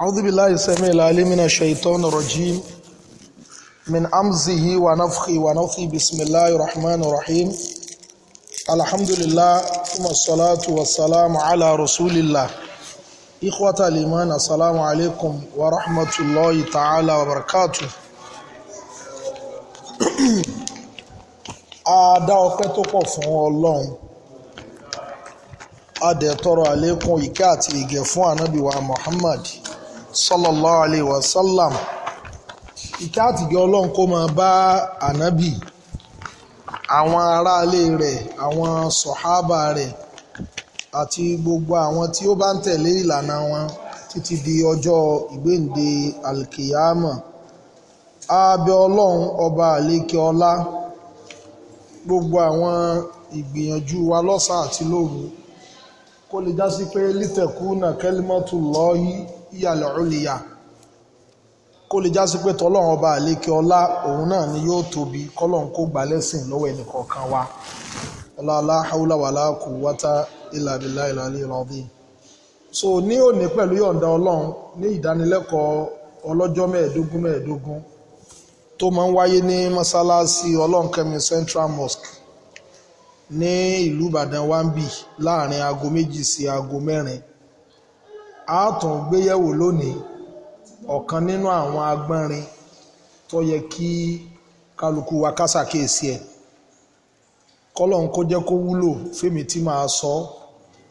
أعوذ بالله السميع العليم من الشيطان الرجيم من أمزه ونفخه ونفخه بسم الله الرحمن الرحيم الحمد لله ثم الصلاة والسلام على رسول الله إخوة الإيمان السلام عليكم ورحمة الله تعالى وبركاته a dá ọpẹ́ tó pọ̀ fún ọlọ́run a dẹ̀ tọrọ àlékún ìkẹ́ àti ìgẹ̀ fún ànábì wa sallallahu alayhi wa sallam ìkẹ́ àtìgẹ́ ọlọ́run kó máa bá ànábì àwọn aráalé rẹ̀ àwọn sọ̀hábà rẹ̀ àti gbogbo àwọn tí ó bá ń tẹ̀lé ìlànà wọn títí di ọjọ́ ìgbéǹde alkiyama abẹ́ ọlọ́run ọba àlékè ọlá gbogbo àwọn ìgbìyànjú wa lọ́sàn àti lóru kó lè já sí pé lítẹ̀kú nà kalimatullahi ìyàlẹ̀ òlìyà kó lè jásí pé tọ́lọ́run ọba àlékè ọlá òun náà ni yóò tóbi kọ́lọ́run kó gbà lẹ́sìn lọ́wọ́ ẹnìkọ̀ọ̀kan wa ọláàlá haúláwàlá kò wátá ìlàbílà ìlàlẹ́ ìrọ̀bí so ní òní pẹ̀lú yọ̀ǹda ọlọ́run ní ìdánilẹ́kọ̀ọ́ ọlọ́jọ́ mẹ́ẹ̀ẹ́dógún mẹ́ẹ̀ẹ́dógún tó máa ń wáyé ní mọ́sálásí ọlọ́nkẹ́mi Central Mosque ní ìlú Ìbàdàn wambi láàrin aago méjì sí aago mẹ́rin a tún gbéyẹ̀wò lónìí ọ̀kan nínú àwọn agbọ́nrin tó yẹ kí kálukú wa ká ṣàkíyèsí ẹ̀ kọ́lọ́n kó jẹ́ kó wúlò fèmí tí màá sọ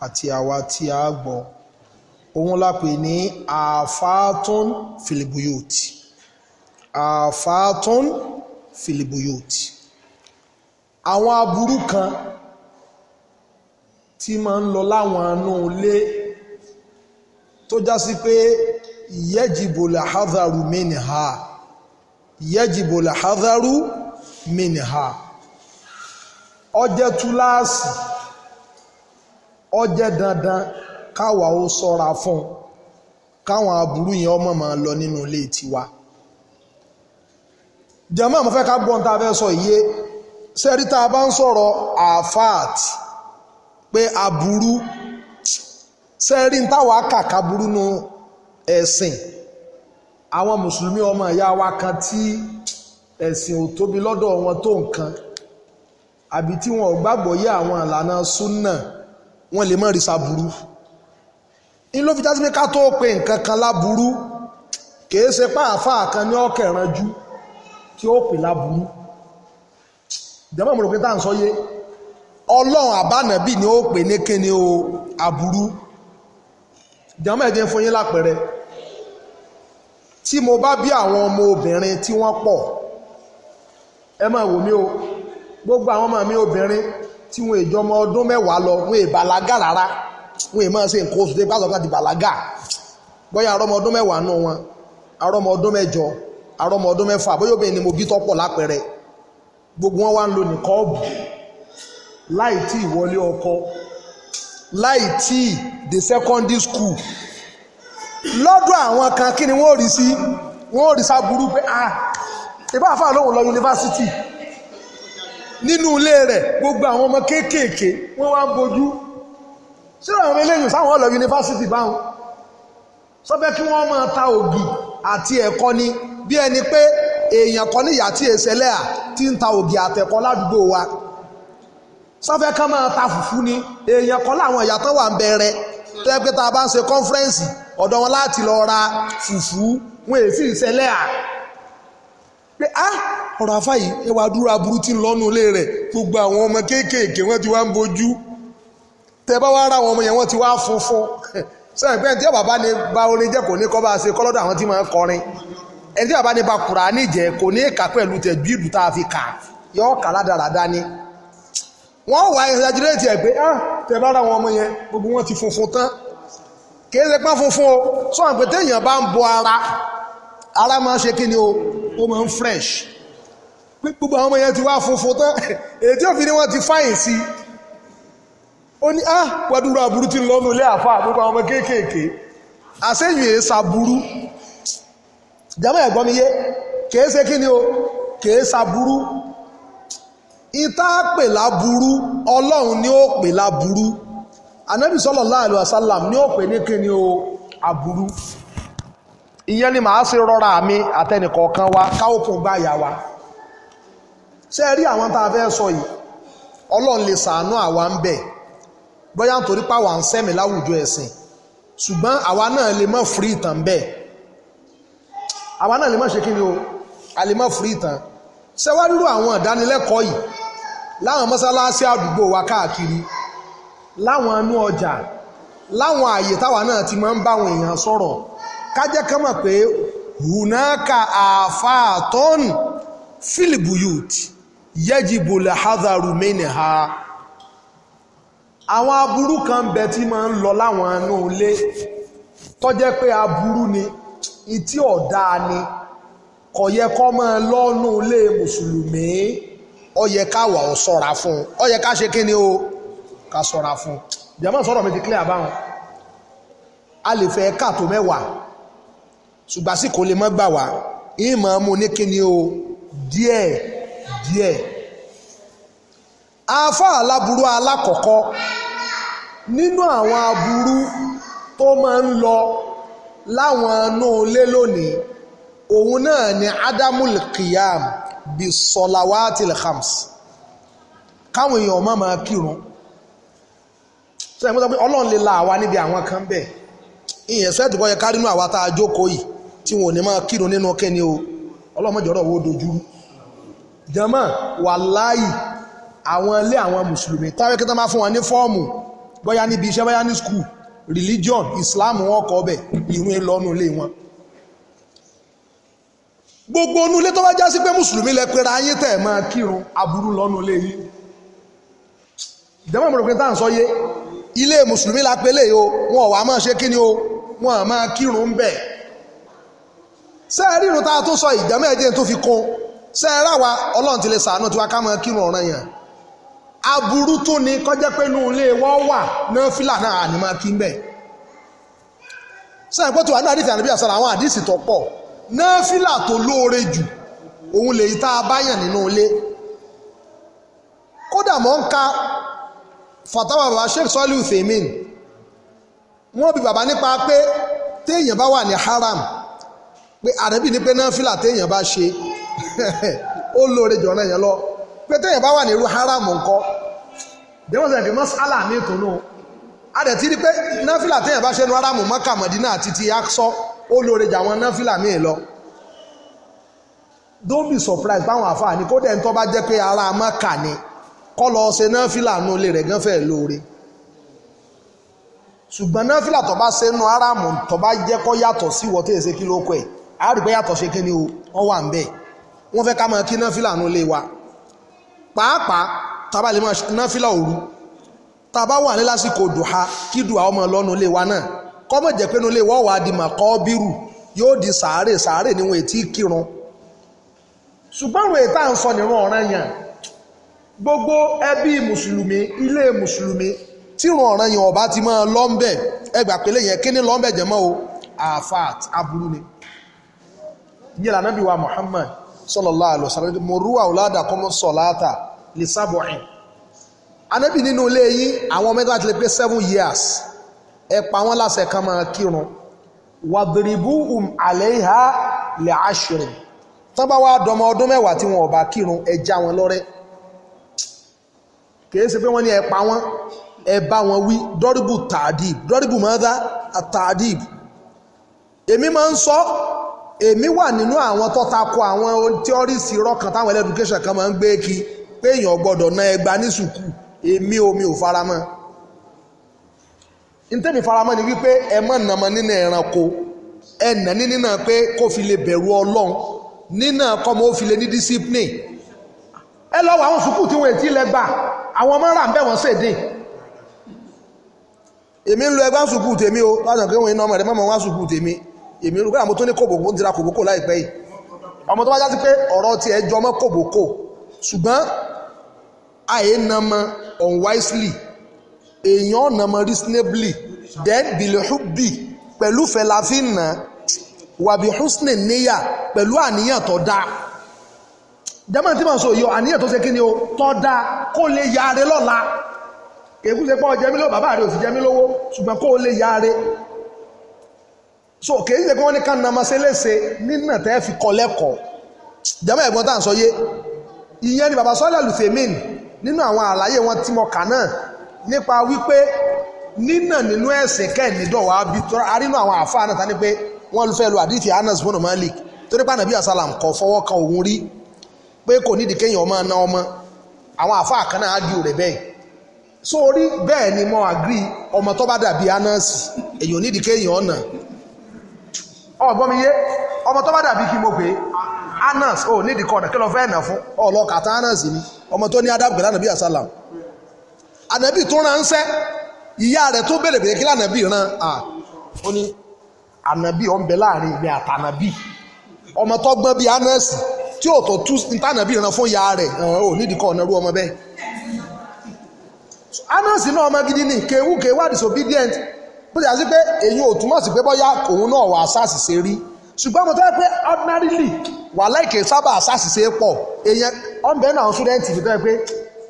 àti àwa tí a gbọ́ òun la ní àfáàtún filibuyoti àfáàtún filibuyoti àwọn aburú kan tí máa ń lọ láwọn inú ilé. tó já sí pé ìyẹ́jìbò làhádàrú mìnìhà ìyẹ́jìbò làhádàrú mìnìhà ọjẹ́ túláàsì ọjẹ́ dandan káwa ó sọ́ra fún káwọn aburú yẹn ọmọ máa lọ nínú ilé tiwa jẹ́mọ́ mo ká gbọ́n tá a fẹ́ sọ iye sẹ́rí tá a bá ń sọ̀rọ̀ àfáàtì pé aburú sẹ́ẹ̀rí ń táwọn akàkà burú nu àwọn mùsùlùmí ọmọ ìyá wa kan tí ẹ̀sìn ò tóbi lọ́dọ̀ wọn tó nǹkan àbí tí wọn ò gbàgbọ́ yé àwọn ìlànà súnà wọn lè mọ̀ rí sábúrú ní ló fi pé ká tó pe nǹkan kan láburú kìí ṣe kan ní tí ó pè láburú ìjọba pé tá ni ó pè o jàmọ́ ẹ̀dín fún yín lápẹẹrẹ tí mo bá bí àwọn ọmọ obìnrin tí wọ́n pọ̀ ẹ máa wò mí o gbogbo àwọn ọmọ mi obìnrin tí wọn èjọ ọmọ ọdún mẹ́wàá lọ wọn è bàlágà rárá wọn è máa ṣe nǹkan oṣù tó bá sọ̀rọ̀ láti bàlágà bóyá arọ́mọ ọdún mẹ́wàá nù wọn arọ́mọ ọdún mẹ́jọ arọ́mọ ọdún mẹ́fà bóyá obìnrin ni mo bí tọ́pọ̀ lápẹẹrẹ gbogbo wọn wá ń lo nìkan ọ̀bù láì tí ìwọlé ọkọ láì tí the dé secondary school lọ́dọ̀ àwọn kan kí ni wọ́n rí sí wọ́n rí sábúrú pé ah ìbá àfáà lóhùn lọ yunifásitì nínú ilé rẹ̀ gbogbo àwọn ọmọ kéékèèké wọ́n wá ń bojú síra àwọn eléyìí sáwọn ọlọ yunifásitì báwọn sọfẹ́ kí wọ́n máa ta ògì àti ẹ̀kọ́ ni bí ẹni pé èèyàn kan níyà tí èsẹ̀lẹ́à ti ń ta ògì àtẹ̀kọ́ ládùúgbò wa sáfẹ́ ká máa ta fùfú ni èèyàn kọ́ láwọn ìyá tán wà ń bẹ̀rẹ̀ tó yẹ pé tá a bá ń ṣe kọ́nfẹ́rẹ́nsì ọ̀dọ̀ wọn láti lọ ra fùfú wọn èéfì ìṣẹ̀lẹ̀ à pé á ọ̀rọ̀ afá ẹ wàá dúró aburú tí ń lọ́nu ilé rẹ̀ gbogbo àwọn ọmọ kéékèèké wọn ti wá ń bojú tẹ bá wá ra àwọn ọmọ yẹn wọn ti wá funfun sọ̀rọ̀ pé ẹ̀ntì bàbá ni bá orin jẹ́ kò ní kọ́ bá a ṣe kọ́lọ́dọ̀ àwọn tí máa ń kọrin ẹ̀ntì bàbá ni bá Kùránì jẹ́ kò ní kà pẹ̀lú tẹ̀ bí ìlú tá a fi kà yọ ọ̀kà ládàradà ni wọ́n wà exaggerate ẹ̀ pé ah tẹ̀ bá ọmọ yẹn gbogbo wọn ti funfun tán kìí ṣe funfun o sọ àwọn pé téèyàn bá ń bọ ara ara máa ṣe kí ni o ó máa ń fresh gbogbo àwọn ọmọ yẹn ti wá funfun tán èyí tí òfin ni wọ́n ti fáyìn sí ó ní ah wàdúrà aburú ti lọ́nu ilé àfa gbogbo àwọn ìta pè láburú ọlọ́run ni ó pè láburú anabi sallallahu alaihi wasallam ni ó pè ní kíni o aburú ìyẹn ni màá ṣe rọra mi àtẹnìkọ̀ọ̀kan wa káwọ́pọ̀ gbá ìyá wa ṣe rí àwọn tá a fẹ́ sọ yìí ọlọ́run lè ṣàánú àwa ń bẹ̀ bóyá nítorí pàwọ́ à ń sẹ́mi láwùjọ ẹ̀sìn ṣùgbọ́n àwa náà lè mọ̀ fúrí ìtàn bẹ́ẹ̀ àwa náà lè mọ̀ ṣe kí ni o a lè mọ̀ fúrí ìtàn ṣẹ́wárírú àwọn ìdánilẹ́kọ̀ọ́ yìí láwọn mọ́sálásí àdúgbò wa káàkiri láwọn anú ọjà láwọn àyè táwa náà ti máa ń báwọn èèyàn sọ̀rọ̀ kájẹ́ kán mọ̀ pé hùnáka àfàtọ́n filibuyut yẹ́jìbò lẹ́hàdàrú mẹ́ni ha àwọn aburú kan bẹ tí máa ń lọ láwọn anú ilé tọ́jẹ́ pé aburú ni ìtí ọ̀dá ni kò yẹ kó máa lọ́nú ilé mùsùlùmí. ó yẹ ká wà ó sọ́ra fún un ó yẹ ká ṣe kíni o ká sọ́ra fún un jàmọ́ sọ̀rọ̀ mi ti clear báwọn a lè fẹ́ ká tó mẹ́wàá ṣùgbọ́n sì kò lè mọ́ gbà wá ìmọ̀ ọmọ ní kíni o díẹ̀ díẹ̀ afa aláburú alákọ̀ọ́kọ́ nínú àwọn aburú tó máa ń lọ láwọn inú ilé lónìí òun náà ni adamul kiyam bí sọlawatil khams káwọn èèyàn má máa kírun sọ èmi sọ pé ọlọ́run lè la àwa níbi àwọn kan bẹ́ẹ̀ ìyẹn sẹ́ẹ̀tì kọ́ yẹ ká nínú àwa tá a jókòó yìí tí wọn ò ní máa kírun nínú kẹ́ni o ọlọ́mọjọ́rọ̀ wo dojú jama wàláyì àwọn ilé àwọn mùsùlùmí táwọn kí tán máa fún wọn ní fọ́ọ̀mù bóyá níbi iṣẹ́ bóyá ní skul religion islam wọn kọ́ bẹ̀ ìwé lọ́nu ilé wọn gbogbo ilé tó bá jásí pé mùsùlùmí lẹ ayé tẹ̀ máa kírun aburú lọ́nu lé yín ìdẹ́mọ̀ mọ̀rọ̀ pé táà ń sọ ilé mùsùlùmí la pé o wọn ò wá máa ṣe kí ni o wọn à máa kírun bẹ̀ sẹ́ẹ̀rì irun tá a tó sọ ìjàmọ́ ẹ̀jẹ̀ tó fi kún ọlọ́run ti lè sàánú tiwa ká máa kírun ni kọjá pé inú ilé wọn wà náà náà àní máa kí ń bẹ̀ sẹ́ẹ̀rì pé náfìlà tó lóore jù òun lèyí tá a nínú ilé kódà mọ́ ń ka fatawa baba sheikh sọ́lì uthemin wọ́n bi bàbá nípa pé téèyàn bá wà ní haram pé àrẹ́bì ní pé náfìlà téèyàn bá ṣe ó lóore jù ọ̀nà yẹn lọ pé téèyàn bá wà ní irú haram ńkọ́ dẹ́wọ́n sẹ́yìn fi mọ́sálà mi tún a dẹ̀ ti rí pé náfìlà téèyàn bá ṣe ní haram Mákà Mádínà àti ti Aksọ́ ó lóore jà wọn náfìlà míì lọ don't be surprised báwọn àfáà ní kódà ẹni tó bá jẹ́ pé ara mọ́kà ni kọ́ lọ ṣe náfìlà nù ilé rẹ̀ gan fẹ́ lóore ṣùgbọ́n náfìlà tó bá ṣe nù aráàmù tó bá jẹ́ kọ́ yàtọ̀ sí ìwọ́ tó yẹ ṣe kí ló kọ́ ẹ̀ á rí pé yàtọ̀ ṣe kí ni o wọ́n wà ń bẹ̀ wọ́n fẹ́ ká máa kí náfìlà nù ilé wa pàápàá tàbá lè máa náfìlà òru tàbá wà ní lásìkò dùhà kí dùhà ọmọ lọ́nu ilé wa náà kọ́mọ̀ jẹ́ pé nulẹ̀ wọ́n wà á di màkọ́ bírù yóò di sàárè sàárè níwọ̀n ètí kírun ṣùgbọ́n àwọn ètà ń sọ nìran ọ̀ràn yàn gbogbo ẹbí mùsùlùmí ilé mùsùlùmí tírun ọ̀ràn yàn ọba ti máa lọ́ńbẹ̀ ẹgbà pélé yẹn kíní lọ́ńbẹ̀ jẹ́ mọ́ o àfàt aburú ni ìyẹn lànà bí wa Muhammad sallallahu alaihi wasallam mo rú àwòládà kọ́mọ sọ̀láàtà lè sábọ̀ ẹ̀ anábì nínú ilé yín àwọn mẹ́ta ti lè pé seven years ẹ pa wọ́n láṣẹ kan máa kírun wàdìrìbú um àlẹ́hà lè àṣírin tán bá wá dọmọ ọdún mẹ́wàá tí wọn ò bá kírun ẹ já wọn lọ́rẹ́ kìí ṣe pé wọ́n ní ẹ pa wọ́n ẹ bá wọn wí dọ́rìbù tàdíb dọ́rìbù mọ́dá tàdíb èmi máa ń sọ èmi wà nínú àwọn tó tako àwọn tíọ́rìsì rọ́kàn táwọn ẹlẹ́dùkẹ́sọ̀ kan máa ń gbé kí pé èèyàn gbọ́dọ̀ ná ẹgbàá ní sùkúù èmi omi ò faramọ́ ntẹ́mi faramọ́ ni wípé ẹ mọ̀ nàmọ́ nínú ẹranko ẹ nà ní nínà pé kó fi lè bẹ̀rù ọlọ́run nínà kọ́mọ ó fi lè ní discipline ẹ lọ́wọ́ àwọn sùkúù tí wọ́n ètí lẹ́gbà àwọn ọmọ rà ń bẹ̀ wọ́n ṣèdè èmi ń lo ẹgbẹ́ sùkúù tèmi o látàn pé wọ́n iná ọmọ rẹ̀ mọ́mọ́ wá sùkúù tèmi èmi ń lo kọ́nà mo tó ní kòbòkó ń tira kòbòkó láìpẹ́ yìí ọmọ tó bá jásí pé ọ̀rọ̀ tiẹ̀ jọmọ́ kòbòkó ṣùgbọ́n àyè nàmọ́ unwisely èèyàn ọ̀nà mọ reasonably then bilhubi pẹ̀lú fẹ̀láfínà wàbí husni níyà pẹ̀lú àníyàn tó dáa jẹ́mọ̀ tí màá sọ yọ àníyàn tó ṣe kí ni o tó dáa kó lè yaare lọ́la èkú ṣe pọ́ jẹ́mi lọ́wọ́ bàbá rẹ̀ ò sì jẹ́mi lọ́wọ́ ṣùgbọ́n kó lè yaare so kèyí ṣe kí wọ́n ní ká nàmọ́ sí léṣe nínà tẹ́ fi kọ́ lẹ́kọ̀ọ́ jẹ́mọ̀ ẹ̀gbọ́n tá à ń sọ yé ìyẹn ni bàbá sọ́lá lùfèmín nínú àwọn àlàyé wọn tí mo kà náà nípa wípé nínà nínú ẹ̀sìn kẹ́ẹ̀ni dọ̀wọ́ àbí arínú àwọn àáfàá náà tani pé wọ́n fẹ́ lu àdìtì Anas bono Malik torí asalam ko fọwọ́ ka òun rí pé kò nídìí kéèyàn ọmọ ná ọmọ àwọn àáfàá kan náà ájú rẹ̀ so orí bẹ́ẹ̀ ni mo àgírí ọmọ tó bá dàbí Anas èyàn nídìí kéèyàn ọ̀nà mi yé ọmọ tó bá dàbí kí mo pè Anabi tó ìyá tó kí ran ó ní ànábì ó ń bẹ láàrin ìgbẹ́ àtànàbì ọmọ tó gbọ́n bíi anẹ́sì tí ò tó tú ntànàbì ran fún ìyá rẹ̀ ò nídìí kọ́ ọ̀nà rú ọmọ bẹ́ẹ̀ anẹ́sì náà gidi ni kéwú kéwà disobedient bó ti àti pé èyí ò túmọ̀ sí pé bọ́yá òun náà wà sars ṣe rí ṣùgbọ́n mo tẹ́ pé ordinarily wà láìké sábà sars ṣe pọ̀ èèyàn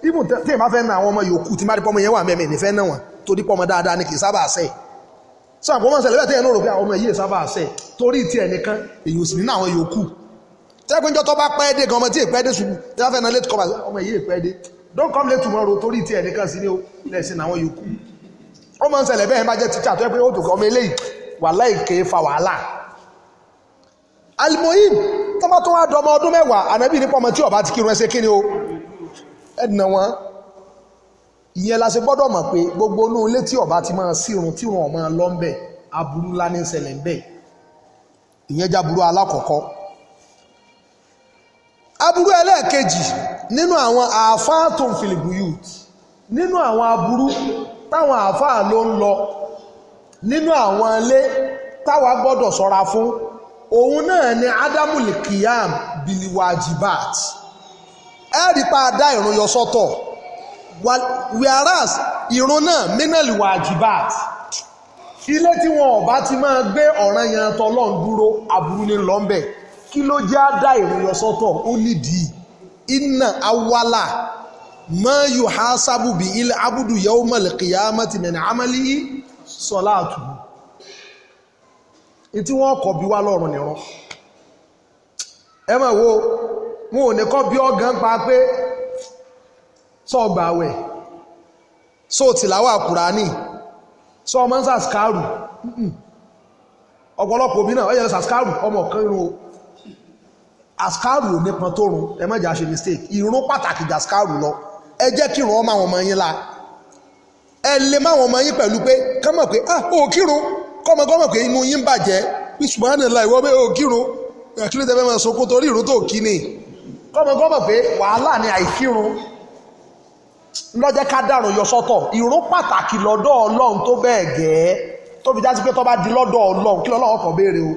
even tí èèmá fẹ́ na àwọn ọmọ yòókù tí má rí pọ́mọ yẹn wà mẹ́mẹ́ nífẹ́ náà wọn torí pọ́mọ dáadáa ni kì í sábà sẹ̀ sáà pọ́mọ sẹlẹ̀ bẹ́ẹ̀ tẹ́yẹ̀ náà rò pé àwọn ah, ọmọ yìí sábà sẹ̀ torí ti ẹ̀ nìkan èyí ò sì ní àwọn yòókù tẹ́gbẹ́njọ́ tó bá pẹ́ dé gan ọmọ tí èpẹ́ dé ṣubú tí wọ́n fẹ́ na late cover ọmọ yìí èpẹ́ dé don't come late tomorrow torí ti ẹ̀ nìkan sí ni ó lẹ́sìn àwọn yòókù ọmọ sẹlẹ̀ bẹ́ẹ̀ bá jẹ́ tíṣà tó yẹ pé ó tó ọmọ eléyìí wàhálà ìké fa wàhálà alimoyim tọ́mọ́tún wá dọmọ ọdún mẹ́wàá ànábì nípa ọmọ tí ọba ti kírun ẹsẹ̀ kí ni o ẹ̀dùnà wọn ìyẹn la ṣe gbọ́dọ̀ mọ̀ pé gbogbo inú ilé tí ọba ti máa sírun tí wọn máa lọ ń bẹ̀ aburú ńlá ní ṣẹlẹ̀ ń bẹ̀ ìyẹn jáburú alákọ̀ọ́kọ́ aburú ẹlẹ́ẹ̀kejì nínú àwọn àáfáà tó ń filibu youth nínú àwọn aburú táwọn àáfáà ló ń lọ nínú àwọn ilé táwa gbọ́dọ̀ ṣọ́ra fún òun náà ni adamu kiyam biliwajibat. jibat ẹ rí pa dá ìrun yọ sọ́tọ̀ whereas ìrun náà mínàlì wàjibát ilé tí wọn ọba ti máa gbé ọ̀ràn yẹn tọ́lọ́n dúró aburú ní lọ́ńbẹ̀ kí ló jẹ́ àdá ìrun yọ sọ́tọ̀ ó nídìí iná awala mọ́ yóò há sábùbí ilé abudu yẹ́wò mọ̀lẹ́kìyà mọ́tìmẹ̀nì amálí sọ́lá àtùbù ètí wọ́n kọ̀ bí wá lọ́rùn nìran ẹ máa wo wọn ò ní kọ́ bí ọ̀gán pa pé sọ́ọ̀gbà àwẹ̀ sóòtìláwà kùránì sọ́ọ̀mọ́ sàskárù ọ̀pọ̀lọpọ̀ òbí náà ọ̀yẹ́ sàskárù ọmọ kan irun o àskárù ò nípọn tó rùn ẹ má jà ṣe mistake ìrun pàtàkì jà skárù lọ ẹ jẹ́ kírun ọmọ àwọn ọmọ yín la ẹ lè má àwọn ọmọ yín pẹ̀lú pé kán mọ̀ pé ah ò kírun kọ́mọ kọ́mọ pé inú yín bàjẹ́ bí ṣùgbọ́n àná ìlà ìwọ́ pé ò kírun ẹ̀kílẹ̀ tẹ́fẹ́ máa sunkún torí ìrun tó kí ni kọ́mọkọ́ mọ̀ pé wàhálà ni àìkírun lọ́jẹ́ ká dàrún yọ sọ́tọ̀ ìró pàtàkì lọ́dọ̀ ọlọ́run tó bẹ́ẹ̀ gẹ́ẹ́ tó fi jásí pé tó bá di lọ́dọ̀ ọlọ́run kí lọ́lọ́run kàn béèrè o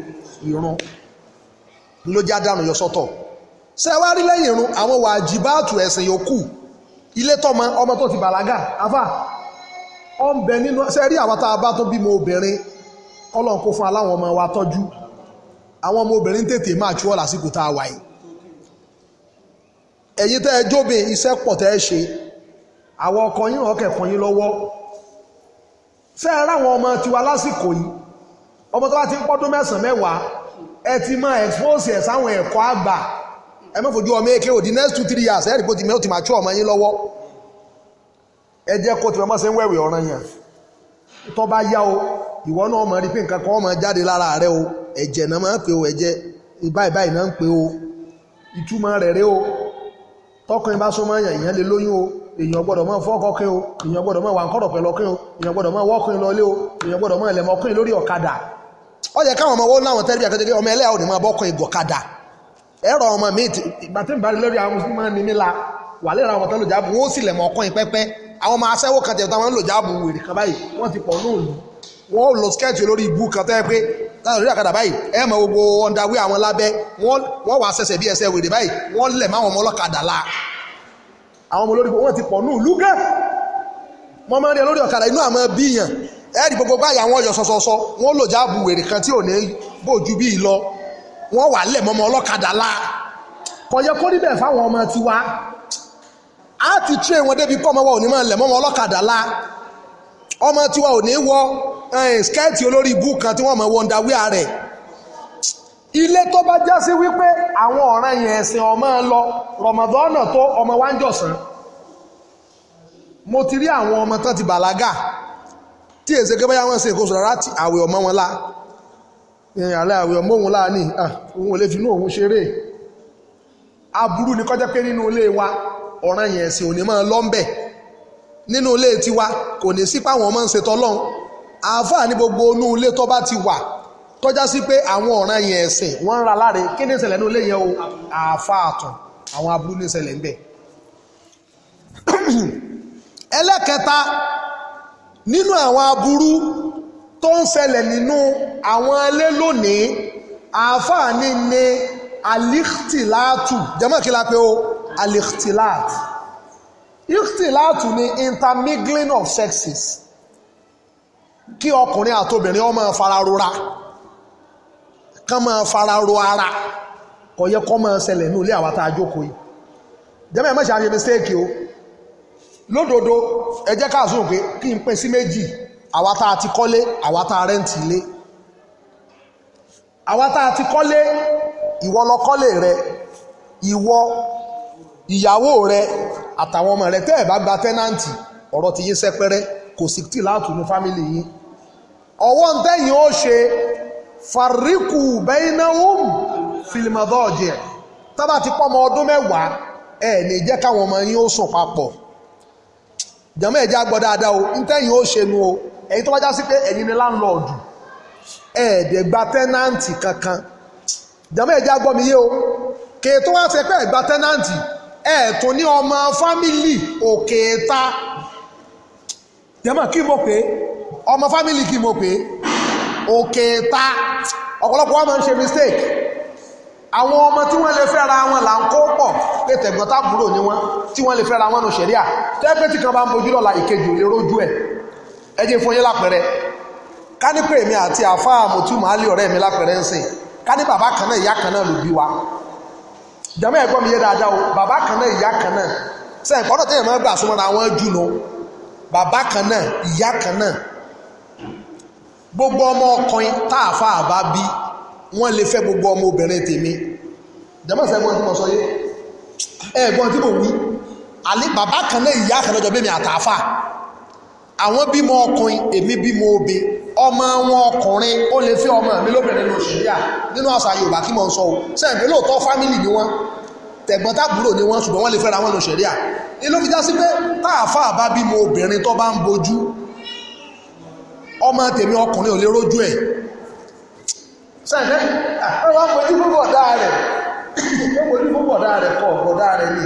ìrun ló já dàrún yọ sọ́tọ̀ ṣe wá rí lẹ́yìn ìrun àwọn wàjibáàtù ẹ̀sìn yòókù ilé tọ́mọ ọmọ tó ti bàlágà afá ọ ń bẹ nínú ṣe rí àwọn tá a bá tó bímọ obìnrin ọlọ́run kó fún aláwọn ọmọ wa tọ́jú àwọn ọmọ obìnrin tètè máa tú ọ lásìkò tá a wà yìí ẹ̀yin tẹ́ ẹ jóbin iṣẹ́ pọ̀ tẹ́ ẹ ṣe àwọn ọkọ yín ọkẹ̀ kan yín lọwọ. ṣé ẹ ráwọn ọmọ tiwa lásìkò yìí ọmọ tó bá ti ń pọ́dún mẹ́sàn mẹ́wàá ẹ ti máa expose ẹ̀ sáwọn ẹ̀kọ́ àgbà next two three years ẹ ti máa tú ọmọ yín ẹ kó máa ṣe ń jáde lára rẹ o náà máa ń pè o náà ń pè o ìtumọ̀ rẹ̀ tọkùnrin bá súnmọ́ èèyàn èèyàn lè lóyún o èèyàn gbọ́dọ̀ mọ́ fọ́kọ́kín o èèyàn gbọ́dọ̀ mọ́ wàǹkọ́rọ̀ pẹ̀lọ́kín o èèyàn gbọ́dọ̀ mọ́ wọ́kùnrin lọlé o èèyàn gbọ́dọ̀ mọ́ lórí ọ̀kadà ó yẹ káwọn ọmọ láwọn tẹ́lẹ̀ akẹ́kẹ́ ọmọ ẹlẹ́yà ẹ̀rọ ọmọ mi ìgbà tí ń bá lórí àwọn mùsùlùmí máa ń la wà lẹ́rọ àwọn sì ọkùnrin pẹ́pẹ́ àwọn ọmọ kan wèrè kan báyìí wọ́n ti pọ̀ wọ́n láti orí àkàdà báyìí ẹ mọ gbogbo ọ̀ndàwé àwọn lábẹ́ wọ́n wà sẹ̀sẹ̀ bí ẹsẹ̀ wèrè báyìí wọ́n lẹ̀ máwọn ọmọ ọlọ́kadà la àwọn ọmọ olórí wọn ti pọ̀ ní ìlú gẹ́ wọ́n máa ń rí olórí ọ̀kadà inú àwọn bíyàn ẹ̀ẹ́dì gbogbo báyìí àwọn ọyọ̀ sọ̀sọ̀sọ wọ́n lò jáàbù wèrè kan tí ò ní bòjú bí lọ wọ́n wà lẹ̀ mọ́mọ́ ọlọ́kadà la kọ̀yẹ kó níbẹ̀ fáwọn ọmọ tiwa á ti tré wọn débi kọ́ ọmọ wa ò ní máa lẹ̀ mọ́mọ́ ọlọ́kadà la ọmọ tiwa ò ní wọ eh, skẹ́ẹ̀tì olórí ibú kan tí wọ́n mọ̀ wọ ndawíà rẹ̀ ilé tó bá já sí wípé àwọn ọ̀ràn yẹn ẹ̀sìn ọmọ ń lọ rọmọdọ́nà tó ọmọ wa ń jọ̀sán mo ti rí àwọn ọmọ tán ti bàlágà tí èsè kébáyà wọn ṣe ìkóso rárá tí àwẹ̀ ọmọ wọn la ìrìn àlẹ́ àwẹ̀ ọmọ òun láàánì ah, òun ò lè fi inú òun ṣeré aburú ni kọjá pé nínú ilé wa ọ̀ràn yẹn ẹ̀sìn òní máa lọ́ńbẹ̀ẹ́ nínú ilé tiwa kò ní sí páwọn ọmọ ń ṣe tọ́lọ́run àáfàá ní gbogbo inú ilé tó bá ti wà tọ́já sí pé àwọn ọ̀ràn yẹn ẹ̀sìn wọ́n ń ra láre kí ní ìṣẹ̀lẹ̀ inú ilé yẹn o àáfàá àtàn àwọn aburú ní ìṣẹ̀lẹ̀ ń bẹ. ẹlẹ́kẹta nínú àwọn aburú tó ń ṣẹlẹ̀ nínú àwọn ilé lónìí àáfàá ní ní alíhtìláàtù jẹ́mọ̀ kí la pé o alíhtìláàtù ìtìlátù ni intermingling of sexes kí ọkùnrin àtobìnrin ó máa fara rora kán máa fara ro ara kò yẹ kó máa ṣẹlẹ̀ ní ilé àwa tá a jókòó yìí jẹ́mẹ̀ mọ́ṣẹ́ àṣẹ mistake o lódodo ẹ jẹ́ pé kí n pín sí méjì àwa tá a ti kọ́lé àwa tá a rẹ́ǹtì ilé àwa tá a ti kọ́lé ìwọ lọ kọ́lé rẹ ìwọ ìyàwó rẹ àtàwọn ọmọ rẹ tẹ́ ẹ̀ bá gba tẹ́nàǹtì ọ̀rọ̀ ti yín sẹ́pẹ́rẹ́ kò sì tí láàtú ní fámìlì yín ọwọ́ ń tẹ́yìn ó ṣe fàríkù bẹ́ẹ̀náwùm fìlìmọ̀dọ́ọ̀jẹ̀ tábà ti pọ́ ọmọ ọdún mẹ́wàá ẹ̀ ní jẹ́ káwọn ọmọ yín ó sùn papọ̀ jàmọ́ ẹ̀já gbọ́ dáadáa o ń tẹ́yìn ó ṣe nu o ẹ̀yin tó bá já sí pé ẹ̀yin ni láńlọ́ọ̀dù ẹ̀ẹ́dẹ̀ gba tẹ́nàǹtì kankan jàmọ́ ẹ̀já gbọ́ mi yé o kèé tó wá ṣe pé ẹ̀gbà tẹ́nàǹtì ẹ̀ẹ̀tún ní ọmọ fámílì òkèta jẹ́mọ̀ kí mo pé ọmọ fámílì kí mo pé òkèta ọ̀pọ̀lọpọ̀ wọn máa ń ṣe mistake àwọn ọmọ tí wọ́n lè fẹ́ ara wọn là ń kó pọ̀ pé tẹ̀gbọ́ntà búrò ni wọ́n tí wọ́n lè fẹ́ ara wọn nù ṣẹ̀ríà tẹ́pẹ́ tí kan bá ń bojú lọ́la ìkejì ò lè rójú ẹ̀ ẹ fún yín lápẹ̀rẹ̀ ká ní pé èmi àti àfáà mọ̀túmọ̀ á lé ọ̀rẹ́ mi lápẹ̀rẹ̀ ń sìn ká ní bàbá kan náà ìyá kan náà ló bí wa jàmọ́ ẹ̀gbọ́n mi yé dáadáa o bàbá kan náà ìyá kan náà sẹ́yìn pọ́nà tẹ́yìn máa gbà súnmọ́ ra wọn jù lọ bàbá kan náà ìyá kan náà gbogbo ọmọ ọkùnrin tá a fa àbá bí wọ́n lè fẹ́ gbogbo ọmọ obìnrin tèmi jàmọ́ sẹ́gbọ́n tí mo sọ yé ẹ̀gbọ́n tí mo wí àlè bàbá kan náà ìyá kan náà jọ bẹ́ẹ̀ mi àtàfà àwọn bímọ ọkùnrin èmi bímọ obe ọmọ wọn ọkùnrin ó lè fẹ́ ọmọ mi lóbìnrin nínú ṣìríà nínú àṣà Yorùbá kí mò ń sọ o sẹ́yìn pé lóòótọ́ fámìlì ni wọ́n tẹ̀gbọ́n tàbúrò ni wọ́n ṣùgbọ́n wọ́n lè fẹ́ra wọn nínú ṣìríà ni ló fi já sí pé táàfà bá bímọ obìnrin tó bá ń bojú ọmọ tèmi ọkùnrin ò lè rójú ẹ̀ sẹ́yìn pé ẹ wá mojú fún bọ̀dá rẹ̀ ẹ mojú fún bọ̀dá rẹ̀ kọ̀ bọ̀dá rẹ̀ ni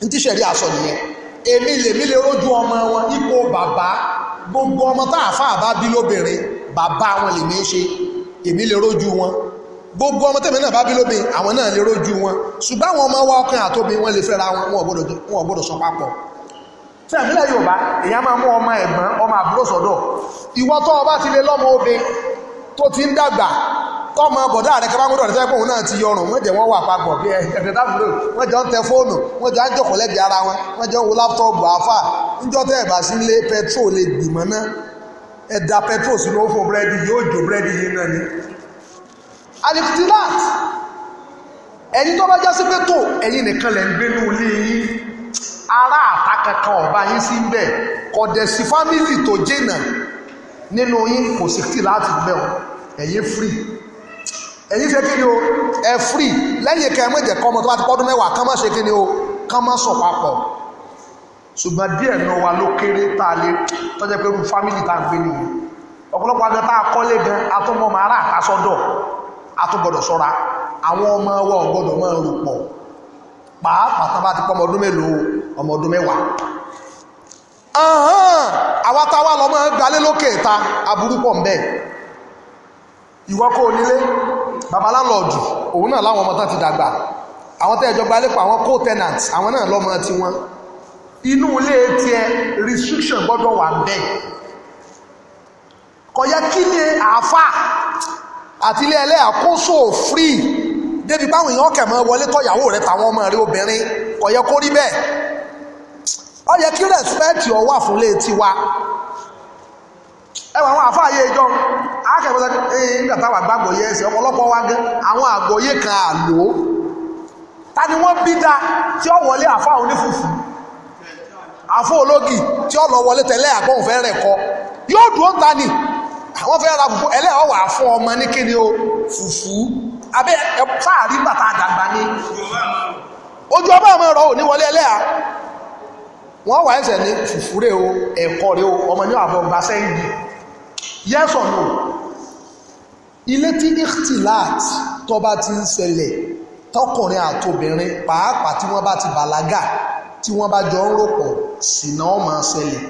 ní tíṣẹ̀rí aṣọ nìyẹn èmi lèmi lè rójú ọmọ wọn ipò bàbá gbogbo ọmọ tá àfáà bá bí lóbìnrin bàbá wọn lèmi ń ṣe èmi lè rójú wọn gbogbo ọmọ tẹ̀mí náà bá bí lóbìnrin àwọn náà lè rójú wọn ṣùgbọ́n àwọn ọmọ wa ọkùnrin àtòbí wọn lè fẹ́ra wọn wọn ò gbọ́dọ̀ sọ papọ̀ tí àmìlẹ̀ Yorùbá èyàn máa mú ọmọ ẹ̀gbọ́n ọmọ àbúrò sọ́dọ̀ ìwọ tó o bá ti lè lọ́mọ obìnrin tó ti ń dàgbà kọ́mọ bọ̀dá rẹ̀ kábàá gbọ́dọ̀ rẹ̀ náà ti yọrùn wọ́n jẹ́ wọ́n wà papọ̀ bí ẹ̀ẹ́dẹ̀ dábùdó wọ́n jọ ń tẹ fóònù wọ́n ara wọn wọ́n jọ ń níjọ́ tẹ́ sí pẹtrol lè náà fún búrẹ́dì ni. alifitilat ẹni tó bá já sí nìkan ń gbé ilé yín ará yín sí sí fámìlì tó jìnnà èyí ṣe kí ni o ẹ firi lẹ́yìn kẹ́ ẹ méje kọ́ ọmọ tó bá ti pọ́dún mẹ́wàá kán má ṣe kí ni o kán má sọ̀ papọ̀ ṣùgbọ́n díẹ̀ náà wa ló kéré tá a lè tọ́jẹ́ pé irú fámìlì tá à ń gbé nìyí ọ̀pọ̀lọpọ̀ agan tá a kọ́lé gan atọ́mọ ọmọ ará àtàsọ́dọ̀ atúgbọ́dọ̀ ṣọ́ra àwọn ọmọ wa ọ̀gbọ́dọ̀ máa rò pọ̀ pàápàá tán bá ti pọ́ ọmọ ọdún mélòó ọmọ ọdún mẹ́wàá àwa a wá lọ máa ń gbalé lókè ta aburú pọ̀ ń bẹ́ẹ̀ ìwọ́kọ̀ onílé babalálọ́ọ̀dù òun náà láwọn ọmọ tán ti dàgbà àwọn tẹ́ ìjọba lẹ́pọ̀ àwọn co-tenants àwọn náà lọ́mọ ti wọn inú ilé tiẹ̀ restriction gbọ́dọ̀ wà bẹ́ẹ̀ kọjá kí ni àáfà àti ilé ẹlẹ́ àkóso free débi báwọn èèyàn kẹ̀mọ́ wọlé kọ̀yàwó rẹ̀ tàwọn ọmọ rẹ̀ obìnrin kọ̀yẹ kó rí bẹ́ẹ̀ ó yẹ kí respect ó wà fún ilé tiwa ẹwà àwọn àáfà yé ìjọ akẹ́kọ̀ọ́ sọ eh, nígbà táwọn àgbàgbọ́ ẹsẹ̀ àwọn àgbọ́yé kan àlò ta ni wọ́n bí dá tí ó wọlé àfa onífùfù àfọ ológì tí ó lọ wọlé tẹ̀lé àgbọ̀n fẹ́ rẹ̀ kọ yóò ta ni àwọn fẹ́ ra ọmọ ní kíni o abẹ́ bàtà àdàgbà ni ojú wọlé wọ́n wà o ẹ̀kọ́ rẹ̀ o ọmọ ní àbọ̀ gbà sẹ́yìn ilé tí ikhtilat tó bá ti ń ṣẹlẹ̀ tọkùnrin àtobìnrin pàápàá tí wọ́n bá ti bàlágà tí wọ́n bá jọ ń ròpọ̀ ṣìnà ó máa ṣẹlẹ̀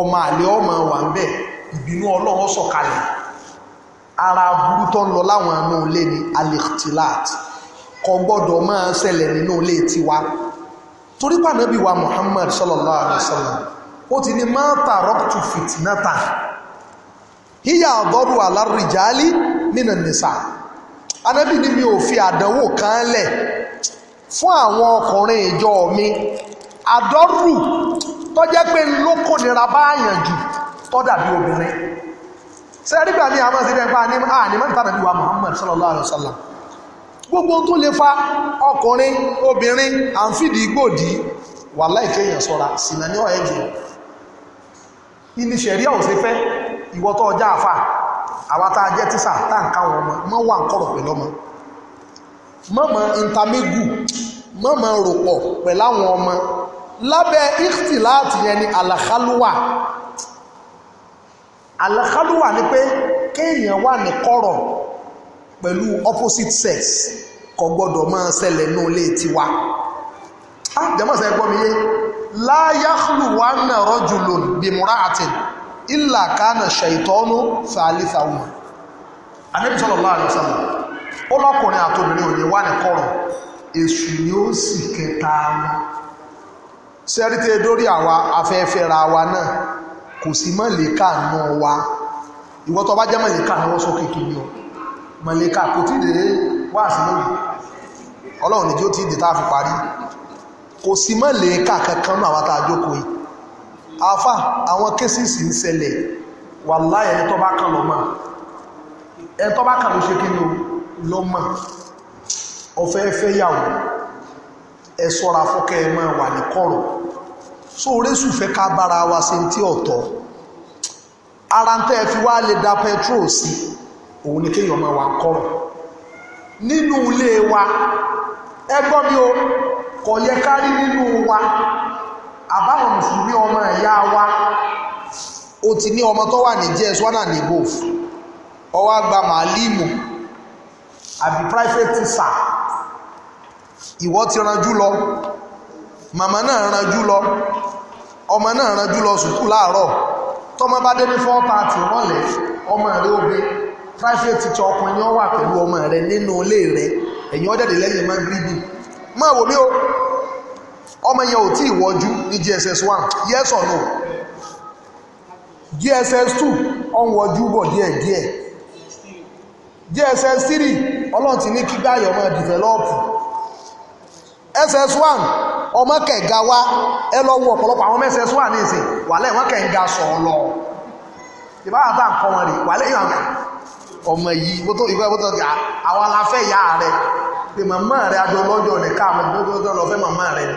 ọmọ àlè ó máa wà ń bẹ̀ ìbínú ọlọ́run sọ̀kalẹ̀ ara burú tó ń lọ láwọn inú ilé ni alikhtilat kò gbọ́dọ̀ máa ṣẹlẹ̀ nínú ilé tiwa torí pàdánù wa Muhammad sallallahu alaihi wasallam ó ti ní máa tààrọ́ tù fìtínátà híyà ọ̀dọ́rù alárìjálí nínú nìsà anábì ni mi ò fi àdánwò kan lẹ̀ fún àwọn ọkùnrin ìjọ mi àdọ́rù tó jẹ́ pé ló kò nira báyàn jù tó dàbí obìnrin ṣe nígbà ní àwọn ìṣẹ́lẹ̀ pa ní ànímọ́ta nàbí wa Muhammad sallallahu alaihi wasallam gbogbo tó lè fa ọkùnrin obìnrin à ń fìdí gbòdì wàláì kéèyàn sọ́ra sínà ní ọ̀ẹ́gì ìníṣẹ̀rí ọ̀sẹ̀fẹ́ ìwọ́tọ̀ ọjà àfà àwa tá a jẹ́ tíṣà tá à ń káwọn ọmọ mọ́ wà ń kọ̀rọ̀ pẹ̀lú ọmọ mọ́mọ́ intermegu mọ́mọ́ ròpọ̀ pẹ̀lú àwọn ọmọ lábẹ́ ìkìtìláàtì yẹn ni àlàkálùwà àlàkálùwà ni pé kéèyàn wà ní kọ̀rọ̀ pẹ̀lú opposite sex kò gbọ́dọ̀ máa ṣẹlẹ̀ ní ilé tiwa ah jẹ́mọ̀sẹ̀ yé láyàkùlù wà ń nà rọ́jùlò bímúra àtẹ̀lẹ̀ ìlà kánà ṣàìtọ́nù sàálìsà wọn Ànábì sallallahu alaihi wasallam ó lọ́kùnrin àtòbìnrin òní wà ní kọ̀rọ̀ èṣù ni ó sì kẹta wọn sẹ́rítẹ́ dórí àwa afẹ́fẹ́ ra wa náà kò sí mọ̀lẹ́kà náà wa ìwọ tó bá jẹ́ mọ̀lẹ́kà náà wọ́n sókè kí ni ọ mọ̀lẹ́kà kò tí dèrè wá sí lónìí ọlọ́run nìjí ó ti dè tá a fi parí kò sí mọ̀lẹ́kà kankan náà àwa tá a jókòó yìí àáfà àwọn kéṣìṣì ń ṣẹlẹ̀ wàláhì ẹni tó bá kàn lọ́mọ ẹni tó bá kàn ló ṣe kí ni lọ́mọ ọ̀fẹ́ fẹ́ yàwó ẹ sọ́ra fọ́kẹ́ ẹ máa wà ní kọ̀rọ̀ so résù fẹ́ ká bára wa ṣe ń tí ọ̀tọ̀ ara ń tẹ́ ẹ fi wá lè da petrol sí òun ni kéèyàn máa wà ń nínú ilé wa ẹgbọ́n mi o kò yẹ ká nínú wa àbáwọn mùsùlùmí ọmọ ẹ̀yà wa o ti ní ọmọ tó wà ní js one and above ọwọ́ àgbà màálìmù àbí private teacher ti ranjú lọ màmá náà ranjú lọ ọmọ náà ranjú lọ sùkúù láàárọ̀ tọmọ bá dé ní four thirty ọmọ rẹ obe private teacher ọkùnrin ni wà pẹ̀lú ọmọ rẹ nínú ilé rẹ ẹ̀yìn ọ̀dẹ̀dẹ̀ lẹ́yìn máa ń gírí bì máa o ọmọ yẹn ò tí ì ní JSS one yes or no JSS two ó ń wọjú bọ̀ díẹ̀díẹ̀ JSS three ọlọ́run ti ní kí gbáyọ̀ máa SS1 ọmọ kẹ̀ga wá ẹ lọ wo ọ̀pọ̀lọpọ̀ àwọn SS1 ní ìsìn wàlẹ̀ wọ́n kẹ̀ga sọ̀rọ̀ lọ ìbára tá nǹkan wọn rè wàlẹ̀ yóò àwọn ọmọ yìí bó tó ìgbà bó tó ga àwọn aláfẹ́ ìyá rẹ pé màmá rẹ adọ́lọ́jọ́ rẹ káàmù tó tó lọ fẹ́ màmá rẹ ni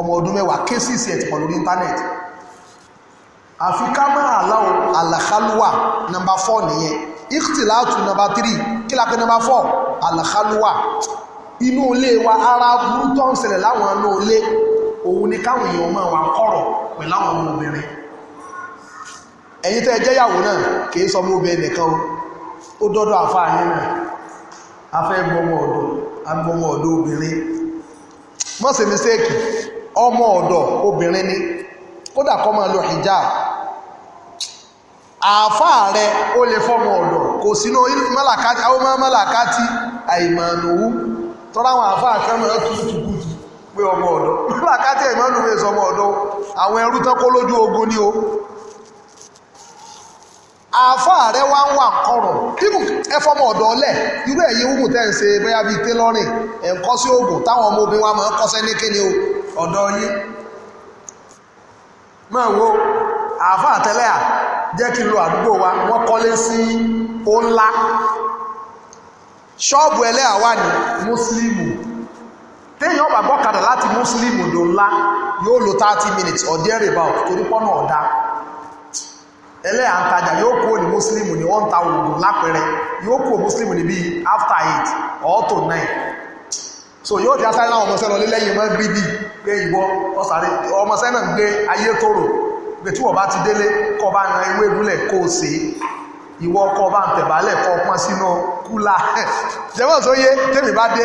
ọmọ ọdún mẹ́wàá kéésì sí ẹ̀tì pọ̀ lórí íńtánẹ́ẹ̀tì àfi kámẹ́rà aláwọ̀ àlàkálùwà nọmba fọ́ nìyẹn ìkìtìláàtù nọmba tírì kílápẹ́ nọmba fọ́ àlàkálùwà inú ilé wa ara burú tó ń ṣẹlẹ̀ láwọn inú ilé òun ni káwọn èèyàn máa wà kọ̀rọ̀ pẹ̀lú àwọn ọmọbìnrin ẹ̀yin tẹ́ jẹ́yàwó náà kìí sọ mú obìnrin nìkan ó dọ́dọ̀ àfáà náà afẹ́ gbọmọ ọ̀dọ̀ obìnrin mọ́sí mistake ọmọ ọ̀dọ̀ obìnrin ni kódà kọ́ máa lo hijab àáfàá rẹ̀ ó lè fọ́mọ ọ̀dọ̀ kò sínú mọ́làkátí àwọn mọ́làkátí àìmọ̀nùwú tọ́lá àwọn àáfàá kan máa tuntun pé ọmọ ọ̀dọ̀ àáfàá rẹ wá ń wà kọrọ even ẹfọmọ ọdọ ọlẹ irú ẹyẹ ogun tẹ ń ṣe bóyá bíi tailoring ẹ ń kọ sí oògùn táwọn ọmọ obìnrin wa máa ń kọsẹ ní kíni o ọdọ yín máa wo àáfàá tẹlẹ à jẹ kí n lo àdúgbò wa wọn kọlé sí ó ńlá ṣọ́ọ̀bù ẹlẹ́yà wà ní mùsùlùmù téèyàn bá gbọ́kadà láti mùsùlùmù ló ńlá yóò lo thirty minutes or there about torí pọ́nà ẹlẹ́yà ń yóò kó ní mùsùlùmù ní wọ́n ń ta lápẹẹrẹ yóò kó mùsùlùmù ní bíi after eight or to so yóò ti asáré láwọn ọmọọṣẹ́ lọ lẹ́yìn mọ́ gíríbì pé ìwọ ọ̀sàrẹ́ ọmọọṣẹ́ náà gbé ayé tóró pé tí wọ́n bá ti délé kọ́ bá yan ewé gúnlẹ̀ kó o ṣe ìwọ ọkọ̀ bá ń tẹ̀bálẹ̀ kọ́ pọ́n sínú kúlà jẹ́wọ́ tó bá dé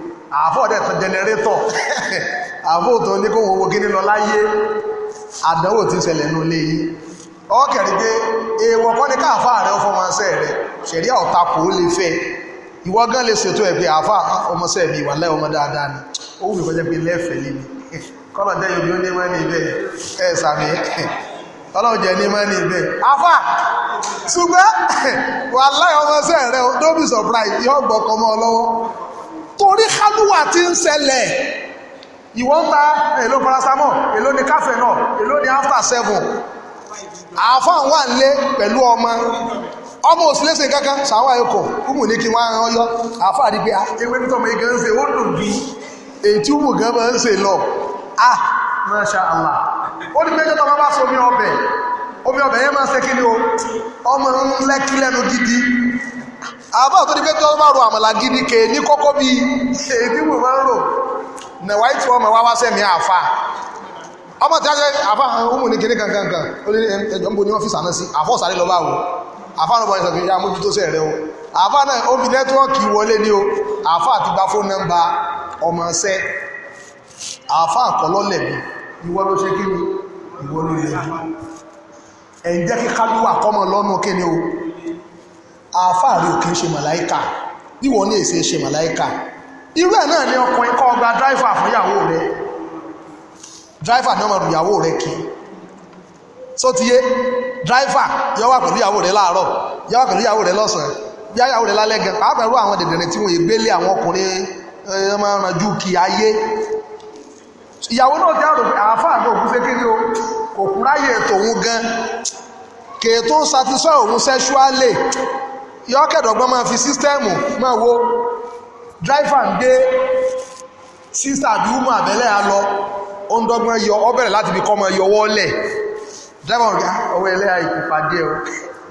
afọ ọ̀dẹ̀ tó jẹnẹrétọ̀ àfọ́ ní kó wo lọ láyé àdánwò tí sẹlẹ̀ ní nínú ilé yìí ọkẹ̀rí pé èèwọ̀ kọ́ ní káàfà rẹ̀ rẹ̀ ṣẹ̀rí ọ̀ta kò lè fẹ́ ìwọ lè ṣètò ẹ̀ pé àfà ọmọṣẹ́ mi ọmọ dáadáa ni ó wù mí kọjá pé lé mi jẹ́ ní ní ibẹ̀ ẹ̀ sàmì jẹ́ ní ní ibẹ̀ àfà ṣùgbọ́n wà rẹ̀ don't torí kálúwà ti ń ṣẹlẹ̀ ìwọ ń ta èlò paracetamol èlò ní kafenol èlò ní after seven àáfà wà nílé pẹ̀lú ọmọ ọmọ òsìlẹ́sìn kankan sàwọn ẹ̀kọ́ kúmù ní kí wọ́n á rán yọ àáfà rí pé ah, ewé tó ọmọ igi ń ṣe ó dùn bí èyí tí wùmù gan máa ń ṣe lọ ah masha allah ó ní méjọ́ tó máa bá so omi ọbẹ̀ omi ọbẹ̀ yẹn máa ń ṣe kí ni o ọmọ ń lẹ́kí lẹ́nu gidi àbá tó ní pé bá ro àmàlà gidi kè ní kọ́kọ́ bí èdè wò máa ń rò nàwá ìtì ọmọ wa wá sẹ́mi àfa ọmọ tí a jẹ ọmọ ní kíní kankan ó ní ẹjọ ń bo ní ọ́fíìsì àná sí àfọ́ sáré lọ báwo náà sọ̀kì rẹ o náà ó fi nẹ́tíwọ́ọ̀kì wọlé ní o àfáàrí ò kí ń ṣe màláìkà ìwọ ní èsì ṣe màláìkà irú ẹ̀ náà ni ọkùnrin kọ́ gba dráìfà fún ìyàwó rẹ dráìfà ni ọmọ rù ìyàwó rẹ kì í so ti yé dráìfà yọ wà pẹ̀lú ìyàwó rẹ láàárọ̀ yọ wà pẹ̀lú ìyàwó rẹ lọ́sàn-án bí ìyàwó rẹ lálẹ́ gan pàápàá irú àwọn dẹ̀dẹ̀rẹ̀ tí wọ́n gbélé àwọn ọkùnrin ọmọ ọ̀rànjú kì í ayé ìyàwó náà ti àrò àáfàá náà kú fékeré o kò kúráyè tòun gan kèé tó satisfy òun sexually yọ kẹ̀dọ̀gbọ́n máa fi sísítẹ́ẹ̀mù máa wo dráìfà ń gbé sísà àbí umu àbẹ́lẹ̀ á lọ ó ń dọ́gbọ́n yọ ọ bẹ̀rẹ̀ láti fi kọ́ máa yọ wọ́ọ́lẹ̀ dráìfà ọ̀gá ọwọ́ ẹlẹ́ àìkú pàdé ẹ̀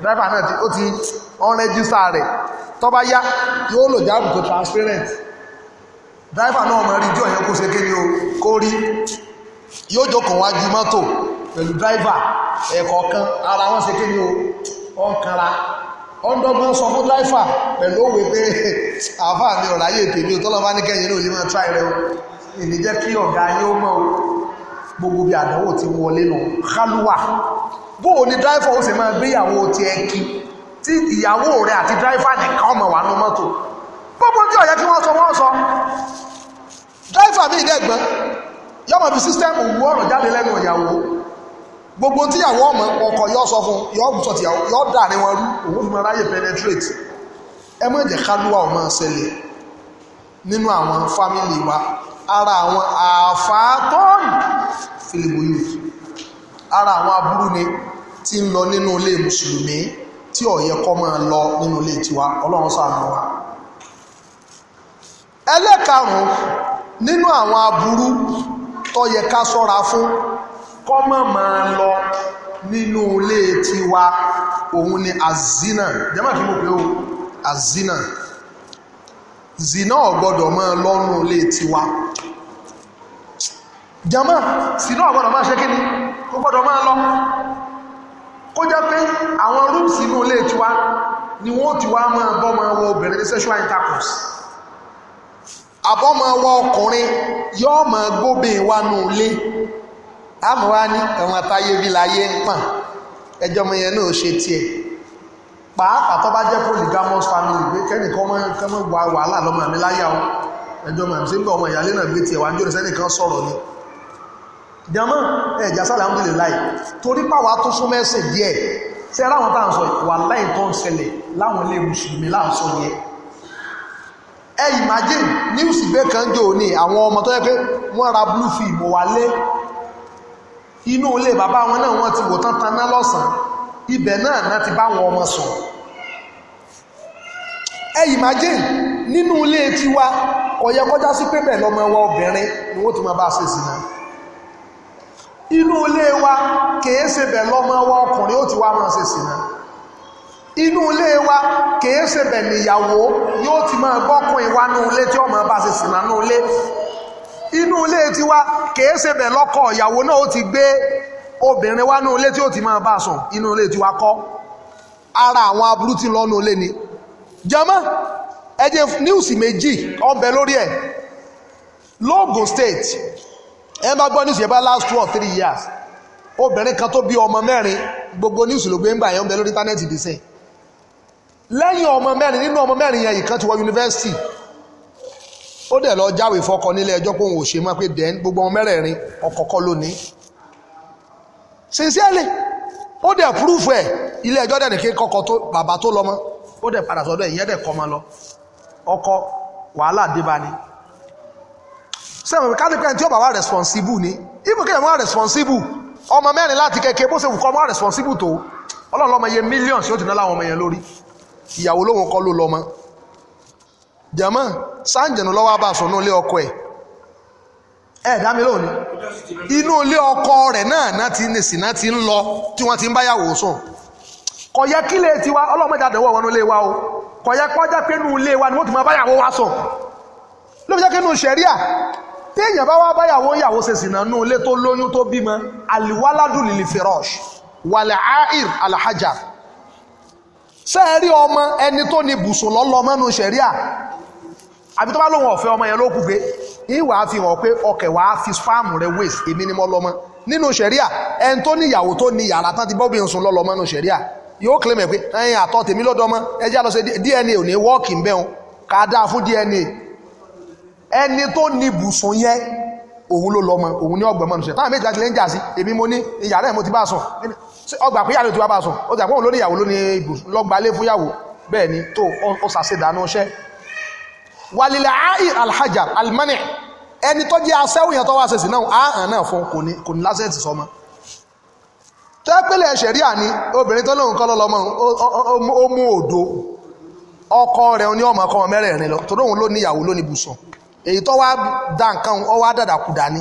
dráìfà náà ó ti ọ̀n rẹ́jísà rẹ̀ tó bá yá yóò lò jáàbù tó transparent dráìfà náà máa rí ijó ẹ̀yẹn kó ṣe kéde o kó rí yóò jókòó wájú mọ́tò pẹ̀lú dráìfà ẹ̀kọ̀ọ̀kan ara wọn ṣe kéde o ọ̀nkara ọ̀ndọ́gbọ́n sọ fún láìfà pẹ̀lú òwe pé àáfà mi ọ̀rọ̀ ayé tèmi ò tọ́lọ́bá ní kẹ́yìn lóòlì máa tráì rẹ o ìní jẹ́ kí ọ̀gá yín ó mọ̀ gbogbo bí àdánwò ti wọlé lọ kálúwà bó o ní dráìfà ó sì máa gbé ìyàwó ti ẹ kí tí ìyàwó rẹ àti dráìfà nìkan ọmọ wà nú mọ́tò gbogbo tí ọ̀yẹ́ kí wọ́n sọ wọ́n sọ dráìfà mi ìdẹ́gbọ́n yọmọ fi sísítẹ́ẹ̀mù wú ọ̀rọ̀ jáde lẹ́nu ìyàwó gbogbo tíyàwó ọmọ ọkọ yọ sọ fún yọ sọ tíyàwó yọ dà ní wọn rú òun fún aráyè penetrate ẹ má kálúwà ọmọ ṣẹlẹ̀ nínú àwọn fámìlì wa ara àwọn àfàtọ́ọ̀nù fìlìbòyò ara àwọn aburú ni tí ń lọ nínú ilé mùsùlùmí tí ó yẹ máa lọ nínú ilé tiwa ọlọ́run ṣàánú wa ẹlẹ́karùn-ún nínú àwọn aburú tó yẹ ká sọ́ra fún kọ́mọ̀ máa lọ nínú ilé tiwa òun ni azina jẹ́mọ̀ kí mo pè ó azina zina ò gbọ́dọ̀ máa lọ nínú ilé tiwa jẹ́mọ̀ zina ò gbọ́dọ̀ máa ṣe kí ni kó gbọ́dọ̀ máa lọ kó jẹ́ pé àwọn rooms inú ilé tiwa ni wọ́n ti wá máa bọ́ máa wọ obìnrin ní sexual intercourse àbọ́ máa wọ ọkùnrin yóò máa gbóbìn wa nù ilé àmúwá ní ẹ̀wọ̀n àtayé bí láyé ń pàn ẹjọ́ ọmọ yẹn náà ṣe tiẹ̀ pàápàá tó bá jẹ́ polygamous family gbé kẹ́nìkan mọ́ kẹ́mọ́ wà wàhálà lọ́mọ mi láyà o ẹjọ́ ọmọ àmì ọmọ ìyálé náà gbé tiẹ̀ wà ń jòrè sẹ́nìkan sọ̀rọ̀ ni jama ẹ̀já sálà ń dìlè láì torí pàwọ́ tó sún mẹ́sìn díẹ̀ ṣe láwọn tá à ń sọ wà láì tó ń ṣẹlẹ̀ láwọn ilé mùsùlùmí láǹsọ yẹn ẹ imagine news gbé kan jò ní àwọn ọmọ tó yẹ pé wọ́n ra blue film wálé inú ilé bàbá wọn náà wọ́n ti wò tán taná lọ́sàn ibẹ̀ náà náà ti bá wọn ọmọ sùn ẹ imagine nínú ilé tí kò yẹ kọjá sí lọ́mọ obìnrin ni wọ́n ti máa bá a ṣe sí náà inú ilé wa kèé ṣe bẹ̀ lọ́mọ wa ọkùnrin ó ti wá máa ṣe sí náà inú ilé wa kèé ṣe bẹ̀ níyàwó yóò ti máa inú ilé tiwa kìí ṣe bẹ̀ lọ́kọ ìyàwó náà ó ti gbé obìnrin wá nú ilé tí ó ti máa bá sùn inú ilé tiwa kọ́ ara àwọn aburú ti lọ́nu ilé ni jama ẹjẹ níwùsì méjì ọbẹ lórí ẹ l'Ogun State ẹ bá gbọ́ níwùsì yẹn bá last two or three years obìnrin kan tó bí ọmọ mẹ́rin gbogbo níwùsì ló gbé ń gbà yẹn ọbẹ lórí íńtánẹ́ẹ̀tì dìísẹ́ lẹ́yìn ọmọ mẹ́rin nínú ọmọ mẹ́rin yẹn ìkan ti wọ yunifásitì ó dẹ̀ lọ jáwé fọkọ nílé ẹjọ́ pé òun ò ṣe mọ́ pé dẹ́n gbogbo ọmọ mẹ́rẹ̀ẹ̀rin ọ̀kọ̀ọ̀kọ́ lónìí sincerely ó dẹ̀ proof ẹ̀ ilé ẹjọ́ dẹ̀ nìkan kọ́kọ́ tó bàbá tó lọ́mọ ó dẹ̀ padà sọ́dọ̀ ìyẹn dẹ̀ kọ́ ọmọ lọ ọkọ wàhálà débá ni sẹ́wọ̀n kánípẹ́ tí ó bá wà responsible ni ibùn kí ẹ̀ wà responsible ọmọ mẹ́rin láti kẹ̀kẹ́ bó ṣe wù kọ́ ọmọ responsible tó ọlọ́run lọ́mọ iye millions yóò ti ná láwọn ọmọ yẹn lórí ìyàwó lóhun kọ́ ló lọ́mọ jẹ̀mọ́ sáǹjẹ̀nù lọ́wọ́ bá sọ nílé ọkọ ẹ̀ ẹ̀ dá mi lóhùn ni inú ilé ọkọ rẹ̀ náà náà ti ní sìn náà ti ń lọ tí wọ́n ti ń báyàwó sùn kò yẹ kí lè tiwa ọlọ́mọdé àdánwò wọn o kò yẹ kọjá pé nù lè wa ni wọ́n ti máa báyàwó wa sùn ló fi jẹ́ kí nù sẹ̀ríà tí èèyàn bá wá báyàwó yàwó ṣe sìnà nù ilé ṣé ẹ rí ọmọ ẹni tó ní bùsùn lọ́lọ́ mọ́nu ṣẹ̀ríà àbí tó bá lóun ọ̀fẹ́ ọmọ yẹn ló kù pé ìwà fi hàn pé ọkẹ̀ wà á fi spáàmù rẹ waste èmi ni mo lọ́mọ nínú ṣẹ̀ríà ẹni tó ní ìyàwó tó ní yàrá tán ti bọ́ bí n sùn lọ́lọ́ mọ́nu ṣẹ̀ríà yóò kílẹ̀ mẹ́ pé ẹyin àtọ̀ tèmi lọ́dọ̀ ọmọ ẹjẹ́ àlọ́ ṣe DNA ò ní wọ́ọ̀kì ń bẹ́hùn ká dáa fún DNA ẹni tó ní bùsùn yẹn òun ló lọ́mọ òun ní ọgbọ̀n mọ́nu ṣẹ̀ táwọn méjì ọgbà pé yàrá ti wá bá sùn ó ti àpò òun lórí ìyàwó lóní ibùsùn lọ́gbàlé fún yàwó bẹ́ẹ̀ ni tó ó sàṣe dànù iṣẹ́ wàlìlà áì alhajar almani ẹni tó jẹ́ asẹ́wò yẹn tó wá ṣèṣì náà àhàn náà fún kò ní lásẹ̀tì sọmọ tẹ́pẹ́lẹ̀ ṣẹ̀ríà ni obìnrin tó lóun kọ́ lọ́lọ́mọ ó mú òdo ọkọ rẹ̀ ní ọmọ ọkọ mẹ́rẹ̀ẹ̀rin lọ torí òun ló níyàwó lónìí ibùsùn èyí tó wá dá nǹkan ó wá dàdàkudà ni.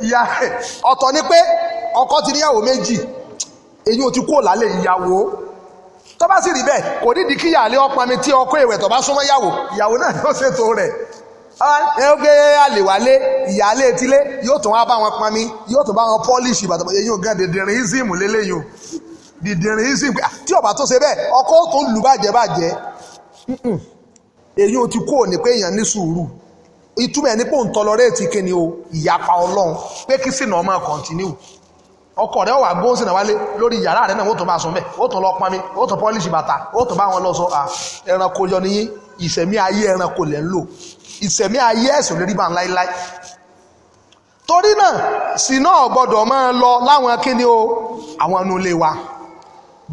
ìyá ọ̀tọ̀ ni pé ọkọ ti níyàwó méjì èyí ò ti kúrò lálẹ́ ìyàwó tó bá sì rí bẹ́ẹ̀ kò nídìí kí ìyàlẹ́ ọpọnmi tí ọkọ ìwẹ̀ tó bá súnmọ́ ìyàwó ìyàwó náà yóò ṣètò rẹ̀ ẹ ó gbé àlèwálé ìyàlẹ́ etílé yóò tún wá bá wọn pọnmi yóò tún bá wọn pọ́líṣì ìbàdàn èyí ò gan dèdèrìn ísìmù lélẹ́yìn o dèdèrìn ísìmù ah, tí ọba tó ṣe bẹ́ẹ̀ ọkọ tó lù bàjẹ́ bàjẹ́ èyí ò ti kúrò ní pé èèyàn ní sùúrù ìtumọ̀ ẹni pò ń tọlọrẹ́ẹ̀tì kí ni o ìyapa ọlọ́run pé kí sínà ọmọ kọ̀ǹtínú ọkọ rẹ wà gbóhùn sínà wálé lórí yàrá rẹ náà wọ́n tó bá sùn bẹ́ẹ̀ ó tó lọ pọnmi ó tó pọ́líṣì bàtà ó tó bá wọn lọ sọ ẹranko yọ nìyí ìṣẹ̀mí ayé ẹranko lẹ̀ ń lò ìṣẹ̀mí ayé ẹ̀sùn lórí bá ń láíláí torí náà sínà gbọ́dọ̀ máa lọ láwọn kí ni o àwọn inú ilé wa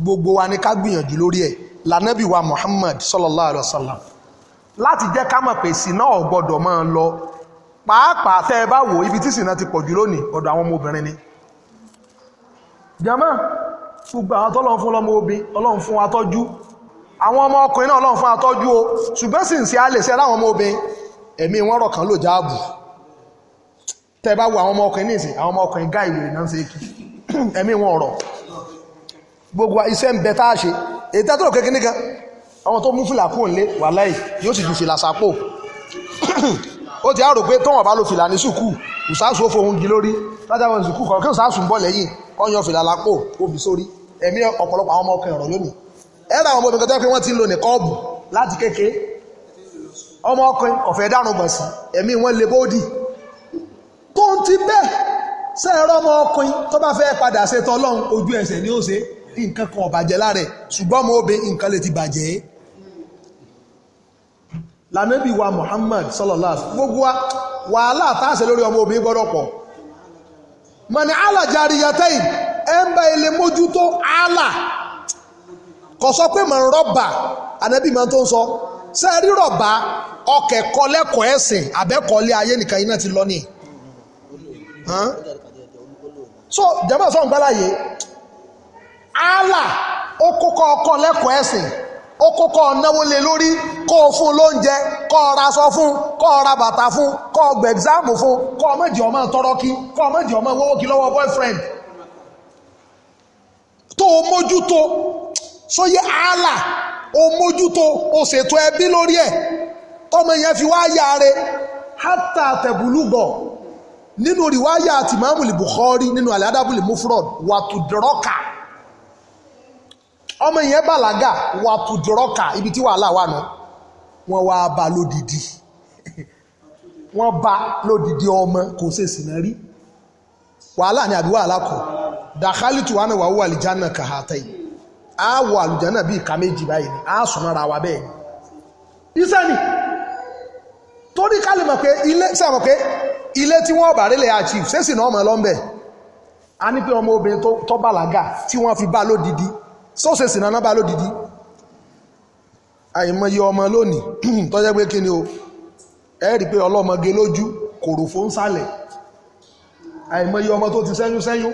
gbogbo wa ni ká gbìyànjú lórí ẹ̀ lànàbí wa Muhammad sallallahu alayhi wa sallam láti jẹ́ ká mọ̀ pé sínà ò gbọ́dọ̀ máa lọ pàápàá tẹ́ ẹ bá wò ibi tí sínà ti pọ̀ jù lónìí ọ̀dọ̀ àwọn ọmọbìnrin ni jama gbogbo àwọn tọ́lọ́n fún ọlọ́mọ obìn ọlọ́run fún atọ́jú àwọn ọmọ ọkùnrin náà o ṣùgbọ́n sì ń ṣe alẹ́sẹ̀ láwọn ọmọ obìn ẹ̀mí wọn rọ̀ kan ló jáàbù tẹ́ bá wo àwọn ọmọ ọkùnrin nìsín àwọn ọmọ ọkùnrin gá ìwé náà ń ṣe kí ẹ̀mí wọn rọ̀ gbogbo iṣẹ́ ń bẹ tá a ṣe èyí àwọn tó mú fìlà kúrò nílé wàláì yóò sì ju fìlà sápò ó ti àrò pé tọ́wọ̀n bá lo fìlà ní sùkú ìsáàsù ó fohun gi lórí látàwọn sùkú kan kí ìsáàsù ń bọ̀ lẹ́yìn ọyàn fìlà lápò obì sórí ẹ̀mí ọ̀pọ̀lọpọ̀ àwọn ọmọ ọkàn ọ̀rọ̀ lónìí ẹ̀rọ àwọn ọmọbìnrin kan pé wọ́n ti ń lo nìkọ́ọ̀bù láti kéke ọmọ ọkùnrin ọ̀fẹ́ dànù gbọ̀n sí ẹ̀mí wọn lè bóódì tó ń ti bẹ́ẹ̀ sẹ́ẹ̀rọ ọmọ ọkùnrin tó bá fẹ́ padà ṣe tọ́lọ́run ojú ẹsẹ̀ ni ó ṣe nǹkan kan ò bàjẹ́ lára ẹ̀ ṣùgbọ́n ọmọ obìnrin nǹkan lè ti bàjẹ́ lànàbí wa Muhammad sallallahu alaihi wasallam gbogbo wàhálà tàṣẹ lórí ọmọ obìnrin gbọ́dọ̀ pọ̀ mọ̀nì àlà jariyatayn ẹ̀ ń bá ilé mójútó àlà kò sọ pé mọ̀ ń rọ́bà ànàbí máa tó ń sọ sẹ́ẹ̀rí rọ̀bà ọkẹ̀ kọlẹ́kọ̀ọ́ ẹ̀sìn àbẹ́kọ̀ọ́lé ayé nìkan iná ti lọ nìyí so jama sọ n gbala Allah ó kókọ ọkọ lẹ́kọ̀ọ́ ẹ̀sìn ó kó kọ́ ọ náwó lé lórí kó o fún un lóúnjẹ kó o ra aṣọ fún kó o ra bàtà fún kó o gba ẹ̀gzáàmù fún kó o mọ̀jì ọmọ tọrọ kí kó o mọ̀jì ọmọ wọ́wọ́ kí lọ́wọ́ boyfriend tó o mójútó sóyè àálà o mójútó o ṣètò ẹbí lórí ẹ̀ tọmọ yẹn fi wá yáre hátà tẹ̀bùlùgọ̀ nínú rìwáyà àti Imamul Bukhari nínú al-Adabul Mufrad wàtúndọ̀rọ̀kà ọmọ yẹn bàlágà wà pùdùrọ́kà ibi tí wàhálà wà nù wọ́n wá bá lódìdí wọ́n bá lódìdí ọmọ kò ṣe sìnà rí wàhálà ni àbí wàhálà kọ dàkálìtù wà ní wàhálà wà lìjánà kàhátà yìí á wọ àlùjánà bíi ìka méjì báyìí ni á sùn ara wa bẹ́ẹ̀ ni iṣẹ́ ni torí ká mọ̀ pé ilé sẹ́wọ̀n pé ilé tí wọ́n bá rélẹ̀ achieve ṣé sì náà mọ̀ lọ́nbẹ̀ a ní pé ọmọ obìnrin tó bàlágà tí wọ́n fi bá lódìdí sóòsè sì náà bá lódìdí àìmọye ọmọ lónìí tó jẹ́ pé kí ni o ẹ rí pé ọlọ́mọge lójú kòròfó ń sálẹ̀ àìmọye ọmọ tó ti sẹ́yún sẹ́yún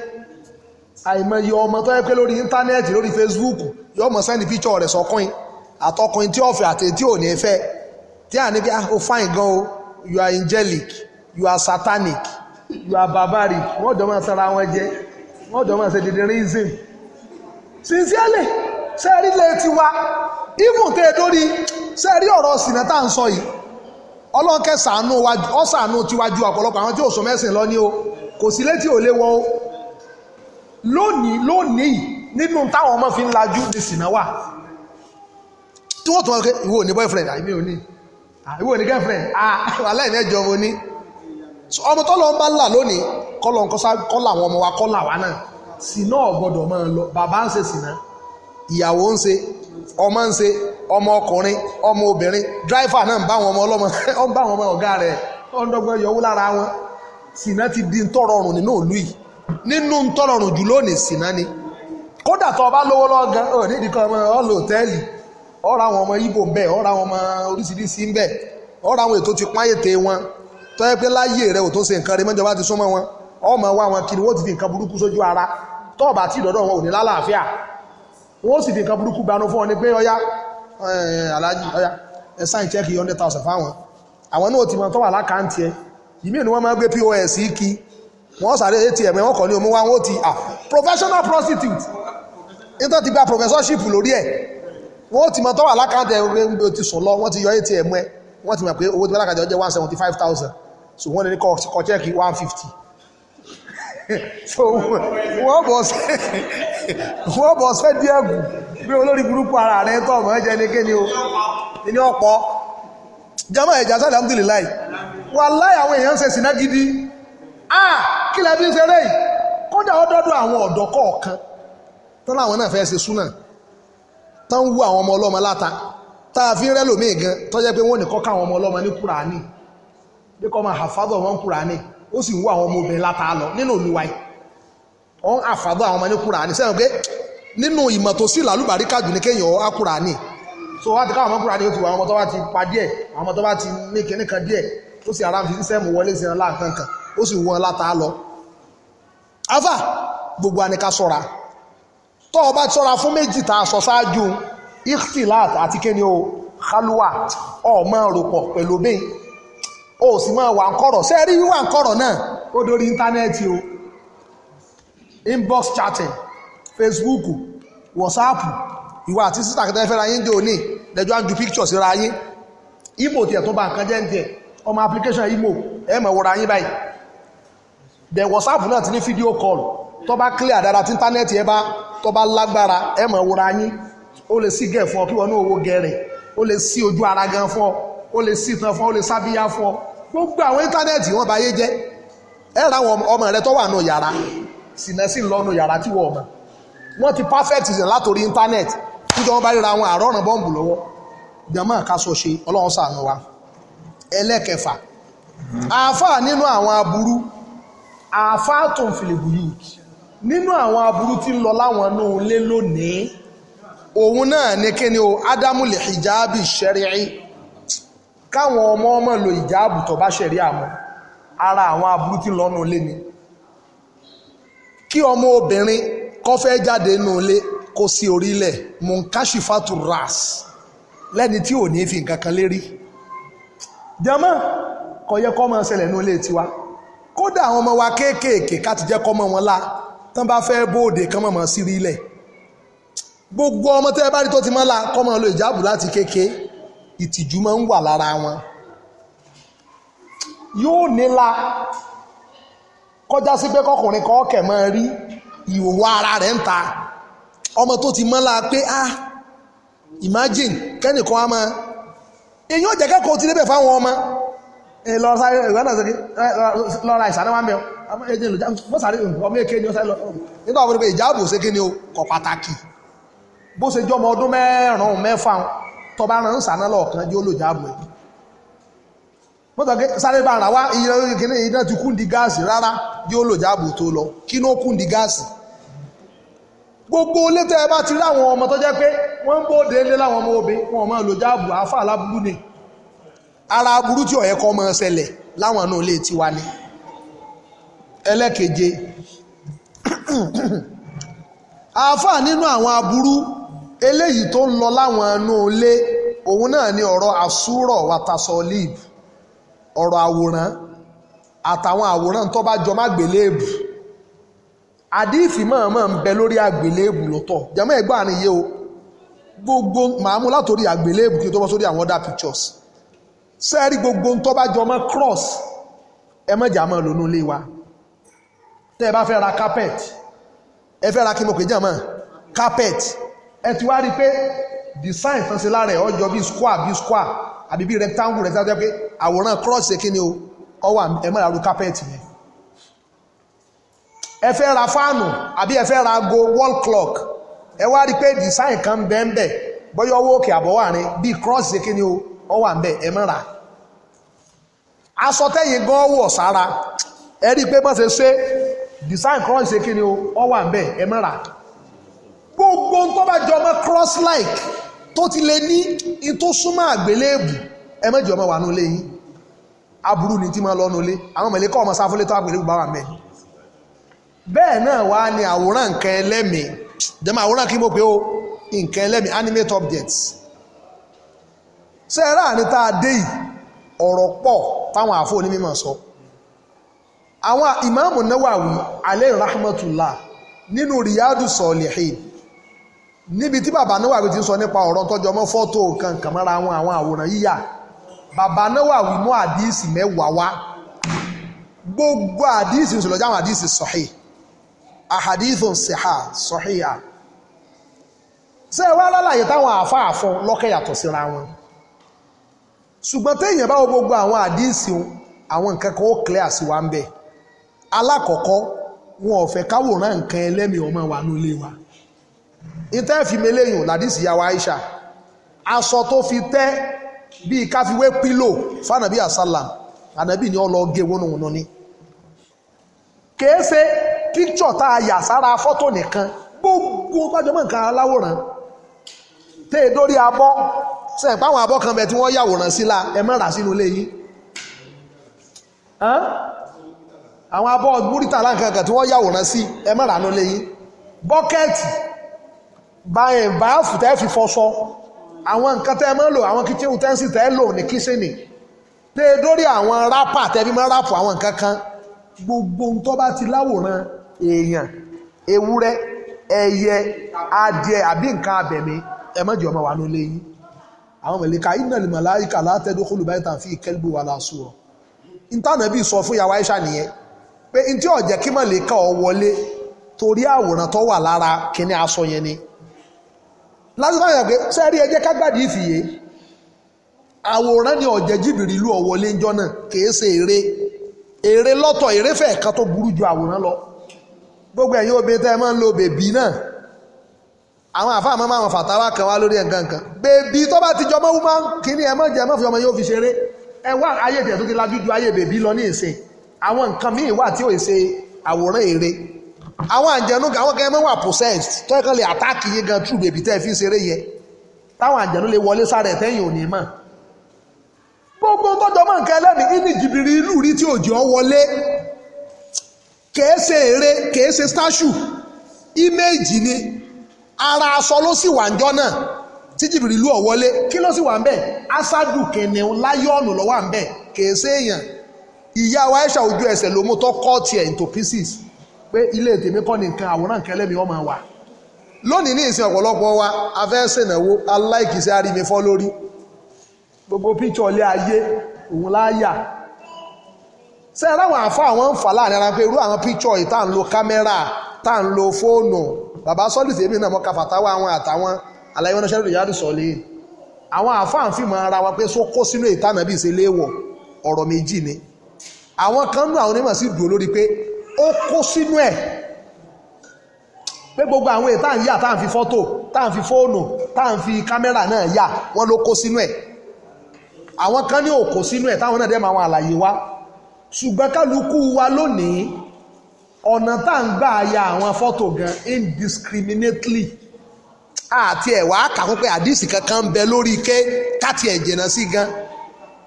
àìmọye ọmọ tó yẹ pé lórí íńtánẹ́ẹ̀tì lórí Facebook yóò mọ̀ sẹ́ni píchọ̀ rẹ̀ sọkùnrin àtọkùnrin tí ọ̀fẹ́ àti tí ò ní fẹ́ tí à ní bí ah, o fine gan o you are angelic you are satanic you are barbaric wọ́n jọ máa sara wọn jẹ wọ́n jọ máa ṣe dídín reason sincerely sẹ́ẹ̀rí lè ti wa even tẹ́ ẹ dórí sẹ́ẹ̀rí ọ̀rọ̀ sìnà tá à ń sọ yìí ọlọ́run kẹ́ ṣàánú ọ ṣàánú tiwájú ọ̀pọ̀lọpọ̀ àwọn tí ò sọ mẹ́sìn lọ ní o kò sí létí ò léwọ́ o lónìí lónìí nínú táwọn ọmọ fi ń lajú ní sìnà wà tí wọ́n tún wọ́n pé ìwọ ní boyfriend àìmí ò ní ìwọ ní girlfriend aláìní ẹjọ́ mo ní ọmọ tọ́lọ́ ń bá là lónìí kọ́lọ́ ń kọ́lá àwọn ọmọ wa kọ́lá wa náà sínú ọ̀gbọ́dọ̀ máa lọ bàbá ń ṣe sínà ìyàwó ń ṣe ọmọ ń ṣe ọmọ ọkùnrin ọmọ obìnrin dráìfà náà ń bá wọn ọmọ ọlọ́mọ ó ń bá wọn ọmọ ọ̀gá rẹ̀ ó ń dọ́gbọ́n yọwó lára wọn sínà ti di ntọ́rọrùn nínú òlú yìí nínú ntọ́rọrùn jù lónìí sínà ni kódà tó o bá lówó lọ́gán ò nídìí kan ọmọ ọlọ òtẹ́ẹ̀lì ọ̀rọ̀ àwọn ọmọ Ìgbò ń bẹ ọ̀rọ̀ àwọn ọmọ oríṣiríṣi ń bẹ ọ̀rọ̀ àwọn ètò ti pọ́n àyètè wọn tó yẹ pé láyé rẹ ò tó ṣe nǹkan rẹ mọ́jọba ti súnmọ́ wọn ọmọ wá wọn kiri wọ́n ti fi nǹkan burúkú sójú ara tọ́ọ̀bà tí ìdọ́dọ̀ wọn ò ní lálàáfíà wọ́n sì fi nǹkan burúkú gbanú fún ọ ní pé ọyá eh, aláàjì ọyá ẹ sáìn chẹ́kì 100,000 fáwọn àwọn náà ti mọ tọ́wà lákàntì ẹ ìmí ni wọ́n máa gbé pos kí wọ́n sáré atm wọ́n kọ̀ ní omi wá wọ́n ti à ah, professional prostitute nítorí ti gba professorship lórí ẹ̀ wọ́n ti mọ tọ́wà lákàntì ẹ wọ́n ti sùn lọ wọ́n ti yọ atm ẹ wọ́n ti mọ̀ pé owó tí wọ́n lákàntì ọ jẹ́ 175,000 so wọ́n ní kọ́ chẹ́kì 150 so wọ́n bọ̀ sẹ́ wọ́n bọ̀ sẹ́ di gùn bí olórí burúkú ara rẹ̀ tọ́ ọmọ ẹ̀jẹ̀ ní kéde o ní ọ̀pọ̀ jama ẹ̀jẹ̀ àti alhamdulilayi wallahi àwọn èèyàn ṣe sìná gidi ah kí lẹ́bí ń ṣeré yìí kódà ọdọọdọ àwọn ọ̀dọ́ kọ̀ọ̀kan tán láwọn náà fẹ́ ṣe súnà tán wú àwọn ọmọ ọlọ́mọ láta tá a fi ń rẹ́lòmíì gan tọ́jẹ́ pé wọ́n ní kọ́ àwọn ọmọ ọlọ́mọ ní kúránì bí kò máa hàfádọ̀ wọn kúránì ó sì ń wá àwọn ọmọbìnrin látà lọ nínú olúwa yìí ọ̀n àfàdọ́ àwọn ọmọ ní kúránì sẹ́wọ̀n pé nínú ìmọ̀ tó sí làlúbàrí kájú ní kéèyàn á kúránì so wá ti káwọn ọmọ kúránì ó ti wà àwọn ọmọ tó bá ti pa díẹ̀ àwọn ọmọ tó bá ti ní kíní kan díẹ̀ ó sì ara fi sẹ́mu wọlé sí wọn láǹkan ó sì wọn látà lọ. afa gbogbo àníkà sọ̀ra tó o ti sọ̀ra fún méjì tá sọ ṣáájú ikhtilat àti kéni o khalwa ọ̀ rò pọ̀ pẹ̀lú bẹ́ẹ̀ o si ma wà nkọrọ kọ̀rọ̀ rí wíwà ń náà o inbox chatting facebook whatsapp ìwà àti sísà kẹtẹ fẹ́ra yín dé òní lẹ́jọ́ à ń ju pictures yín imo tiẹ̀ tó ba nǹkan jẹ́ ń ọmọ application imo ẹ̀ mọ̀ wọra yín báyìí whatsapp ti ní fídíò call tọba klia clear dára tí íńtánẹ́ẹ̀tì ẹ bá tó lágbára ẹ mọ̀ yín lè sí fún ọ kí wọn ní owó lè sí ojú ara gan fún ọ lè sí gbogbo àwọn íńtánẹ́ẹ̀tì wọn báyé jẹ́ ẹ ra àwọn ọmọ rẹ tó wà nù yàrá sìnà sí lọ́nu yàrá tí wọ́n mọ̀ wọ́n ti perfect ìsìn látòrí íńtánẹ́ẹ̀tì nítorí wọn bá ríra àwọn àárọ̀ bọ́ǹbù lọ́wọ́ jàmọ́ àkásọ ṣe ọlọ́run ṣàánú wa ẹlẹ́kẹfà àáfàá nínú àwọn aburú àáfàá tó ń fìlìbù yìí nínú àwọn aburú tí ń lọ láwọn inú ilé lónìí òun náà ní kíni o ádámù lè hijabi ṣẹ́rìí káwọn ọmọ ọmọ lo ìjáàbù tó bá ṣẹ̀rí àmọ́ ara àwọn aburú tí lọ́nà ilé ni kí ọmọ obìnrin kọ́ fẹ́ jáde nínú ilé kó sí orílẹ̀ munkashifatu ras lẹ́ni tí ò ní fi nǹkan kan lérí jẹ́mọ́ kò yẹ kọ́ máa ṣẹlẹ̀ nínú ilé tiwa kódà àwọn ọmọ wa kéékèèké ká ti jẹ́ kọ́ mọ́ wọn lá tán bá fẹ́ bóde kán mọ́ sí rílẹ̀ gbogbo ọmọ tẹ́ bá rí tó ti mọ́ la kọ́ mọ́ lo ìjáàbù láti kéékèé ìtìjú máa ń wà lára wọn yóò nílá kọjá sí pé kọkùnrin kan ọkẹ̀ máa rí ìhòòhò ara rẹ̀ ń ta ọmọ tó ti mọ́lá pé ah imagine kẹ́nìkan á máa èyí ò jẹ́ kẹ́kọ̀ọ́ ti débẹ̀ fáwọn ọmọ lọ sáré ìwé náà sókè lọ́ra ìsàlẹ̀ wà mẹ́ọ̀ ẹjẹ́ ìlú mọ́ sáré ọmọ èké ni ó sáré lọ nígbà wọn pé ìjáàbò ṣe kí ni o kọ̀ pàtàkì bó ṣe jọmọ ọdún mẹ́rin mẹ́fà tọba ràn sànà lọ́ọ̀kan jẹ́ olùjáàbù ẹ̀ mọ́tò sáré bá ara wá iye kìíní iná ti kúndi gáàsì rárá jẹ́ olùjáàbù tó lọ kí ló kúndi gáàsì gbogbo létẹ́ ẹ bá ti rí àwọn ọmọ tó jẹ́ pé wọ́n ń bóde lé láwọn ọmọ obì wọn ọmọ olùjáàbù àáfà aláburú ni ara aburú tí ọ̀yẹ́ kọ́ máa ṣẹlẹ̀ láwọn náà lè tiwa ni ẹlẹ́keje àáfà nínú àwọn aburú eléyìí tó ń lọ láwọn inú ilé òun náà ni ọ̀rọ̀ àsúrọ̀ wàtàsọ̀lìb ọ̀rọ̀ àwòrán àtàwọn àwòrán tó bá jọ má àdífì mọ̀ọ́mọ̀ ń bẹ lórí àgbélébù lọ́tọ̀ jẹ́mọ́ ẹ̀gbọ́n àníyé o gbogbo màámú látòrí kí n tó bọ́ sórí àwọn other pictures sẹ́ẹ̀rí gbogbo tó bá jọ mọ́ cross ẹ mọ̀jà mọ́ lónú ilé wa tẹ́ ẹ bá fẹ́ ẹ ti wá rí i pé design tán ṣe lára ẹ̀ ọjọ́ bíi square bíi square àbí bíi rectangle pé àwòrán cross ṣe kí ni o ọwọ́ ẹ̀mọ́ ìlàrú carpet yẹn ẹ fẹ́ ra fáànù àbí ẹ fẹ́ ra wall clock ẹ wá rí design kan bẹ́ẹ̀ bẹ́ẹ̀ bọ́yọ̀ owó òkè àbọ̀wá bíi cross ṣe kí ni o ọwọ́ àbẹ̀ ẹ̀mọ́ ra aṣọ tẹ́yìn gan wọ̀ sára ẹ rí i pé design cross ṣe kí ni o ọwọ́ gbogbo tó bá jọ ọmọ cross like tó ti lè ní in tó súnmọ́ àgbélébù ẹ mẹ́jọ ọmọ wà nú lé yín aburú ni tí máa lọ nú lé àwọn mẹ̀lẹ́kọ́ ọmọ sáfúlé tó àgbélébù bá wà mẹ́ bẹ́ẹ̀ náà wá ní àwòrán nǹkan ẹlẹ́mìí jẹ́mọ́ àwòrán kí mo pé o nǹkan ẹlẹ́mìí animate objects ṣe é ráàrin tá a dé yìí ọ̀rọ̀ pọ̀ táwọn àfọ onímọ̀ sọ àwọn ìmáàmù Nawawi alẹ́ rahmatullah nínú Riyadu Salihin níbi tí bàbá Nawawi ti ń sọ nípa ọ̀rọ̀ tọ́jọ́ mọ́ fọ́tò kan kàmọ́ra àwọn àwọn àwòrán yíyà bàbá Nawawi mú àdíìsì mẹ́wàá wá gbogbo àdíìsì ìṣòlọ́jà àwọn àdíìsì sahih àhàdíìsì sihha sahiha ṣé ẹ wá lálàyé táwọn àfáàfọ lọ́kẹ́ yàtọ̀ síra wọn ṣùgbọ́n téèyàn bá wo gbogbo àwọn àdíìsì àwọn nǹkan kan ó clear sí wa ń bẹ̀ alákọ̀ọ́kọ́ wọn ò fẹ́ káwòrán nǹkan ẹlẹ́mìí ọmọ wa nílé wa. ìtẹ́fìmẹ́lẹ́yìn làdísì yàwó Aisha aṣọ tó fi tẹ́ bíi káfíwé pílò fánàbí àsálàm ànàbí ni ọlọ gé wónú wọn ní kèése ni tá a yà sára fọ́tò nìkan gbogbo pàjọmọ́ nǹkan aláwòrán ẹ dórí páwọn kan bẹ tí wọ́n yàwòrán sí la ẹ mọ́ra sínú ilé àwọn múrítà láǹkankan tí yàwòrán sí ẹ báàfù tẹ́ fi fọṣọ àwọn nǹkan tẹ́ máa lò àwọn kitchen utensils tẹ́ lò ní kíṣìnì lé e dórí àwọn rápà tẹ́ fi máa rápù àwọn nǹkan kan gbogbo ohun tó bá ti láwòrán èèyàn ewúrẹ́ ẹyẹ adìẹ àbí nǹkan abẹ̀mí ẹ má jẹ́ ọmọ wa ló léyìn àwọn mẹ̀lẹ́ka iná lè màláìka látẹ́dó kólùbáyé tàn fi ìkẹ́lùbù wà láṣù ọ̀ ìtànàbí sọ fún yàwá ìṣà nìyẹn pé ntí ọ̀jẹ̀ kí màlẹ́ka ọ wọlé torí àwòrán tó wà lára kíní aṣọ yẹn ni lásìkò àwọn ìyàgbé sẹ́rí ẹjẹ́ kágbàdì ìfìyé àwòrán ni ọ̀jẹ̀ jìbìrì ìlú ọ̀wọ́lé ńjọ́ náà kìí ṣe eré eré lọ́tọ̀ eré fẹ́ẹ̀ kan tó burú ju àwòrán lọ gbogbo ẹ̀yin obìnrin tẹ́ ẹ máa ń lo bèbí náà àwọn àfa àmọ́ máa fàtàwà kan wá lórí ẹ̀ǹkan kan bèbí tó bá ti jọ mọ́ wúmọ́ kínní ẹ mọ́ jẹ́ mọ́ fi ọmọ yóò fi ṣeré ẹ wá ayé tẹ̀ tó ti lajú ju ayé bèbí lọ ní ìsìn àwọn nǹkan míì wà tí ò ṣe àwòrán eré àwọn àjẹnú àwọn kan mọ́ wà possessed tọ́yẹ kan lè attack yín gan true baby tẹ́ ẹ fi ṣeré yẹ táwọn àjẹnú lè wọlé sáré tẹ́yìn ò ní mọ̀ gbogbo tọ́jọ́ mọ̀ nǹkan ẹlẹ́mìí ní jìbìrì ìlú rí tí òjò wọlé kèé ṣe eré kèé ṣe statue image ni ara aṣọ ló sì wà ńjọ́ náà tí jìbìrì ìlú ọ̀ wọlé kí ló sì wà ń bẹ̀ asadu kìnìún láyọ̀ọ̀nù lọ́wọ́ à ń bẹ̀ kèé ṣe èèyàn ìyá wa ẹ̀ṣà ojú ẹsẹ̀ ló mú tó cut ẹ̀ into pieces pé ilé tèmi kọ́ ni nǹkan àwòrán nǹkan ẹlẹ́mi ọmọ wa lónìí ní ìsìn ọ̀pọ̀lọpọ̀ wa a fẹ́ ṣènáwó aláìkìsẹ́ arími fọ́ lórí gbogbo píṣọ̀ ilé ayé òun láyà ṣe ráwọn àfa àwọn ń fà láàrin ara pé irú àwọn píṣọ̀ yìí tá à ń lo kámẹ́rà tá à ń lo fóònù bàbá sọ́ọ̀lì tèmi náà mọ́ kàfàtà wa àwọn àtàwọn àlàyé wọn ṣẹ́rù ìyá àdùsọ̀lẹ̀ àwọn àfa ọ̀rọ̀ méjì ni àwọn kan nú àwọn onímọ̀ sí dùn lórí pé ó kó sínú ẹ̀ pé gbogbo àwọn èyí tá à ń yà tá à ń fi fọ́tò tá à ń fi fóònù tá à ń fi kámẹ́rà náà yà wọ́n ló kó sínú ẹ̀ àwọn kan ní òkó sínú ẹ̀ táwọn náà dẹ́ máa wọn àlàyé wa ṣùgbọ́n kálukú wa lónìí ọ̀nà tá ń gbà ya àwọn fọ́tò gan indiscriminately àti ẹ̀wà kàkún pé àdìsí kankan ń bẹ lórí ike káti ẹ̀jẹ̀ náà sí gan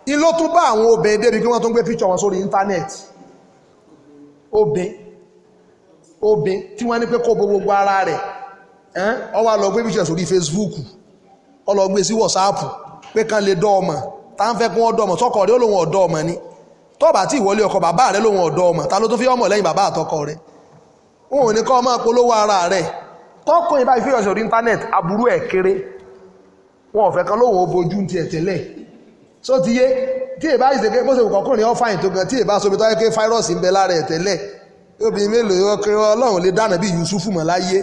ni ló tún bá àwọn obìnrin débi pé wọ́n tún gbé píṣọ̀ wọn sórí íńtánẹ́ẹ̀tì obìn obìn tí wọ́n ní pé kó bo gbogbo ara rẹ̀ ó wá lọ gbé pictures orí Facebook ó lọ gbé sí WhatsApp pé kán lè dọ́ ọmọ tá ń fẹ́ kí wọ́n dọ́ ọmọ sọ́kọ̀ rẹ̀ ó lóun ọ̀dọ́ ọmọ ni tọ́ọ̀bà tí ìwọlé ọkọ bàbá rẹ̀ lóun ọ̀dọ́ ọmọ ta ló tún fi ọmọ lẹ́yìn bàbá àtọkọ rẹ̀ wọn ò ní kọ́ ọmọ polówó ara rẹ̀ tọ́kọ̀ ìbá ìfẹ́ ọ̀ṣọ́ orí íńtánẹ́ẹ̀tì aburú ẹ̀ kéré wọn ò fẹ́ kan lóun ó bojú ti ẹ̀ tẹ́lẹ̀ só ti yé tí èbá ìṣègbè bó ṣe kọkùnrin ọ́ fàyìn tó gan tí èbá sobi tó yẹ kí fáírọ́ọ̀sì ń bẹ lára ẹ̀ tẹ́lẹ̀ obì mélòó ọkùnrin ọlọ́run lè dáná bí Yusufu mọ̀ láyé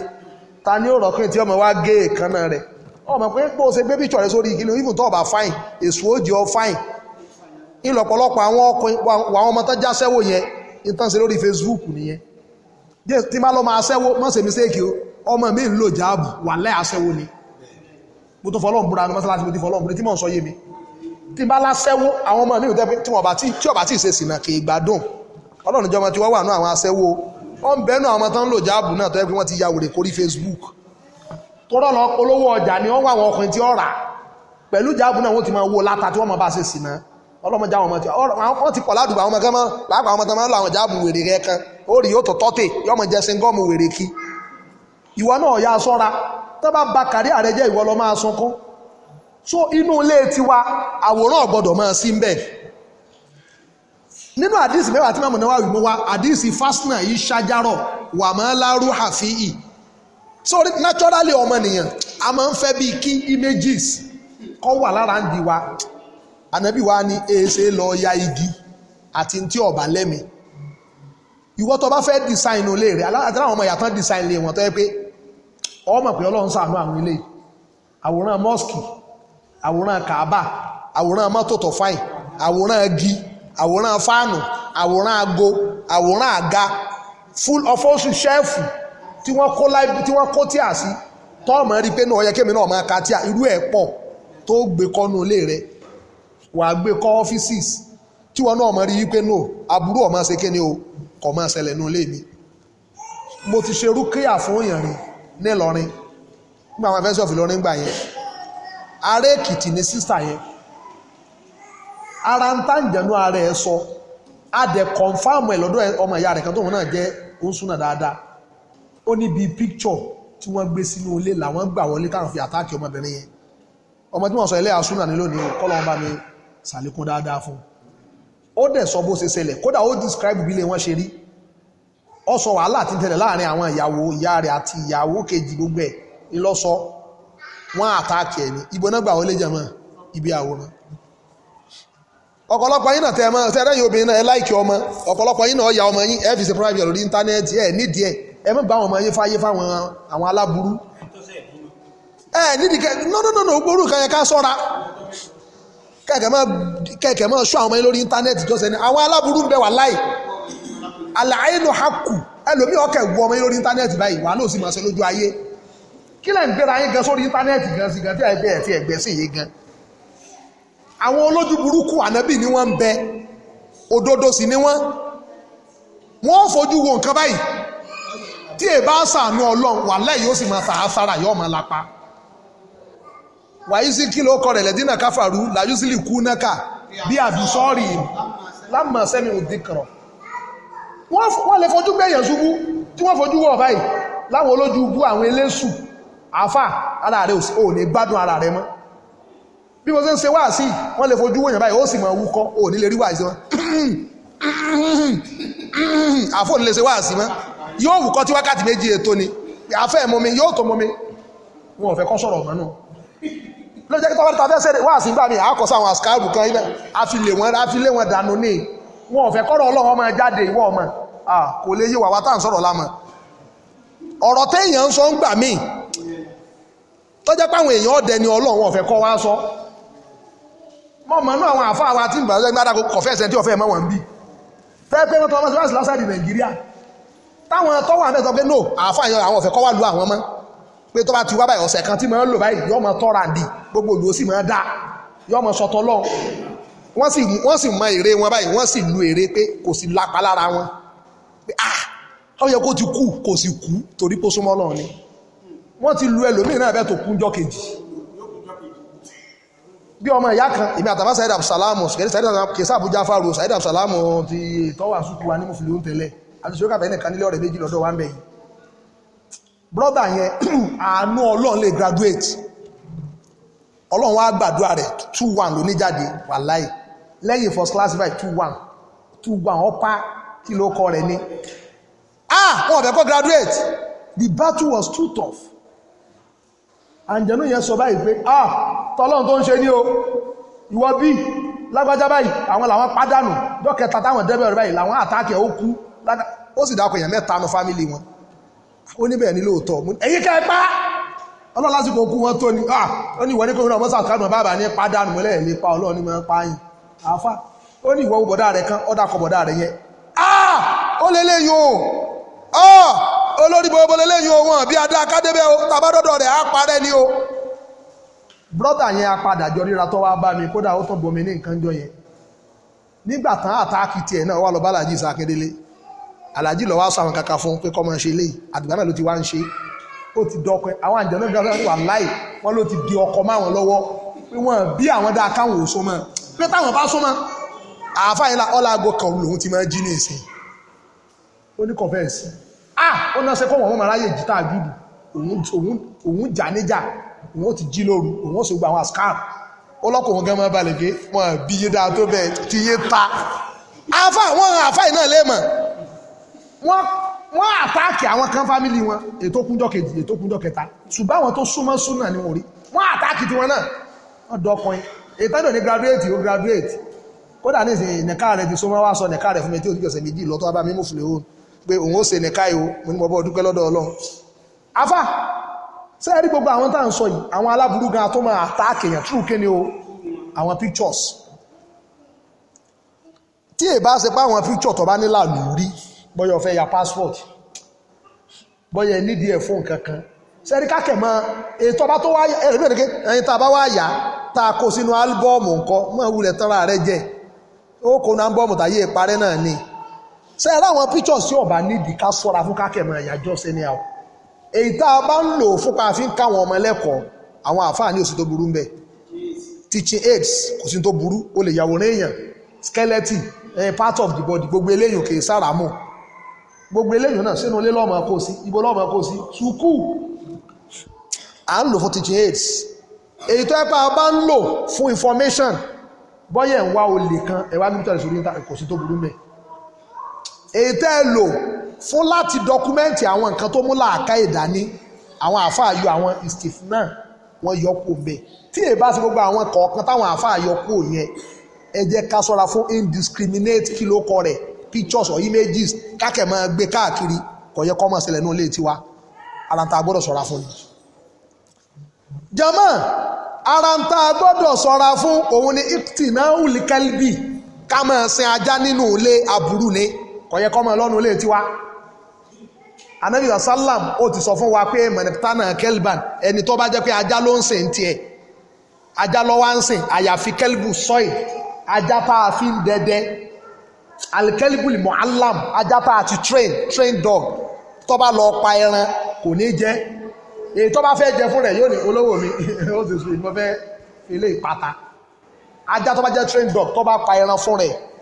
ta ni ó rọ̀kùnrin tí ọmọ wa gé èkánná rẹ̀ ọmọ pé bó ṣe gbé píṣọ̀ rẹ̀ sórí ìkíni even tó ọba fáyìn èso òjì ọ fáyìn ìlọ̀pọ̀lọpọ̀ àwọn ọkùnrin àwọn ọmọ tó já sẹ́wò yẹn ìtàn ṣe lórí Facebook nìyẹn tí má lọ máa sẹ́wó má ṣe mistake o ọmọ mi ń lò jáàbù wà lẹ́ àṣẹwó ni mo tó fọlọ́ọ̀bùra ni mọ́sálásí mo ti fọlọ́ọ̀bùra tí mò ń sọ yé mi tí bá láṣẹ́wó àwọn ọmọ mi ò tẹ́ tí wọ́n bá tí tí ọ̀bá tí ì ṣe sìnà kì í gbádùn ọlọ́run jọmọ tí wọ́n wà nú àwọn aṣẹ́wó ó ń bẹ́nu àwọn tán lò jáàbù náà tó yẹ wọ́n ti ya wèrè kórí Facebook tó rọ̀nà polówó ọjà ni wọ́n wà àwọn ọkùnrin tí ó rà pẹ̀lú jáàbù náà wọ́n ti máa wo láta tí wọ́n máa bá ṣe sìnà ọlọ́mọdé àwọn ọmọ tí wọ́n ti pọ̀ ládùúgbò àwọn ọmọ kan mọ́ lápá àwọn ọmọ tán máa ń lo àwọn jáàbù náà yá so inú ilé tiwa àwòrán ọ̀gbọ́dọ̀ máa sí ń nínú àdísì mẹ́wàá tí mẹ́mọ̀ náà wa àdísì yìí ṣájárọ̀ wà máa lárú àfihì so naturally ọmọnìyàn a máa ń fẹ́ bíi kí images kọ́ wà lára ń di wa ànábì wa ni èsè lọ ya igi àti ntí ọ̀bà lẹ́mi Ìwọ́ tó bá fẹ́ design olè rẹ̀ àti àwọn ọmọ ìyàtọ̀ design àwòrán kàábà àwòrán mọ́tò tó fáìn àwòrán igi àwòrán fáànù àwòrán ago àwòrán àga full ọfọ́sù ṣẹ́ẹ̀fù tí wọ́n kó láìpẹ́ tí wọ́n kó tíà sí tọ́ọ̀mù rí pé náà ọ̀yẹ́ kémi náà máa ka tíà irú ẹ̀ pọ̀ tó gbé kọ́nu ilé rẹ̀ wàá gbé kọ́ ọ́fíìsìs tí wọ́n náà mọ̀ rí wípé náà aburú ọ̀ máa ṣe kéne o kọ̀ máa ṣẹlẹ̀ nù ilé mi mo ti ṣe rúkìá fún èèyàn rí nílọrin nígbà àwọn afẹ́sọ̀fì lọ́rin gbà yẹn ara ekiti na sista yẹn ara ń tàǹjẹ̀nú ara ẹ̀ sọ adẹ̀ kọ̀nfàmù ẹ lọ́dọ̀ ọmọ ìyá rẹ̀ kan tóun náà jẹ́ oṣùnà dáadáa ó ní bíi píkṣọ̀ tí wọ́n gbé sínú ilé làwọn gbà wọlé táwọn fi àtáàkì ọmọbìnrin yẹn ọmọ tí sọ ilé asuna ní lónìí kọ́lọ́ bá mi sàlékún dáadáa fún ó dẹ̀ sọ bó ṣe ṣẹlẹ̀ kódà ó describe bí ilé wọn ṣe rí ó sọ wàhálà ń wọ́n àtàkì ẹni ibo náà gbà wọlé jẹmọ́ ibi àwòrán ọ̀pọ̀lọpọ̀ yín náà tẹ ẹ mọ́ ṣe ẹ̀rẹ́yìn obìnrin náà ẹ láìkí ọmọ ọ̀pọ̀lọpọ̀ yín náà ya ọmọ yín ẹ fi ṣe private lórí íńtánẹ́ẹ̀tì ẹ nídìí ẹ ẹ mọ̀ bá àwọn ọmọ yín fáyé fáwọn àwọn aláburú ẹ nídìí kẹ no no no no gbórú kan yẹn ká sọ́ra kẹ̀kẹ́ mọ́ kẹ̀kẹ́ mọ́ ṣọ́ àwọn ọmọ yín lórí íńtánẹ́ẹ̀tì tó sẹ́ni àwọn aláburú ń bẹ wà láì àlàyé ló hakù ẹlòmíì ọkẹ̀ wọ ọmọ yín lórí íńtánẹ́ẹ̀tì báyìí wà lóòsì máa ṣe lójú ayé kí lẹ́ ń gbéra yín gan sórí íńtánẹ́ẹ̀tì gan sí gan tí àìpẹ́ ẹ̀ tí ẹ̀gbẹ́ sí yìí gan àwọn olójú burúkú ànábì ni wọ́n ń bẹ òdodo sì ni wọ́n wọ́n fojú wo nǹkan báyìí tí ẹ bá sàánú ọlọ́run wàláhì yóò sì máa sàá sára yóò máa lapa wàyí sí kí ló kọ rẹ̀ lẹ́dínà káfàrú làyú sí lè kú náka bí àbísọ́ọ̀rì lámà sẹ́mi òdì kọ̀rọ̀ wọ́n lè fojú gbẹ̀yàn ṣubú tí wọ́n fojú wọ̀ báyìí láwọn olójú bú àwọn eléṣù àfà ara rẹ̀ ò ní gbádùn ara rẹ̀ mọ́ bí mo ṣe ń ṣe wá sí wọ́n lè fojú wòyàn báyìí ó sì mọ̀ wúkọ́ ò ní lè rí wá sí wọn àfò ní lè ṣe wá sí mọ́ yóò wùkọ́ tí wákàtí méjì ètò ni àfẹ́ mọ́mi yóò tó mọ́mi wọn ò fẹ́ kọ́ sọ̀rọ̀ ọ̀gbọ́n náà ló jẹ́ kí tọ́wọ́ tàbí ẹsẹ̀ wá sí gbà mí àkọ́sọ àwọn àsìkáàbù kan ibẹ̀ àfilé wọn àfilé wọn dànù ní wọn ò fẹ́ kọ́rọ̀ ọlọ́run ọmọ jáde ìwọ ọmọ kò lè yí wàwá tá à ń sọ̀rọ̀ lámọ̀ ọ̀rọ̀ téèyàn ń sọ ń gbà míì tọ́jẹ́ páwọn èèyàn ọ̀dẹ ni ọlọ́run ọ̀fẹ́ kọ́ wá sọ mọ̀mọ́ náà àwọn àfa àwa tí ìbàdàn gbádà kò fẹ́ ẹsẹ̀ tí ọ̀fẹ́ mọ̀ wọ́n bí fẹ́ wọ́n tọ́ ọmọ síláṣí nàìjíríà táwọn tọ́wọ́ àbẹ́ sọ pé no àfa àyàn àwọn ọ̀fẹ́ kọ́ wá lu àwọn mọ́ pé tó bá ti wá báyìí ọ̀sẹ̀ kan tí máa lò báyìí yọ́ mọ tọ́ra ǹdì gbogbo olùwó sì máa dá yọ́ mọ sọtọ́ lọ́hùn wọ́n sì wọ́n sì mọ èrè wọn báyìí wọ́n sì lu èrè pé kò sì lapa lára wọn pé ah ó yẹ kó ti kú kò sì kú torí pósómọ́ náà ni wọ́n ti lu ẹlòmíì náà bẹ́ẹ̀ tó kúnjọ́ kejì bí ọmọ ìyá kan èmi àtàbá Said Absalamu kèsà Abuja faro Said ti tọ́wà sùkú wa ní mùsùlùmí ń tẹ́lẹ̀ graduate two one ló ní jáde wàláì lẹ́yìn class by two one two one ọ̀pá kí ló kọ rẹ̀ ní ah wọn ò fẹ́ kọ́ graduate the battle was too tough àǹjẹ̀nú yẹn sọ báyìí pé ah tọ́lọ́n tó ń ṣe ní o ìwọ bí lágbájá báyìí àwọn làwọn pádánù dọ́kẹta táwọn dẹ́bẹ̀ rẹ̀ báyìí làwọn àtàkì ó kú ó sì dákọ̀ èèyàn mẹ́ta nu fámìlì wọn ó níbẹ̀ ní lóòótọ́ ẹ̀yìn kẹ́ ẹ pa ọlọ́run lásìkò kú wọn tó ni ah ó ní ìwọ ní kóńtà mọ́sà kánú bàbá ní pádánù mọ́lẹ̀ ní pa ọlọ́run ní máa pààyàn àáfà ó ní ìwọ bọ̀dá rẹ̀ kan ọ̀dà kọ bọ̀dá rẹ̀ yẹn ah ó lélẹ́yìn ah olórí bọ́bọ́ lẹ́yìn ohun àbí adá kádébẹ́ o tabadọ́dọ̀ rẹ̀ á parẹ́ ni o brọ́dà yẹn apadà jọ ríra tó wá bá mi kódà ó tó bomi ní nǹkan jọ yẹn nígbà tán àtàkì tiẹ̀ náà wà lọ bá aláàjì sàkédélé aláàjì lọ wá sọ àwọn kankan fún pé kọ́ máa ṣe léyìí àdìgbà náà ló ti wá ń ṣe ó ti dọkọ àwọn àjọ náà gbàgbọ́ wà láì wọ́n ló ti di ọkọ máwọn lọ́wọ́ pé wọ́n bí àwọn dáa káwọn ò so mọ́ pé táwọn bá so mọ́ àáfàá yẹn la ọ̀làgọ̀ kan lòun ti máa jí ní ìsìn ó ní kọ̀fẹ́ẹ̀sì ah ó náà ṣe kó wọn máa ráyè jìtá àbíbù òun jà níjà òun ó ti jí lóru òun ó sì gba àwọn àṣkár ọlọ́kọ̀ wọn gẹ́gẹ́ máa balẹ̀ gé wọn bí yé dáa tó bẹ́ẹ̀ ti yé ta afa wọn afa yìí náà lè mọ̀ wọn wọn àtàkì àwọn kan fámìlì wọn ètò kúnjọ́ kejì ètò kúnjọ́ kẹta ṣùgbọ́n àwọn tó súnmọ́ súnà ni wọ́n rí wọn àtàkì tiwọn náà wọn dọkùnrin ìtọ́jú ní graduate ó graduate kódà ní ìsìn nìka rẹ̀ ti súnmọ́ wá sọ nìka rẹ̀ fún mi tí ó ti gbèsè méjì lọ́tọ́ abá mímú fìlẹ̀ òun pé òun ó ṣe nìka ìwò mo ní bọ́bọ́ dúpẹ́ lọ́dọ̀ ọlọ́run afá ṣé ẹ rí gbogbo àwọn tá à ń sọ yìí àwọn aláburú gan tó máa àtáàkì èèyàn kéne o àwọn pictures tí ẹ bá ṣe pé àwọn picture tó bá ní làlùrí bóyá o fẹ́ ya passport bóyá ẹ nídìí ẹ̀ fóònù kankan ṣé ẹ rí kákẹ́ mọ́ ètò ọba tó wá ẹ̀rí bẹ̀rẹ̀ ẹ̀yìn tá a bá wá yá tá a kó sínú álbọ́ọ̀mù nǹkan mọ́ ìwúlẹ̀ tán ra rẹ jẹ́ ó kó nú álbọ́ọ̀mù tàyé ìparẹ́ náà ni ṣe ẹ láwọn pictures tí ọba nídìí ká sọ́ra fún kákẹ́mọ ẹ̀yà jọ́sẹ̀ ní àwọn èyí tá a bá ń lò fúnpa fi ń káwọn ọmọ ẹlẹ́kọ̀ọ́ àwọn àfáà ní òsì tó burú ń bẹ teaching aids kò sí tó burú o lè yàwòrán èèyàn skeleton eh, part of the body gbogbo eléyìn kì í sára mọ́ gbogbo eléyìn náà sínú ilé lọ́mọ kò sí ibo lọ́mọ kò sí sùkú à ń lò fún teaching aids èyí tó ẹ pa bá ń lò fún information bọ́yẹ̀ ń wá olè kan ẹ̀wá nítorí sórí kò sí tó burú mẹ́ẹ̀ èyí tẹ́ ẹ lò fún láti dọkúmẹ́ǹtì àwọn nǹkan tó mú làákà ìdání àwọn àáfàá yọ àwọn ìsìtìfù náà wọ́n yọ kó bẹ́ẹ̀ tí èyí bá ṣe gbogbo àwọn kọ̀ọ̀kan táwọn àáfàá yọ kó yẹn ẹ jẹ́ ká ṣọ́ra fún indiscriminate kí ló kọ rẹ̀ pictures or images kákẹ́ máa gbé káàkiri kò yẹ kó máa ṣẹlẹ̀ ní ilé tiwa ara ń ta gbọ́dọ̀ ṣọ́ra fún ni. jama ara ń ta gbọ́dọ̀ ṣọ́ra fún òun ni ifti náà wùlí kẹ́lbì ká máa sin ajá nínú ilé aburú ni kọ̀yẹ kọ́mọ lọ́nu ilé tiwa anabi sallam ó ti sọ fún wa pé mọ̀nẹ́tánà kelban ẹni tó bá jẹ́ pé ajá ló ń sìn tiẹ̀ ajá ló wá ń sìn àyàfi kelbu sọ́ì ajá tá a fi ń dẹdẹ alikẹ́líbù lè mọ̀ alam ajá tá a ti train train dog tó bá lọ pa ẹran kò ní jẹ́ èyí tó bá fẹ́ jẹ fún rẹ̀ yóò ní olówó mi ó sì sùn ìmọ̀ ilé ìpata ajá tó bá jẹ́ train dog tó bá pa ẹran fún rẹ̀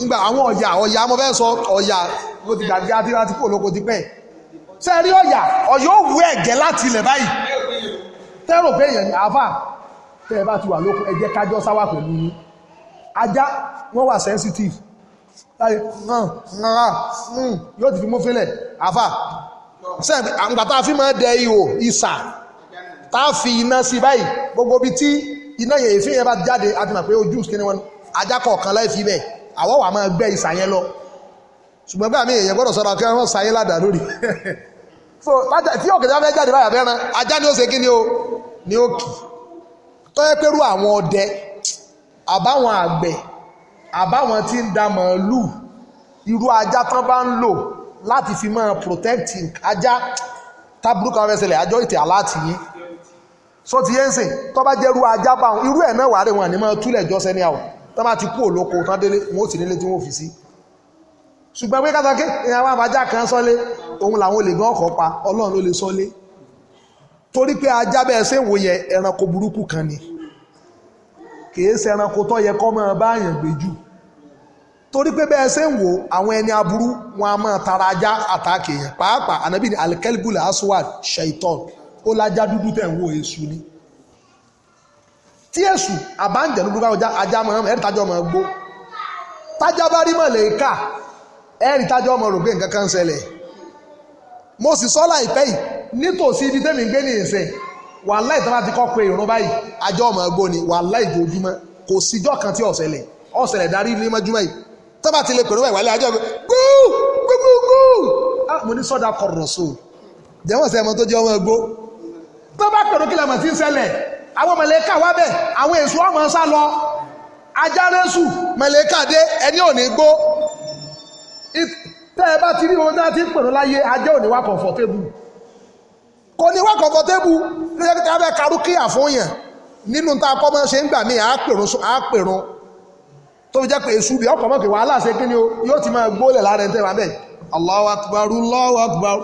nígbà àwọn ọ̀yà ọ̀yà mo fẹ́ sọ ọ̀yà mo ti gbàgbé adéwà tí kò lóko ti pẹ́ ṣe rí ọ̀yà ọ̀yà ó wú ẹ̀gẹ́ láti ilẹ̀ báyìí tẹ́rò pé èèyàn ní àáfà tẹ́ ẹ bá ti wà lóko ẹ jẹ́ sáwà pẹ̀lú yín ajá wọ́n wà sensitive láyé yóò ti fi mú fílẹ̀ àáfà ṣe àgbà tá a fi máa dẹ ihò ìsà tá a fi iná sí báyìí gbogbo ibi tí iná yẹn èéfín yẹn bá jáde àti mà ojú kí wọn ajá kọ̀ọ̀kan láì fi bẹ́ẹ̀ àwọ̀ wà máa gbẹ́ ìsà yẹn lọ ṣùgbọ́n gbà mí èèyàn gbọ́dọ̀ sọ̀rọ̀ kí wọ́n sa yẹn lórí so tí ọ̀kẹ́jà fẹ́ jáde báyà fẹ́ràn ajá ni ó ṣe kí ni ó ni ó kì tó yẹ pẹ́rú àwọn ọdẹ àbáwọn àgbẹ̀ àbáwọn tí ń da màálù irú ajá tán bá ń lò láti fi máa protect ajá tábùrúkọ fẹsẹ̀lẹ̀ àjọ ìtẹ̀ aláàtì yín sọ ti yẹn sìn tó bá jẹ́rú ajá báwọn irú ẹ̀ náà wà rẹ̀ wọn àní máa túlẹ̀ jọ́sẹ́ ní àwọn tó bá ti kú òlóko tán délé wọn ó sì nílé tí wọn ò fi sí ṣùgbọ́n pé kátàkì ìyá wa àbájá kan sọ́lé òun làwọn olè gan ọkọ̀ pa ọlọ́run ló lè sọ́lé torí pé ajá bẹ́ẹ̀ ṣe wò yẹ ẹranko burúkú kan ni kìí ṣe ẹranko tó yẹ kọ́ máa báyàn gbé jù torí pé bẹ́ẹ̀ ṣe ń wò àwọn ẹni aburú wọn a máa tara ajá àtàkì yẹn pàápàá ànábì ní alikẹ́lbùlà aswad shaitan ó lájá dúdú tẹ̀ ń wò èṣù ni. tí èṣù àbáǹjẹ̀lú gbogbo ọmọ gbó ká ibi tẹ́mi gbé ní ti kọ́ pé ìrún báyìí ajọ́ gbó ni kò síjọ́ kan tí ọ̀sẹ̀lẹ̀ ọ̀sẹ̀lẹ̀ darí mọ́júmọ́ yìí ti lè ní àwọn mẹ̀lẹ́kà wá bẹ̀ àwọn èso ọmọ sá lọ ajárẹ́sù mẹ̀lẹ́kà dé ẹni ò ní gbó tẹ́ ẹ bá ti rí ohun náà ti ń pèrò láyé ajẹ́ ò ní wá kọ̀ǹfọ̀tébù kò ní wá kọ̀ǹfọ̀tébù ní ẹgbẹ́ tí a bẹ́ karúkíyà fún yẹn nínú tá a kọ́ mọ́ ṣe ń gbà mí àápèrún tó fi jẹ́ pé èṣù bí ọkọ̀ mọ́kè wàhálà ṣe kí ni o yóò ti máa gbólẹ̀ lára ẹ̀ tẹ́wàá bẹ́ẹ̀ Allahu akbar Allahu akbar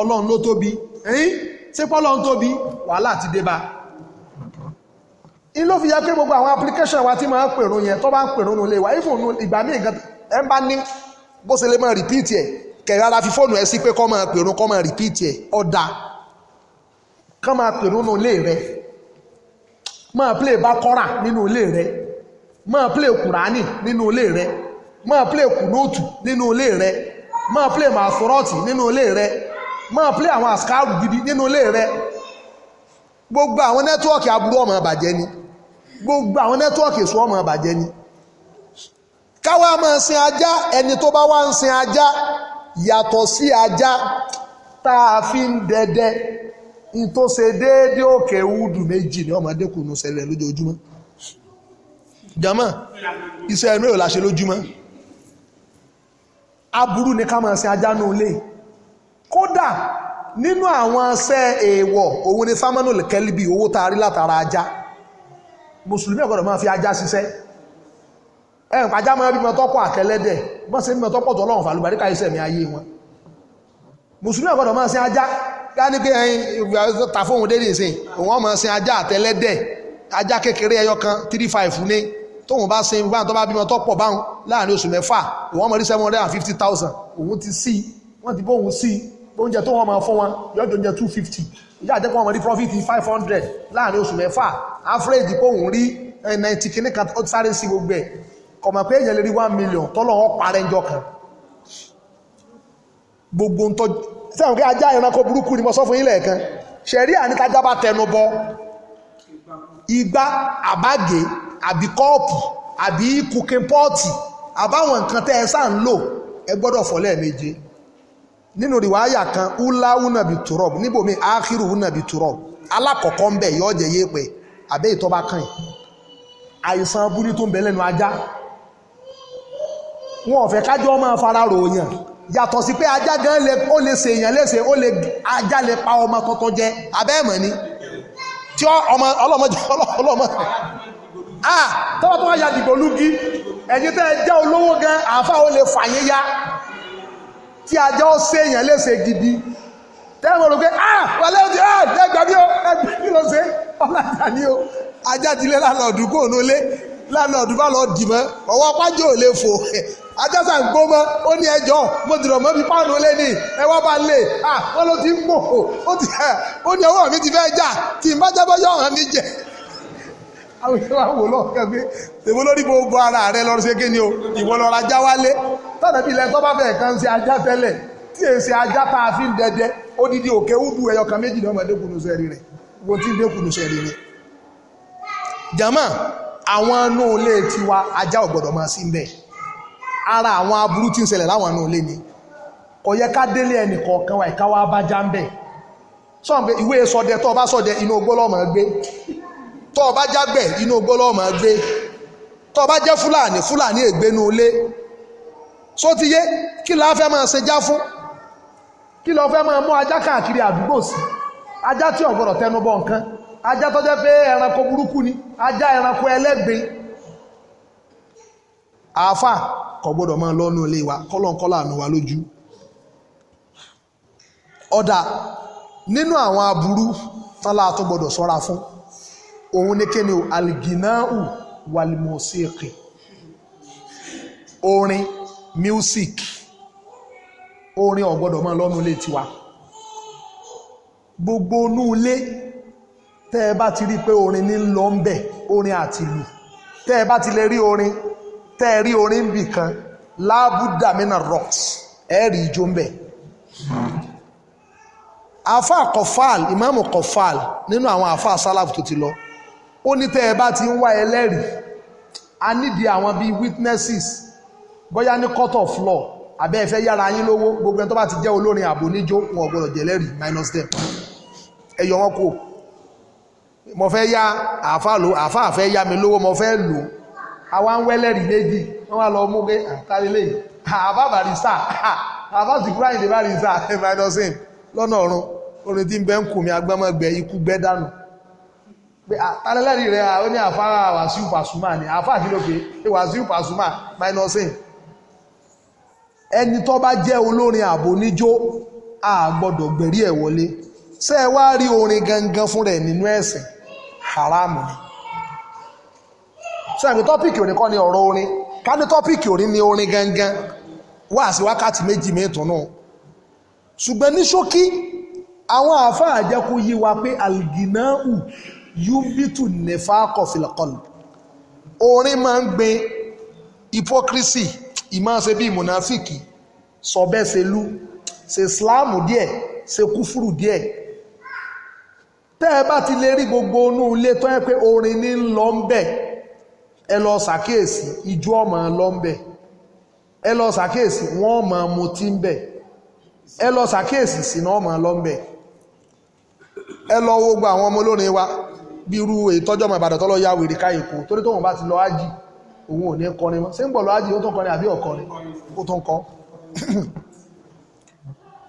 ọlọ́run ló tóbi ẹ̀yìn ṣé pọ́lọ́run tóbi wàhálà ti dé bá a in ló fi ya pé gbogbo àwọn application wa tí máa ń pèrún yẹn tó bá ń pèrún nílé wa even ìgbà míì gan ẹ bá ní bó ṣe lè máa repeat ẹ kẹrara fi fóònù ẹ sí pé kọ́ máa pèrún kọ́ máa repeat ẹ ọ̀dà kọ́ máa pèrún nílé rẹ máa play bákọ́rà nínú ilé rẹ máa play kùránì nínú ilé rẹ máa play kùnóòtù nínú ilé rẹ máa play màsúrọ́ọ̀tì nínú ilé rẹ máa play àwọn àṣkáàrù gidi nínú ilé rẹ gbogbo àwọn nẹ́tíwọ̀kì aburú ọmọ àbàjẹ́ ni gbogbo àwọn nẹ́tíwọ̀kì èso ọmọ àbàjẹ́ ni káwa máa sin ajá ẹni tó bá wá ń sin ajá yàtọ̀ sí ajá tá a fi ń dẹdẹ tó ṣe déédé òkè wúdù méjì ní ọmọdékùnú ṣẹlẹ̀ lójoojúmọ́ jama iṣẹ́ ẹ̀mí ò láṣẹ lójúmọ́ aburú ni ká máa sin ajá náà lè kódà nínú àwọn ṣẹ́ èèwọ̀ òun ni sámánù kẹ́líbì owó tá látara ajá mùsùlùmí ọ̀gọ́dọ̀ máa fi ajá ṣiṣẹ́ ẹ̀rùn pàjá máa bímọ tọ́pọ̀ àtẹlẹ́dẹ̀ bọ́n ṣe bímọ tọ́pọ̀ tọ́lọ́run fàlùbáríkà iṣẹ́ mi ayé wọn mùsùlùmí ọ̀gọ́dọ̀ máa sin ajá gáni pé ẹyin ta fóun dé nìsín òun ọmọ sin ajá àtẹlẹ́dẹ̀ ajá kékeré ẹyọ kan three five ní tóun bá sin báwọn tó bá bímọ tọ́pọ̀ báwọn láàrin oṣù mẹ́fà òun ọmọ rí seven hundred and fifty thousand òun ti sí wọ́n ti bóun sí oúnjẹ tó wọ́n máa fún wọn yọjọ oúnjẹ two fifty ìjà jẹ́ kí wọ́n mọ̀ profit five hundred láàrin oṣù mẹ́fà average kó òun rí eh, ninety kìíní kan ó sáré sí gbogbo ẹ̀ kọ̀mọ̀ pé èèyàn lè rí one million tọ́lọ̀ wọn parẹ́ ń jọ kan gbogbo ń tọ́jú sẹ́wọ̀n kí ajá ẹranko burúkú ni mo sọ fún kan. lẹ́ẹ̀kan ṣẹ̀rí àníkájá bá tẹnu bọ igbá àbágé àbí kọ́ọ̀pù àbí kùkìn pọ́ọ̀tì àbáwọn nǹkan tẹ́ ẹ sáà ń lò ẹ gbọ́dọ̀ fọ́ lẹ́ẹ̀méje nínú rìwáyà kan ulawu nàbì turọb níbòmí áhírù nàbì turọb alákọ̀ọ́kọ́ ń bẹ̀ yọ jẹ́ yéèpẹ̀ àbẹ́ ìtọ́ba kan yìí àìsàn abúlé tó ń bẹ lẹ́nu ajá wọn ò fẹ́ kájọ́ máa fara ròyàn yàtọ̀ sí pé ajá gan ó lè ṣe èèyàn léṣe ó lè ajá lè pa ọmọ tuntun jẹ abẹ́ ẹ̀mọ́ ni tí ọmọ ọlọ́mọdé ọlọ́mọ ah tọ́wọ́ tó wá ya dìgbòlúgi ẹ̀yin tẹ́ ẹ jẹ́ olówó gan àáfà ó lè fàyín ya tí ajá ó sé èèyàn léṣe gidi tẹ́wọ̀n rò pé ah wà lẹ́yìn tí ah eh, ẹgbẹ́ mi ó ẹgbẹ́ mi ló ṣe ọ̀làjà ni ó ajá ti lé lánàá ọ̀dùn kò ní lé lánàá ọ̀dùn bá lọ dì mọ́ ọwọ́ pájọ ò lè fò ajá sàn gbó mọ́ ó ní ẹjọ́ mo dìrọ̀ mọ́ bí páànù lé ní ẹ wá bá lè ah wọ́n ló ti ń pò ó ní ọwọ́ mi ti fẹ́ jà tí ìbájábọ́ yọ̀ ọ̀hán mi jẹ àwọn ìṣẹ́ wà wò lọ́kàn pé lórí bó bọ ara rẹ lọ ṣe kí ni o ìwọ lọ ra ajá wálé tọ́nà bí ilẹ̀ tó bá fẹ́ kan ṣe ajá tẹ́lẹ̀ tí èyí ṣe ajá tá a fi ń dẹdẹ odidi òkè wúdù ẹyọ kan méjì ní ọmọdé kùnú sẹ́rí rẹ̀ wo tí ń dé kùnú sẹ́rí rẹ̀ jama àwọn inú ilé tiwa ajá ò máa sí ń ara àwọn aburú tí ń ṣẹlẹ̀ láwọn inú ilé ni kò yẹ ká délé ẹnì kọ̀ọ̀kan wa ìkáwá bá já ń tó ọba bá jágbẹ̀ inú ogbó ló máa gbé tó o bá jẹ́ fúlàní fúlàní ègbénu ilé só ti yé kí la fẹ́ máa ṣe já fún kí lọ fẹ́ máa mú ajá káàkiri àdúgbò sí ajá tí ò gbọ́dọ̀ tẹnubọ nǹkan ajá tó pé ẹranko burúkú ni ajá ẹranko ẹlẹ́gbin àáfà kò gbọ́dọ̀ máa lọ́nu ilé wa kọ́lọ́nkọ́lá àánú wa lójú ọ̀dà nínú àwọn aburú tán láà tó sọ́ra fún òun ní kíni o alginahu walmusiki orin music orin ọ̀gbọ́dọ̀ máa lọ́nu ilé tiwa gbogbo inú ilé tẹ́ ẹ bá ti rí i pé orin ní lọ ń bẹ̀ orin àti ìlú tẹ́ ẹ bá ti lè rí orin tẹ́ ẹ rí orin bì kan lábúdàmínà rocks ẹ rí ijó ń bẹ̀ afa kọfàl ìmáàmù kọfàl nínú àwọn afa sálàfù tó ti lọ ó ní tẹ́ ẹ bá ti ń wá ẹlẹ́rìí a nídìí àwọn bíi witnesses bóyá ní court of law àbẹ́ ẹ̀fẹ́ yára yín lówó gbogbo ẹni tó bá ti jẹ́ olórin àbò níjó wọn ò gbọ́dọ̀ jẹ́lẹ́rìí minus ten ẹ yọ wọn kó mo fẹ́ ya àáfà lò àáfà fẹ́ yá mi lówó mo fẹ́ lò àwa ń wẹ́lẹ́rìí méjì wọ́n wá lọ mú pé àtàlélẹ́ àáfà barista àáfà sìkúrà yìí barista minus ten lọ́nà ọ̀run orin tí ń bẹ́ ń kù mí agbẹ́mọ̀gbẹ́ ikú gbẹ́ dànù pé àtàlẹ́lẹ́rì ah, rẹ̀ ah, ó ní àfárá wàsíù pàṣùmá ni àfáà kí ló pé pé wàsíù pàṣùmá minusin ẹni tó bá jẹ́ olórin ààbò níjó a gbọ́dọ̀ gbẹ̀rí ẹ̀ wọlé ṣé ẹ wá rí orin gangan fún rẹ̀ nínú ẹ̀sìn haramu ni sẹ́yìn tọ́pìkì òní kọ́ ni ọ̀rọ̀ orin ká ní tọ́pìkì òní ni orin gangan wá sí wákàtí méjì mẹ́tọ̀ náà ṣùgbọ́n ní ṣókí àwọn àáfàá àjẹkù yí wa pé alginahu yúbítù nẹ̀fà kọfìlẹ̀kọlù orin máa ń gbin hypocrisy ìmáṣe bíi mùnàfíkì sọ̀bẹ́sẹ̀lú ṣe síláàmù díẹ̀ ṣe kúfúrù díẹ̀ tẹ́ ẹ bá ti lè rí gbogbo inú ilé tó yẹ pé orin ní ń lọ ń bẹ̀ ẹ lọ ṣàkíyèsí ijó ọmọ lọ ẹ lọ ṣàkíyèsí wọ́n mọ mutí ń bẹ̀ ẹ lọ ṣàkíyèsí sínú ọmọ lọ ẹ lọ wo gbogbo àwọn ọmọ olórin wa bí irú ìtọ́jọ́ ọmọ ìbàdàn tó lọ ya wèrè ká èkó torí tóun bá ti lọ ájì òun ò ní kọrin mọ́ ṣé ń bọ̀ lọ ájì ó tó ń kọrin àbí ọ̀kọrin ó tó ń kọ́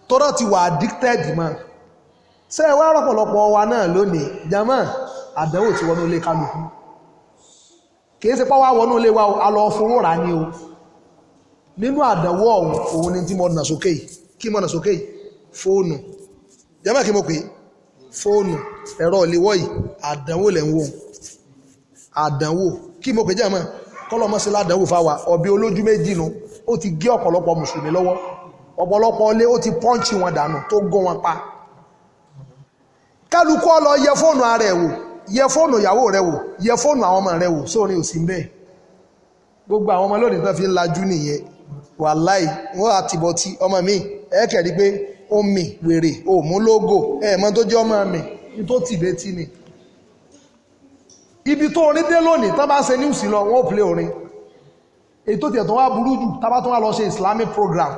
tọ́rọ̀ ti wà addicted mọ́ ṣé ẹ wá rọ̀pọ̀lọpọ̀ wa náà lónìí jama àdánwò ti wọnú ilé kálukú kì í ṣe pọ́wá wọnú ilé wa a lọ fowó rà ní o nínú àdánwò òun ni tí mo nà sókè kí mo nà sókè fóònù jama kí mo pè é fóònù ẹ̀rọ ìléwọ́ yìí àdánwò lẹ̀ ń wò àdánwò kí mo pè jẹ́ mọ́ kọ́lọ́mọ́sí ládánwò fáwa ọ̀bẹ olójú méjì nu ó ti gé ọ̀pọ̀lọpọ̀ mùsùlùmí lọ́wọ́ ọ̀pọ̀lọpọ̀ ilé ó ti pọ́ǹchì wọn dànù tó gún wọn pa kálukú lọ yẹ fóònù ara ẹ̀ wò yẹ fóònù ìyàwó rẹ wò yẹ fóònù àwọn ọmọ rẹ wò sórí òsì bẹ́ẹ̀ gbogbo àwọn ọmọ lónìí tó fi ń lajú nìyẹn wàláì wọn àtibọtí ọmọ mi ẹ kẹrí pé omi wèrè òmúlógò ẹ̀ẹ̀mọ́ tó jẹ́ ọmọ mi ní tó tì létí ni ibi tó orin dé lónìí tán bá ṣe ní ìsìn lọ wọ́n play orin èyí tó tiẹ̀ tó wá burú jù tábà tó wá lọ ṣe Islamic program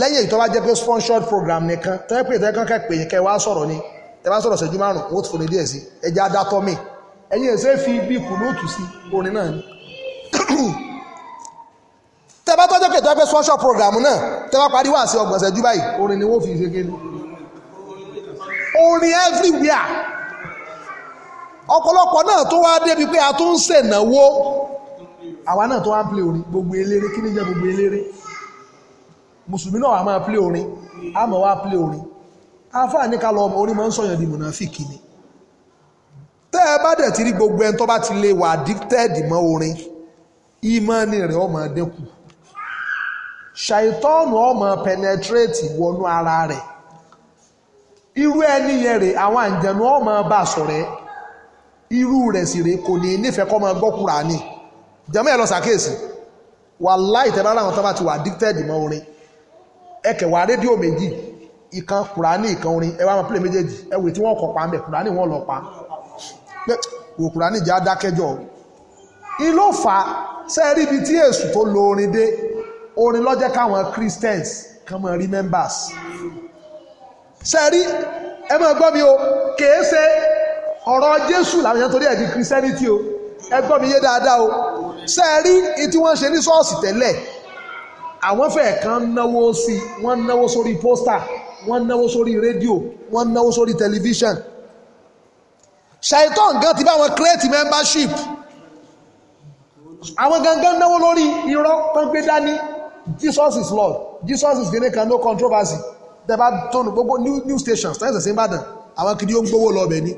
lẹ́yìn èyí tó bá jẹ́ pé sponsored program nìkan tẹ́ pé tẹ́ kàn kẹ́ pè yín kẹ́ wá sọ̀rọ̀ ni tẹ́ bá sọ̀rọ̀ ṣẹ́jú márùn wọ́n ti fòlè díẹ̀ sí ẹjẹ́ adátọ́mì ẹ̀yìn ẹ̀ṣẹ́ fi bí kùnú òtù sí orin náà ni tẹ bá tọ́jọ́ kẹtọ́ pé sponsor program náà tẹ bá parí wá sí ọgbọ̀n ṣẹ́jú báyìí orin ni wọ́n fi ṣe kéde orin everywhere ọ̀pọ̀lọpọ̀ náà tó wá débi pé a tún ń ṣènáwó àwa náà tó wá ń play orin gbogbo eléré kí ni jẹ́ gbogbo eléré mùsùlùmí náà wà máa play orin a máa wá play orin afáà ní ká lọ ọmọ orin máa ń sọ̀yàn di mùnàfíkì ni tẹ́ ẹ bá dẹ̀ ti rí gbogbo ẹni tó bá ti lè wà addicted mọ́ orin ìmọ̀ ni rẹ̀ ó máa ṣàìtọ́ọ̀nù ọmọ penetrate wọnú ara rẹ̀ irú ẹni yẹn rè àwọn àǹjẹ̀nù ọmọ bá sọ̀rẹ́ irú rẹ̀ sì rè kò ní nífẹ̀ẹ́ kọ́ ọmọ gbọ́ Kùránì jẹ́mọ́ ẹ̀ lọ sàkíyèsí wàláì tẹ́ bá láwọn tó bá ti wà addicted mọ́ orin ẹ kẹwàá rédíò méjì ìkan Kùránì ìkan orin ẹ wá máa play méjèèjì ẹ wò tí wọ́n kọ̀ pa ń bẹ̀ Kùránì wọ́n lọ pa wò Kùránì jẹ́ adákẹ́jọ́ ìlófà sẹ́ẹ̀rí ibi tí èṣù tó lo orin dé orin lọ́jẹ́ káwọn Christians kan mọ̀ rí members sẹ́rí ẹ máa gbọ́ mi o kèé ṣe ọ̀rọ̀ Jésù làwọn èèyàn torí ẹ̀ di Christianity o ẹ gbọ́ mi yé dáadáa o sẹ́rí tí wọ́n ṣe ní ṣọ́ọ̀ṣì tẹ́lẹ̀ àwọn fẹ́ẹ̀ kan náwó sí wọ́n náwó sórí pósítà wọ́n náwó sórí rédíò wọ́n náwó sórí tẹlifíṣàn ṣàìtàn gan ti bá wọn create membership àwọn gangan náwó lórí irọ́ tó ń gbé dání Jesus is Lord Jesus is gẹ́gẹ́ kan no controversy tẹ́ bá tónu gbogbo new stations tẹ́ ẹ̀sẹ̀ sí Ìbàdàn àwọn kìdí ó ń gbowó lọ ọbẹ̀ ni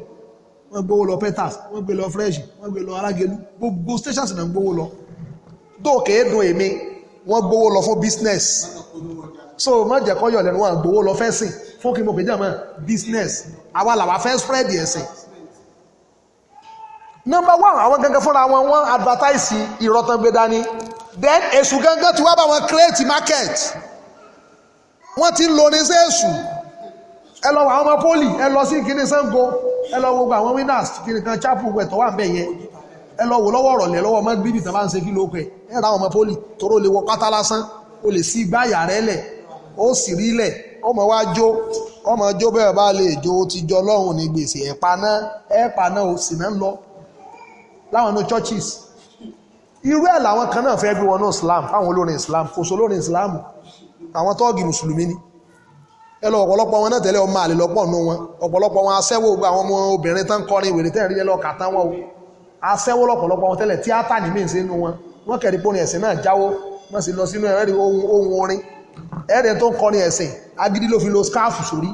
wọ́n gbowó lọ Peters wọ́n gbé lọ Fresh wọ́n gbé lọ Alágẹ̀lú gbogbo stations náà ń gbowó lọ dóòkè é dùn èmi wọ́n gbowó lọ fún business so má jẹ́ kọ́ yọ̀ lẹ́nu wọn gbowó lọ fẹ́ sìn fún kí n mọ̀ pé jẹ́ business àwa làwa fẹ́ spread ẹ̀sìn number one àwọn gangan fúnra wọn wọ́n advertise ìrọ̀tàn gbé dání then èṣù gangan ti wá bá wọn create market wọ́n ti ń lo oníṣẹ́ èṣù ẹ lọ wọ àwọn ọmọ poli ẹ lọ sí kíní Ṣàngó ẹ lọ wo gbogbo àwọn winners kíní kan chapel wẹ̀ tó wà ń bẹ̀ yẹn ẹ lọ wò lọ́wọ́ ọ̀rọ̀lẹ́ lọ́wọ́ ọmọ gbígbì tán bá ń ṣe kí ló pẹ́ ẹ ra àwọn ọmọ poli toró lè wọ pátá lásán o lè sí igbá àyà rẹ lẹ̀ ó sì rí lẹ̀ ọmọ wa jó ọmọ jó bẹ́ẹ̀ bá lè jó ti jọ lọ́hùn ní gbèsè ẹ̀ paná ẹ̀ paná ò sì náà lọ láwọn inú churches irú ẹ̀ làwọn kan náà fẹ́ gbé wọnú islam fáwọn olórin islam kò sọ olórin islam àwọn tọ́ọ̀gì mùsùlùmí ni ẹ lọ ọ̀pọ̀lọpọ̀ wọn náà tẹ̀lé ọmọ àlè lọ́pọ̀ nù wọn ọ̀pọ̀lọpọ̀ wọn aṣẹ́wó gba àwọn ọmọ obìnrin tán kọrin ìwèrè tẹ́ẹ̀rí yẹn lọ kàtá wọn o aṣẹ́wó lọ́pọ̀lọpọ̀ wọn tẹ́lẹ̀ tíátà ní mí sínú wọn wọn kẹ̀rí porin ẹ̀sìn náà jáwó wọn sì lọ sínú ẹ̀rẹ́rì ohun orin ẹ̀rẹ́ tó ń kọrin ẹ̀sìn agídí ló fi lo scarf sórí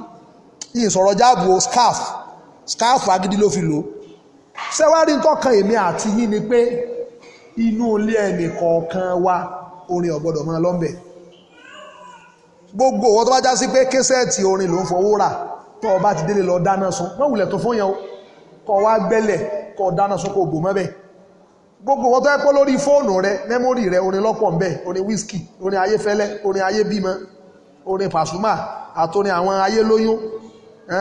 yìí sọ̀rọ̀ jáàbù o scarf scarf agídí ló fi lo ṣẹ́wárí tọ́kan èmi àti yín ni pé inú ilé ẹnì kọ̀ọ̀kan wa orin ọ̀gbọ́dọ̀ máa lọ́mbẹ̀ gbogbo owó tó bá já sí pé késẹ́ẹ̀tì orin ló ń fọwọ́ rà tó o bá ti délé lọ dáná sun wọ́n wulẹ̀ tó fún yẹn o kọ́ wá gbẹ́lẹ̀ kọ́ dáná sun kó o bò mọ́ bẹ́ẹ̀ gbogbo owó tó yẹ pé lórí fóònù rẹ mẹ́mórì rẹ orin lọ́pọ̀ ńbẹ orin wíṣkì orin ayéfẹ́lẹ́ orin ayébímọ orin pàṣùmà àtòrin àwọn ayélóyún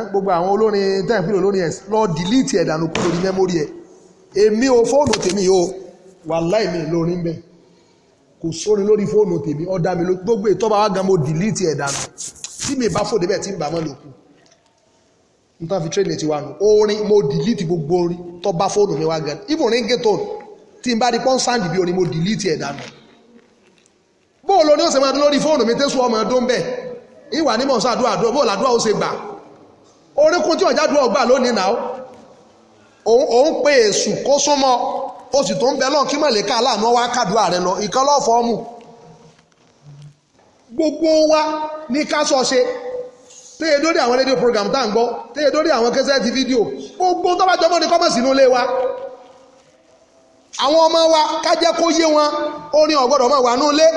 gbogbo àwọn olórin tẹ́ǹpìlì olórin ẹ̀ lọ dìlítì ẹ̀dànù kúrò ní mẹ́mórì ẹ̀ èmi o fóònù tèmi o wàláì mi lórí ń bẹ̀ kò sórí lórí fóònù tèmi ọ̀dà mi ló gbogbo ìtọ́ba wa gan mo dìlítì ẹ̀ dànù tí mi bá fò débẹ̀ tí n bà mọ́ lòkù n tán fi tírẹ̀lì ti wà nù orin mo dìlítì gbogbo orin tó bá fóònù mi wá gan even ringtone tí n bá di pọ́n sáǹdì bí orin mo dìlítì ẹ̀ dànù bóòlù ni ó sì máa dún lórí fóònù mi tẹ́sù ọmọ ẹ̀dọ́ ń bẹ̀ ìwà ní mọ̀ọ́sán àdúrà àdúrà bóòlù àdúrà ó ṣe gbà oríkun tí ó sì tó ń bẹ lọ́n kí mọ̀lẹ́ka aláàánú wá kàdúrà rẹ lọ ìkan lọ́ọ̀fọ́ mù gbogbo wa ní ká sọ ṣe téye dórí àwọn rédíò program tá à ń gbọ́ téye dórí àwọn kẹsẹ́ẹ̀tì fídíò gbogbo tó bá jọmọ́ ní kọ́mọ̀sì ló lé wa àwọn ọmọ wa ká jẹ́ kó yé wọn orin ọ̀gbọ́dọ̀ máa wà nú ilé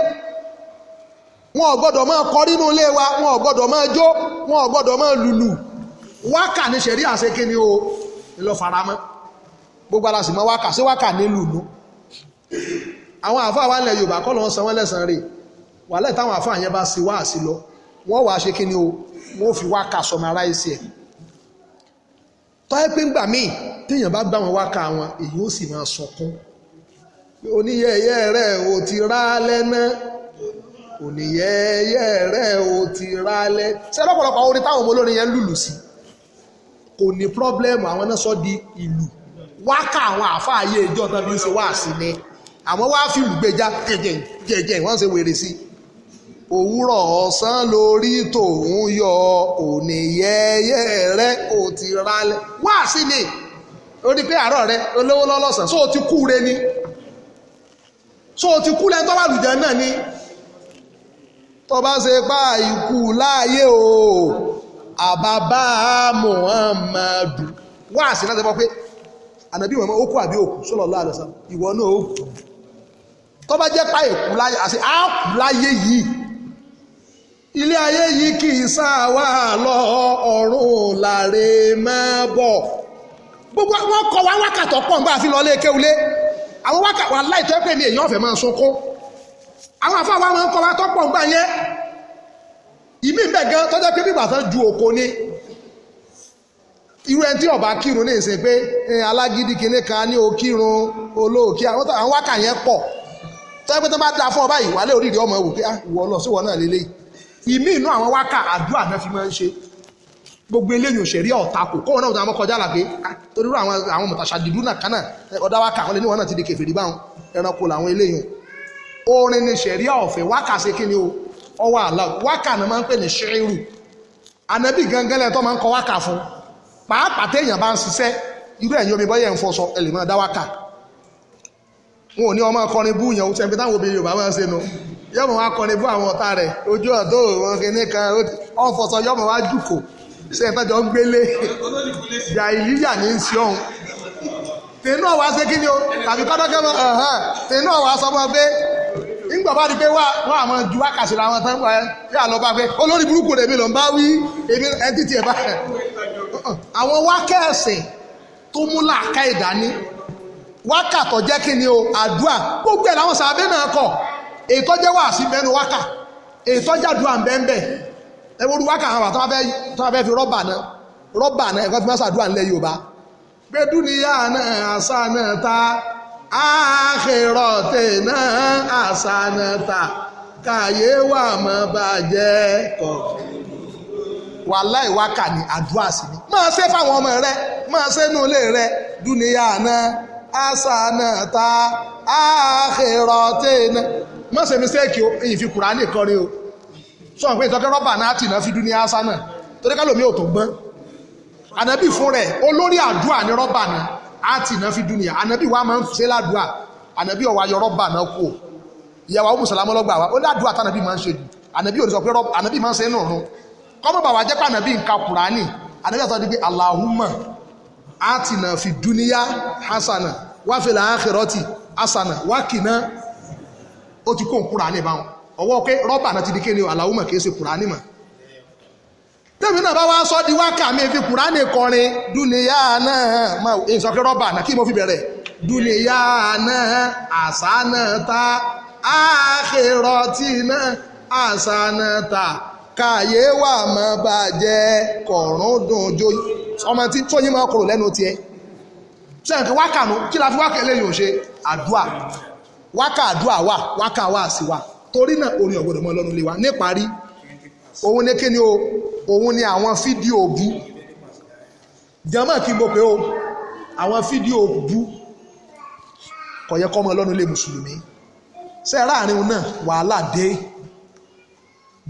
wọn ọ̀gbọ́dọ̀ máa kọ nínú ilé wa wọn ọ̀gbọ́dọ̀ máa jó wọn ọ̀gbọ́dọ̀ máa lùlù wákà ní sẹ̀rí àṣekínni o lọ faramọ́ gbogbo ara sì mọ́ wákà sí wákà nílùú nù àwọn àfáà wà lẹ̀ yorùbá kọ́ lọ́wọ́ san wọ́n lẹ́sàn rè wà lẹ́ táwọn àfáà yẹn bá sì wá àsì lọ wọ́n wàá ṣe kí ni o wọ́n fi wákà sọmara ẹsẹ̀ tọ́ ẹ pé ńgbà míì téèyàn bá gbà wọn wákà wọn èyí ó sì máa sọkún oníyẹ̀yẹ́ rẹ̀ ò ti rá lẹ́ná oníyẹ̀yẹ́ rẹ̀ ò ti rá lẹ́ ṣé lọ́pọ̀lọpọ̀ orin táwọn ọmọ olórin yẹn lùlù sí kò ní pírọ́blẹ́mù àwọn náà sọ di ìlù wákà àwọn àáfà ayé ìjọ tán fi ń ṣe wáàsí ni àwọn wá fìlú gbèjà jẹjẹ wọ́n ṣe wèrè sí òwúrọ̀ ọ̀sán lórí tòun yọ òní yẹ́yẹ́ rẹ ò ti ralẹ̀ wáàsí ni ó pé àárọ̀ rẹ olówó lọ́lọ́sàn só ti kú re ni só o ti kú lẹ́ni tó bá lùjẹ́ náà ni tó bá ṣe pa ìkú láàyè o àbábá Muhammadu wáàsí náà ti bọ́ pé ànàbí ìwọ̀n ó kú àbí òkú sallallahu alaihi wasallam ìwọ náà ó kú tó bá jẹ́ páyè kú láyé àti á kú láyé yìí ilé ayé yìí kì í sáà wà lọ ọ̀run làrè máa bọ̀ gbogbo wọn kọ wá wákàtọ̀ pọ̀ nígbà àfi lọlé kéwulé àwọn wákàtọ̀ wà láì tẹ́pẹ́ ní èyàn ọ̀fẹ́ máa sunkún àwọn afáwà máa ń kọ wá tọ́pọ̀ nígbà yẹn ìmí bẹ̀ gan tọ́jọ́ pé bíbà tán ju òkò ni irú ẹni tí ọba kírun ní ìsìn pé alágídí kìíní kan ní òkírun olóòkí àwọn wákà yẹn pọ̀ tọ́jú pé tó bá da fún ọba yìí wálé oríire ọmọ wò pé ah, ìwọ lọ sí ìwọ náà lélẹ̀ ìmí inú àwọn wákà àdúrà náà fi máa ń ṣe gbogbo eléyìí òṣèré ọ̀tá kò kóhun náà ọmọ kọjá làgbé ah, torí àwọn àwọn mọ̀tàṣàdìdú náà kan ọ̀dá wákà àwọn eléyìí wọn náà ti di kèfèrí báwọn ẹranko làwọn eléyìí orin ni ṣẹ̀rí ọ̀fẹ́ wákà ṣe kí ni o ọwọ́ àlá wákà náà máa ń pè ní ṣẹ́rù ànábì gangan lẹ́tọ́ máa ń kọ wákà fún pàápàá téèyàn bá ń ṣiṣẹ́ irú ẹ̀yin omi bọ́yẹ̀ ń fọṣọ ẹ lè máa dá wákà wọn ò ní ọmọ akọrin bú yẹn oṣù ẹ̀mí táwọn obìnrin Yorùbá máa ń ṣe nu yọmọ wa kọrin bú àwọn ọ̀tá rẹ̀ ojú ọ̀dọ́ òun kìíní kan ọ̀fọ̀sọ yọmọ wa jùkò ṣe é fẹ́jọ́ ń gbélé ìyá ìlíyà ní í ṣe ọ̀hún tẹ̀nú ọ̀wá ṣe kí ni o tàbí kọ́dọ́kẹ́ mọ́ ẹ̀hán tẹ̀nú ọ̀wá sọ mọ́ pé ńgbà bá di pé wà wọ́n àwọn ju wákàtí làwọn tán wà yà lọ bá pé olórí burúkú rèmi lọ ń bá wí èmi ẹ àwọn wákẹ́ ẹ̀sìn tó mú làákà ìdání wákà tó jẹ́ kí ni o àdúà gbogbo ẹ̀ làwọn sàbẹ̀ náà kọ̀ èyí tó jẹ́ wàásì mẹ́nu wákà èyí tó jẹ́ àdúà bẹ́ẹ̀ ẹ wákà àwọn àtàwọn afẹ́ fi rọ́bà náà rọ́bà náà ẹ̀kọ́ fi máa sàdúà ńlẹ̀ Yorùbá gbẹdú níyà náà àṣà náà ta àkèrọ̀ náà àṣà náà ta kàyé wà má bàjẹ́ kọ̀ọ̀kan wàláì wákà ní àdúrà sí ni máa ṣe fáwọn ọmọ rẹ máa ṣe nù ilé rẹ dúnìyà náà àṣà náà ta àhẹrọ tẹ́ẹ̀nà má ṣe mistake o èyí fi kùránì kọrin o sọ pé ìtọ́kẹ́ rọ́bà náà tì náà fi dúnìyà àṣà náà torí ká lómi ò tó gbọ́n ànábì fún rẹ̀ olórí àdúrà ní rọ́bà náà á tì náà fi dúnìyà ànábì wa máa ń ṣe ládùúà ànábì ọ̀wá yọ rọ́bà náà kú o ìyàwó mùsàlámọ́ lọ́gbà wa ó ládùúà tánàbì máa ń ṣe jù ànábì ò kọ́mọ̀ bàbá jẹ́ pàmò bí nǹka kùránì ànábì àtọ́ dípé Allahumma atina fi dúníyà hasana wá fil akhirati hasana wá kìnà ó ti kó kùránì báwọn ọwọ́ pé rọ́bà náà ti di kéde Allahumma kìí ṣe kùránì mọ́ tẹ́mi náà bá wá sọ di wákà mi fi kùránì kọrin dúníyà náà máa ń sọ pé rọ́bà náà kí mo fi bẹ̀rẹ̀ dúníyà náà àṣà náà ta áàkìrọ̀tì náà àṣà náà ta káàyè wà mọ́ bá a jẹ́ kọ̀ọ̀rún dùn jó ọmọ tí tó yín máa kúrò lẹ́nu tiẹ̀ ṣé nǹkan wákàánú kí la fi wákà eléyìí ò ṣe àdúà wákà àdúà wà wákà wà sí wa torí náà orin ọ̀gbọ́dọ̀ mọ́ lọ́nu lé wa níparí òun ní kíni o òun ní àwọn fídíò bú jẹ́mọ́ kí mo pé o àwọn fídíò bú kò yẹ kọ́ mọ́ lọ́nu lé mùsùlùmí sẹ́ẹ̀ láàrin náà wàhálà dé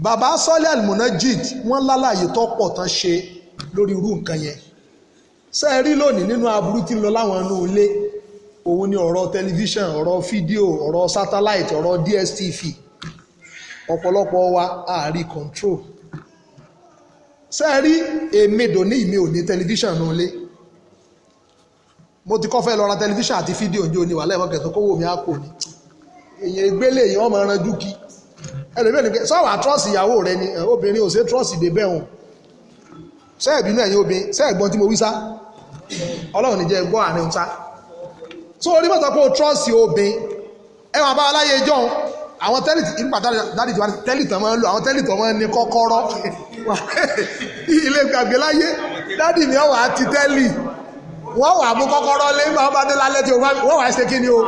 bàbá sọ́lẹ̀ almunajid wọ́n lálàyé tó pọ̀ tán ṣe lórí irú nǹkan yẹn ṣe é rí lónìí nínú aburú tí ń lọ láwọn inú ilé òun ni ọ̀rọ̀ tẹlifíṣàn ọ̀rọ̀ fídíò ọ̀rọ̀ sátáláìtì ọ̀rọ̀ dstv ọ̀pọ̀lọpọ̀ wa àárí control ṣe é rí èmi dòní mi ò ní tẹlifíṣàn inú ilé mo ti kọ́ fẹ́ lọ ra tẹlifíṣàn àti fídíò ní oníwàlẹ́ ìmọ̀kẹ́ tó kówó mi á kò ní èyàn ìgbélé èyàn ọmọ ẹranjú kí ẹlòmíràn ni pé sọ́wà trọ́ọ̀sì ìyàwó rẹ ni obìnrin ò ṣe trọ́ọ̀sì dé bẹ́ẹ̀ hùn sẹ́ẹ̀bínú ẹ̀yìn obìnrin sẹ́ẹ̀gbọ́n tí mo wí sá ọlọ́run ní jẹ́ gbọ́ àárín ta tó orí mọ́tò pé o trọ́ọ̀sì obìnrin ẹ wà bá aláyé jọun àwọn tẹ́lìtì nípa dáàdì tí wọ́n tẹ́lìtì máa ń lo àwọn tẹ́lìtì máa ń ní kọ́kọ́rọ́ ilé gbàgbé láyé dáàdì mi ọ̀wà ti tẹ́lì wọ́n wà mú kọ́kọ́rọ́ lé máa bá dé lálẹ́ tí wọ́n wà ṣe kí ni o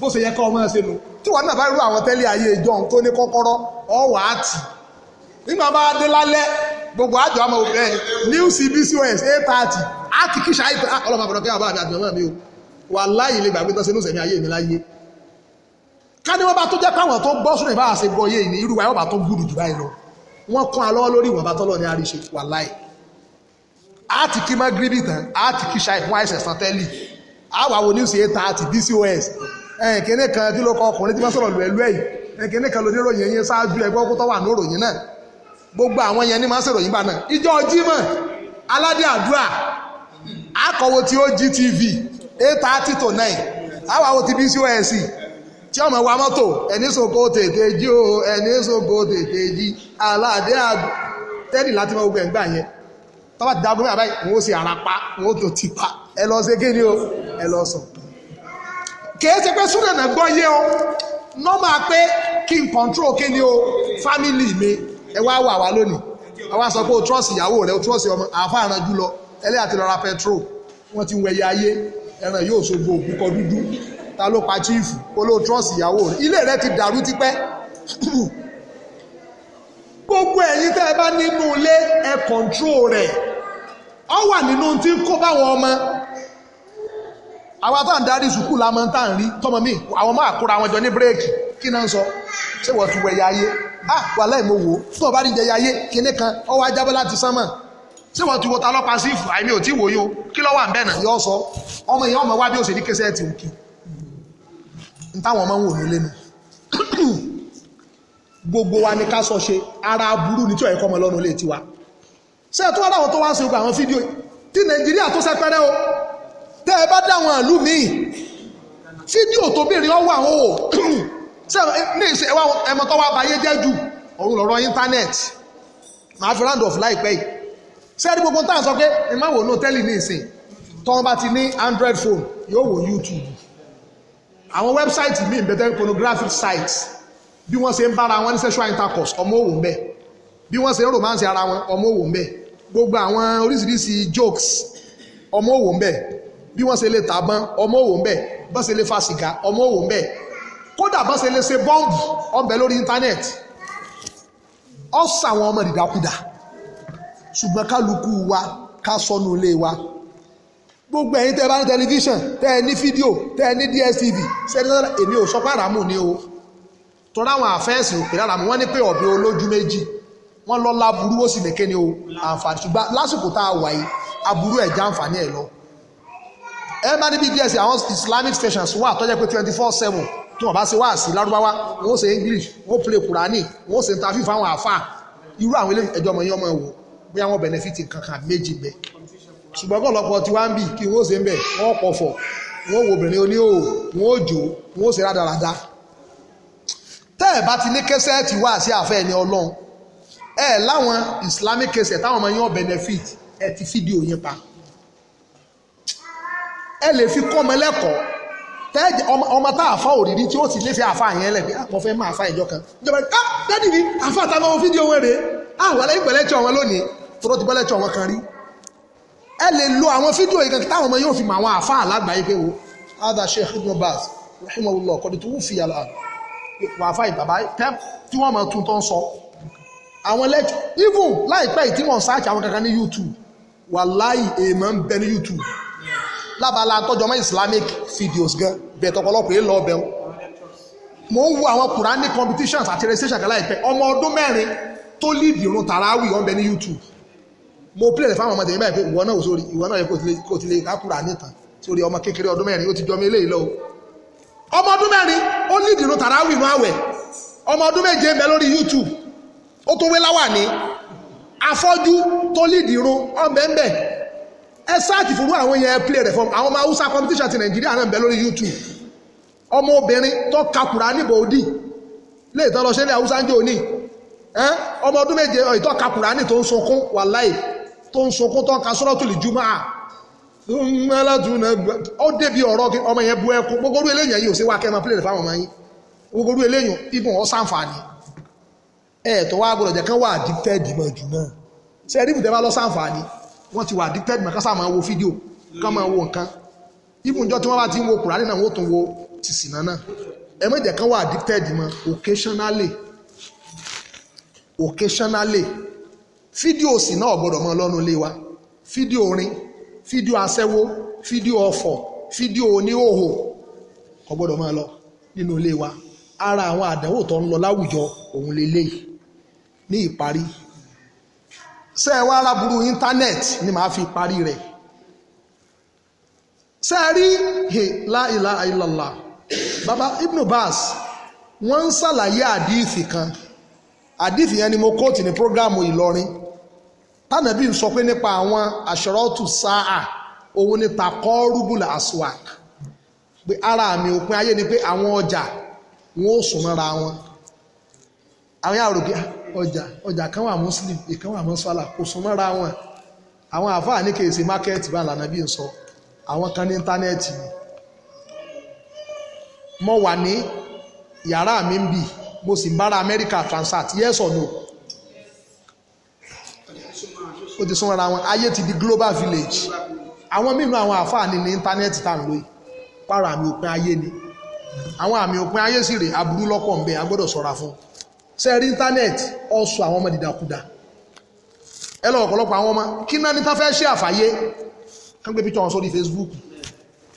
bó ṣe yẹ kọ́ ọmọ ṣe nu tí wọn náà bá rú àwọn tẹ́lẹ̀ ayé ìjọ tó ní kọ́kọ́rọ́ ọ̀wà àti nígbà bá dé lálẹ́ gbogbo àjọ àmọ́ òfin ẹ̀ new cbc us eight thirty ah, àti kíṣà àìtọ́ ọlọ́mọ àbọ̀dọ̀ kí àbá àmì àjọ náà mi o wà láyé lè gbàgbé tán sínú sẹ̀mí ayé mi láyé ká ní wọ́n bá tó jẹ́ káwọn tó bọ́ sórí ìbára ṣe gbọ́ yé ìní irú wa yóò bá tó gbúdù jù báyìí lọ wọ́n kún alọ́wọ́ lórí ìwọ̀nba tọ́lọ́ ní àríṣe wà láyé àti kí má gírí bìtàn àti kíṣà ìfún àìsàn tẹ́lì àwàwọ̀ news eight thirty bcos ẹ̀kẹ́ni kan kí ló kọ ọkùnrin tí wọ́n sọ̀rọ̀ lù ẹ̀lú ẹ̀yìn ẹ̀kẹ́ni kan ló ní ròyìn yẹn ṣáájú ẹgbẹ́ kó tọ́ wà ní ròyìn náà gbogbo àwọn yẹn ní máa ń ṣèròyìn bá náà ìjọ Jímọ̀ aládé àdúrà akọ̀wò tí ó GTV eight thirty to nine àwàwò ti BCOS tí ọmọ wa mọ́tò ẹni sòkò tètè jí o ẹni sòkò tètè jí aládé àdúrà tẹ́lì láti máa gbogbo ẹ̀gbà yẹn tọ́wọ́ ti dágbọ́n kìí ṣe pé súnà gbọ́ yé o nọ́mà pé kí n control kí ni o family mi ẹ wá wà wá lónìí àwa sọ pé o trust ìyàwó rẹ o trust ọmọ àáfà àrùn jù lọ ẹlẹ́yà ti lọ petrol wọ́n ti ń wẹ̀yẹ ayé ẹran yóò ṣogbo òkúkọ dúdú ta ló pa chief o lo trust ìyàwó rẹ ilé rẹ ti dàrú tipẹ́ gbogbo ẹ̀yin tẹ́ ẹ bá nínú ilé ẹ control rẹ̀ ọ wà nínú ti ń kó báwọn ọmọ àwọn tá à ń darí sùkúù la máa ń tà ń rí tọmọ mi àwọn máa kóra wọn jọ ní bírèkì kí náà ń sọ ṣé wọ́n ti wẹ̀yà ayé ah wàhálà ìmọ̀ wò tó o bá rí jẹyà ayé kinní kan ọ wá jábọ́ láti sánmà ṣé wọ́n ti wo ta lọ́pàá sí ìfù àìmí ò tí wòye o kí lọ́wọ́ à ń bẹ̀nà yọ sọ ọmọ ìyá ọmọ wa bí ó ṣe ní kẹsẹ̀ ti òkè n táwọn ọmọ ń wò ní lẹ́nu gbogbo wa ni ká sọ ṣe ara burú ní tí ọ̀yẹ́kọ́ ọmọ lọ́nu lè tiwa ṣé ẹ̀ tó wá dáwọ́ tó wá ń ṣe gbogbo àwọn fídíò tí Nàìjíríà tó tẹ́ ẹ bá dáwọn àlú míì fídíò tó béèrè ọ wà o ní ìṣe ẹmọ tó wá báyé jẹ́ jù ọ̀run lọ́rọ̀ íńtánẹ́ẹ̀tì màá fi round of láìpẹ́ yìí sẹ́ẹ̀dì gbogbo táà sọ pé ẹ má wò ó tẹ́lì ní ìsìn tọ́wọ́n bá ti ní android phone yóò wò youtube àwọn wẹ́bsáìtì míì bẹ̀tẹ̀ pornographic sites bí wọ́n ṣe ń bára wọn ní sexual intercourse ọmọ òwò ń bẹ bí wọ́n ṣe ń romance ara wọn ọmọ òwò ń bẹ gbogbo àwọn oríṣiríṣi jokes ọmọ òwò ń bẹ bí wọ́n ṣe lè tàbọ́n ọmọ òwò ń bẹ̀ bá ṣe lè fa sìgá ọmọ òwò ń bẹ̀ kódà bá ṣe lè ṣe bọ́ǹbù ọbẹ̀ lórí íńtánẹ́ẹ̀tì ó sàwọn ọmọ ìdàkudà ṣùgbọ́n kálukú wa ká sọnù ilé wa gbogbo ẹ̀yin tẹ́ bá ní tẹlifíṣàn tẹ́ ẹ ní fídíò tẹ́ ẹ ní dstv sẹ́dínlọ́dà èmi ò sọ pé àràmù ni o tọ́lá àwọn àfẹ́ǹsì òpè àràmù wọ́n ní pé ọ̀bẹ olójú méjì wọ́n lọ́lá burú ó sì lékè ni o àǹfààní ṣùgbọ́n lásìkò tá a wà yìí aburú ẹ̀ já àǹfààní ẹ̀ lọ ẹ bá níbi bs àwọn islamic stations wà tó jẹ́ pé twenty four seven tí wọ́n bá ṣe wá sí lárúbáwá wọ́n ṣe english wọ́n play kurani wọ́n ṣe interview fáwọn àáfàá irú àwọn ilé ẹjọ́ ọmọ yẹn ọmọ ẹ̀wò bóyá wọ́n benefit kankan méjì bẹ̀ ṣùgbọ́n ọ̀pọ̀lọpọ̀ tí wọ́n ń bì kí wọ́n ṣe ń bẹ̀ wọ́n pọ̀ fọ̀ wọ́n wo obìnrin oníhòòhò wọ́n ò jò wọ́n ṣe rádaràda tẹ́ ẹ̀ bá ti ní kẹ́sẹ́ẹ̀tì wá sí àfẹ́ ẹni ọlọ́run ẹ̀ láwọn islamic kẹsẹ̀ táwọn ọmọ yẹn benefit ẹ̀ ti fídíò yẹn pa ẹ lè fi kọ́ ọmọ lẹ́kọ̀ọ́ tẹ́ẹ̀jẹ̀ ọmọ tá àfa òrìrí tí ó sì léṣe àfa yẹn lẹ̀ bí àwọn ah, fẹ́ máa fa ìjọ kan ìjọba ẹ dẹ́ni ni àfa àtàwọn ọmọ fídíò wọn rèé ah, àwọn ẹlẹ́yìn pẹ̀lẹ́ tí ọmọ lónìí tọ́lọ́ ti bọ́lẹ̀ tí ọmọ kan rí ẹ lè lo àwọn fídíò yìí kan táwọn ọmọ yóò fi mọ àwọn àfa àlágbàáyé pé wo ada sheikh ibn baz rahimahullah kọ́ni tó fi àlà wà fà ìbàbá tẹ́ tí wọ́n máa tún tán sọ àwọn lẹ́jọ́ even láìpẹ́ tí wọ́n ń sáàkì àwọn kankan ní YouTube wàláì èèmọ̀ ń bẹ ní YouTube lábala tọ́jọ́ mọ́ islamic videos gan bẹ́ẹ̀ tọpọlọpọ̀ èyí lọ bẹ́ẹ̀ mo ń wo àwọn quranic competitions àti recitation kan láìpẹ́ ọmọ ọdún mẹ́rin tó lead irun tàràwì ọ̀nbẹ ní youtube mo play rẹ̀ fáwọn ọmọ tèmi báyìí pé ìwọ náà sórí ìwọ náà yẹ kó tilẹ̀ kákùrà nìtàn sórí ọmọ kékeré ọdún mẹ́rin ó ti jọ mi eléyìí lọ ọmọ ọdún mẹ́rin ó lead irun tàràwì inú àwẹ̀ ọmọ ọdún méje ń bẹ lórí youtube ó tó wé láwà ní afọ́jú tó lead irun ọ̀nbẹ́ńbẹ́ ẹ sáàtì fòrú àwọn yẹn play reform àwọn ọmọ haúsá competition ti nàìjíríà náà ń bẹ lórí youtube ọmọ obìnrin tó kakura níbo odi lè tọ́ lọ ṣe ní ń jẹ́ òní ọmọ ọdún méje ìtọ́ kakùrà ní tó ń sunkún wàláì tó ń sunkún tó ń ka sọ́rọ́tù lè júmọ́ à ó débi ọ̀rọ̀ ọmọ yẹn bu ẹkún gbogbo orú eléyìn yìí ò sí wá kẹ́ máa play reform ọmọ yín gbogbo orú eléyìn ibùn jẹ́ kán wà mọ̀ jù náà ṣe é wọ́n ti wà addicted mọ̀ kásá máa wo fídíò kán máa wo nǹkan ibùnjọ́ tí wọ́n bá ti ń wo kùránì náà wọ́n tún wo tìsínà náà ẹ má kán wà addicted mọ́ occasionally occasionally fídíò sì náà ọ̀gbọ́dọ̀ mọ́ lọ́nu ilé wa fídíò orin fídíò aṣẹ́wó fídíò ọ̀fọ̀ fídíò oníhòhò ọ̀gbọ́dọ̀ máa lọ nínú ilé wa ara àwọn àdánwò tó ń lọ láwùjọ òun lélẹ́yìí ní ìparí ṣe ẹ wá aráburú íńtánẹ́ẹ̀tì ni màá fi parí rẹ̀ ṣe ẹ rí he láìla àìlọ́lá baba Ibn Baz wọ́n ń ṣàlàyé àdíìsì kan àdíìsì yẹn ni mo kóòtù ní prógráàmù Ìlọrin tánàbí ń sọ pé nípa àwọn àṣọrọ́tù sáà òun ni takọ́ aswak pé ara àmì òpin ayé ni pé àwọn ọjà wọn ò sùn mọ́ra wọn àwọn yàrá òbí ọjà ọjà kan wà muslim ìkan wà mọ́sálà kò sún mọ́ra wọn àwọn àfáà ní kèsì mákẹ́ẹ̀tì bá lànà bí n sọ àwọn kan ní íńtánẹ́ẹ̀tì ni mo wà ní yàrá mi ń bì mo sì ń bára amẹ́ríkà transact yes or no ó ti sún mọ́ra wọn ayé ti di global village àwọn mìíràn àwọn àfáà ní ní íńtánẹ́ẹ̀tì tá à ń lò yìí pààrọ̀ àmì òpin ayé ni àwọn àmì òpin ayé sì rè aburú lọ́pọ̀ ń bẹ a fún un sẹ́ẹ̀rí íńtánẹ́ẹ̀tì ọ̀sọ̀ àwọn ọmọ dìdàkudà ẹ lọ ọ̀pọ̀lọpọ̀ àwọn ọmọ kí náà ní tá fẹ́ ṣe àfàyè kán gbé píkítọ̀ wọn sórí Facebook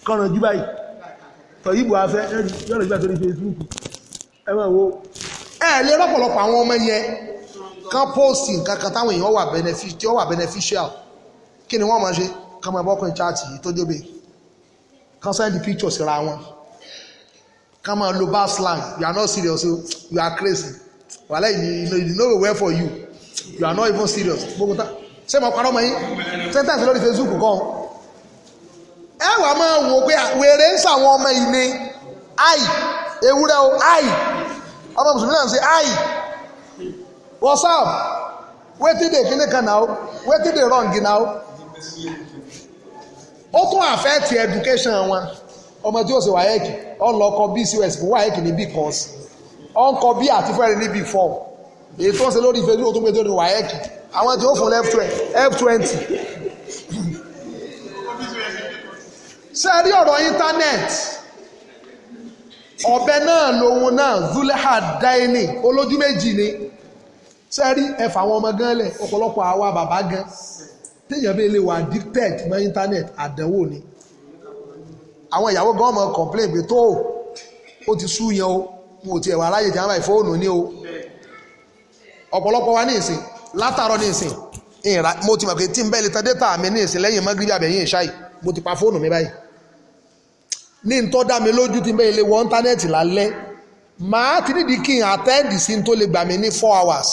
kọ́nà jù báyìí tọ̀ yìí bù afẹ́ yọ̀nà jù báyìí sórí Facebook ẹ máa wo ẹ lè rọ́pọ̀lọpọ̀ àwọn ọmọ yẹn kán póòsì nǹkan kan táwọn èèyàn wà tí ó wà beneficial kí ni wọ́n máa ṣe kán máa bọ́kùnrin chaati yìí tó jóbe kán sẹ́ndì píkítọ̀ síra wọn kán máa lo bar slang you are not serious you are crazy wàhálà you know well for you you are not even serious gbogbo ṣé mo parọ́ mọ́ yín sentence lórí facebook kan ẹ wàá máa wò pé wèrè ń sàwọn ọmọ yìí ni ai ewúrẹ́ o ai ọmọ mùsùlùmí náà ń ai wetin dey kini kan now wetin dey wrong now ó tún affect education wọn ọmọ tí ó ṣe wáyẹ́kì ọ̀nlọ́kọ e bcs fún wáyẹ́kì e ní bíkọ́sì. ọ̀nkọ bí àti fún ẹ̀rìn níbi ìfọ̀ èyí tó ń ṣe lórí ìfẹ́jú òtún gbẹdọ̀ wáyẹ́kì àwọn tí ó fún f twenty. ṣé ẹ rí ọ̀rọ̀ íńtánẹ́ẹ̀tì ọ̀bẹ náà lòun náà zuleha daini olójú méjì ni ṣé ẹ rí ẹ̀fà àwọn ọmọ gan lẹ̀ ọ̀pọ̀lọpọ̀ àwa bàbá gan téèyàn bẹ́ẹ̀ lè wà addicted mọ́ íńtánẹ́ẹ̀tì àdánwò ni àwọn ìyàwó gan ọmọ complain pé tó o ti sú yẹn o mo ti ẹ̀wà aráyè tí a ní o ọ̀pọ̀lọpọ̀ wa ní ìsìn látàárọ̀ ní ìsìn ìrà mo ti mọ̀ pé tí ń bẹ́ẹ̀ lè tan data mi ní ìsìn lẹ́yìn mọ́gírí àbẹ̀yìn ìṣáì mo ti pa fóònù mi báyìí ní ntọ́ dá mi lójú tí ń bẹ́ẹ̀ lè wọ íńtánẹ́ẹ̀tì lálẹ́ màá ti nídìí kí n attend sí tó lè gbà mí ní four hours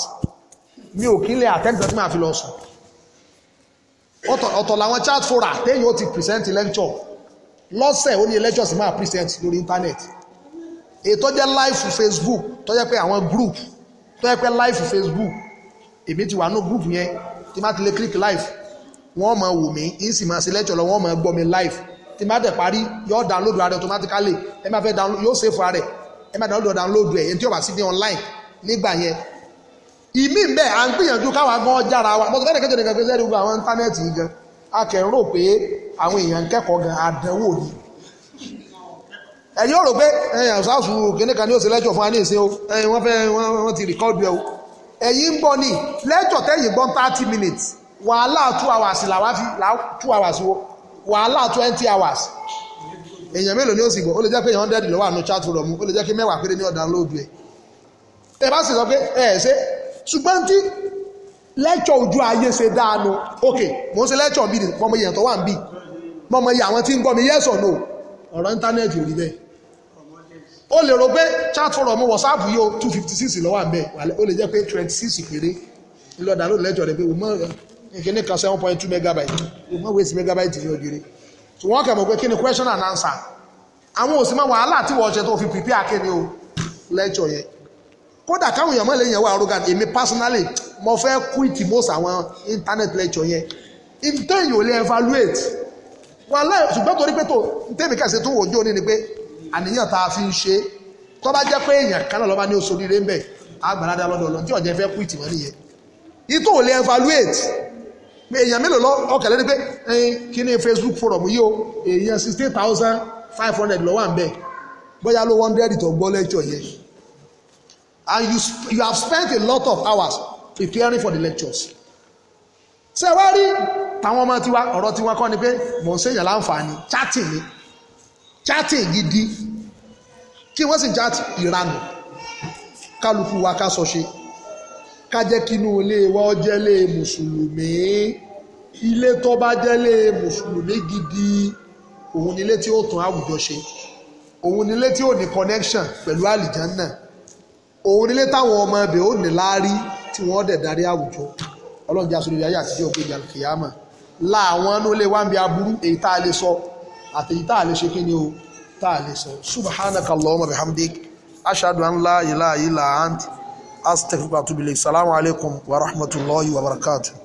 mi ò kí n lè attend sí máa fi lọ sùn ọ̀tọ̀ làwọn chat fora téèyàn ó ti present lecture lọ́sẹ̀ ó ní lecture sì máa present lórí íńtánẹ́ẹ̀tì èyí tó jẹ́ láìfù facebook tó jẹ́ pé àwọn group tó jẹ́ pé láìfù facebook èmi ti wà ní group yẹn tí má ti lè click live wọ́n máa wò mí ń sì máa ṣe lẹ́tọ̀ lọ wọ́n máa gbọ́ mi live tí má dẹ̀ parí yóò download rẹ̀ automatically ẹ má fẹ́ download yóò save rẹ̀ ẹ má download download rẹ̀ èyí tí yóò bá sí ní online nígbà yẹn ìmí ń bẹ à ń gbìyànjú káwa gan jára wa mo sọ fẹ́ẹ́ kẹ́jọ nìkan pé sẹ́ẹ̀dì gbogbo àwọn íńtánẹ́ẹ̀tì yìí gan a kẹ́ ń rò pé àwọn èèyàn ń kẹ́kọ̀ọ́ gan àdánwò yìí ẹ̀yin ò rò pé ẹ̀yin àṣàṣù kìnnìkan ni ó ṣe lẹ́jọ̀ fún wa ní ìsìn o ẹ̀yin wọ́n fẹ́ wọ́n ti rìkọ́dù ẹ̀ o ẹ̀yin ń bọ̀ ni lẹ́jọ̀ tẹ́yìn gbọ́n thirty minutes wàhálà two hours làwa fi two hours wo wàhálà twenty hours èèyàn mélòó ni ó sì gbọ́ ó lè jẹ́ pé èèyàn hundred lọ́wọ́ àánú chat room ó lè jẹ́ pé mẹ́wàá péré ní ó download ẹ̀ ẹ bá sì sọ pé ẹ ṣe ṣùgbọ́n tí lẹ́jọ̀ ojú ayé ṣe dáanu ok mò ń ṣe lẹ́jọ̀ bíi mọ́mọ yẹn tó wà ń bì mọ́mọ yẹ àwọn tí ń gbọ́ mi yes or no ọ̀rọ̀ íńtánẹ́ẹ̀tì ò rí bẹ́ẹ̀ o lè rò pé chat forum whatsapp yóò two fifty six lọ́wọ́ o lè jẹ́ pé twenty six péré ńlọ́dà ló lẹ́jọ́ rẹ̀ pé o mọ̀ ìkíní kan seven point two megabyte o mọ̀ wéèsì megabyte ní ògiri so wọ́n mọ̀ pé kí ni question and answer àwọn òsì máa wàhálà tí wọ́n ṣe tó fi prepare akéde o lẹ́jọ́ yẹ kódà káwọn èèyàn mọ̀ èmi personally mo fẹ́ quit most àwọn internet yẹn ten yóò lè àníyàn tá a fi ń ṣe tó bá jẹ́ pé èèyàn kan náà lọ́ba ní oṣù rírẹ́ ń bẹ̀ àgbàládá lọ́dọ̀ lọ́n tí ọ̀jẹ̀ fẹ́ kú ìtìmọ́ nìyẹn ìtò lè evaluate èèyàn mélòó lọ ọkẹ̀lẹ́ ni pé kí ni Facebook forum yìí o èèyàn sixteen thousand five hundred lọ́wọ́ à ń bẹ̀ bóyá ló one hundred tó gbọ́ lecture yẹn and you, you have spent a lot of hours preparing for the lectures ṣe wá rí tàwọn ọmọ tiwa ọ̀rọ̀ tiwa kọ́ ni pé mò ń ṣèyàn láǹfààní chatting ni Chati gidi kí wọ́n sì chaati ìranù kálukú wa ká sọ ṣe ká jẹ́ kínú ilé wa ó jẹ́ mùsùlùmí ilé tó bá jẹ́ mùsùlùmí gidi òun nílé tí ó tún àwùjọ ṣe òun nílé tí ò ní connection pẹ̀lú àlìjánná òun nílé táwọn ọmọ ibẹ̀ ò ní láárí tí wọ́n dẹ̀ darí àwùjọ ọlọ́run jásùn lórí ayé àtijọ́ ògbéjà kìyàmà láàwọn inú ilé wa ń bi aburú èyí tá a lè sọ. So àtèyí tá a lè ṣe kí ni o tá a lè sọ subhanaka allahumma bihamdik ashhadu an la ilaha salamu alaykum wa rahmatulahi wa barakatuh.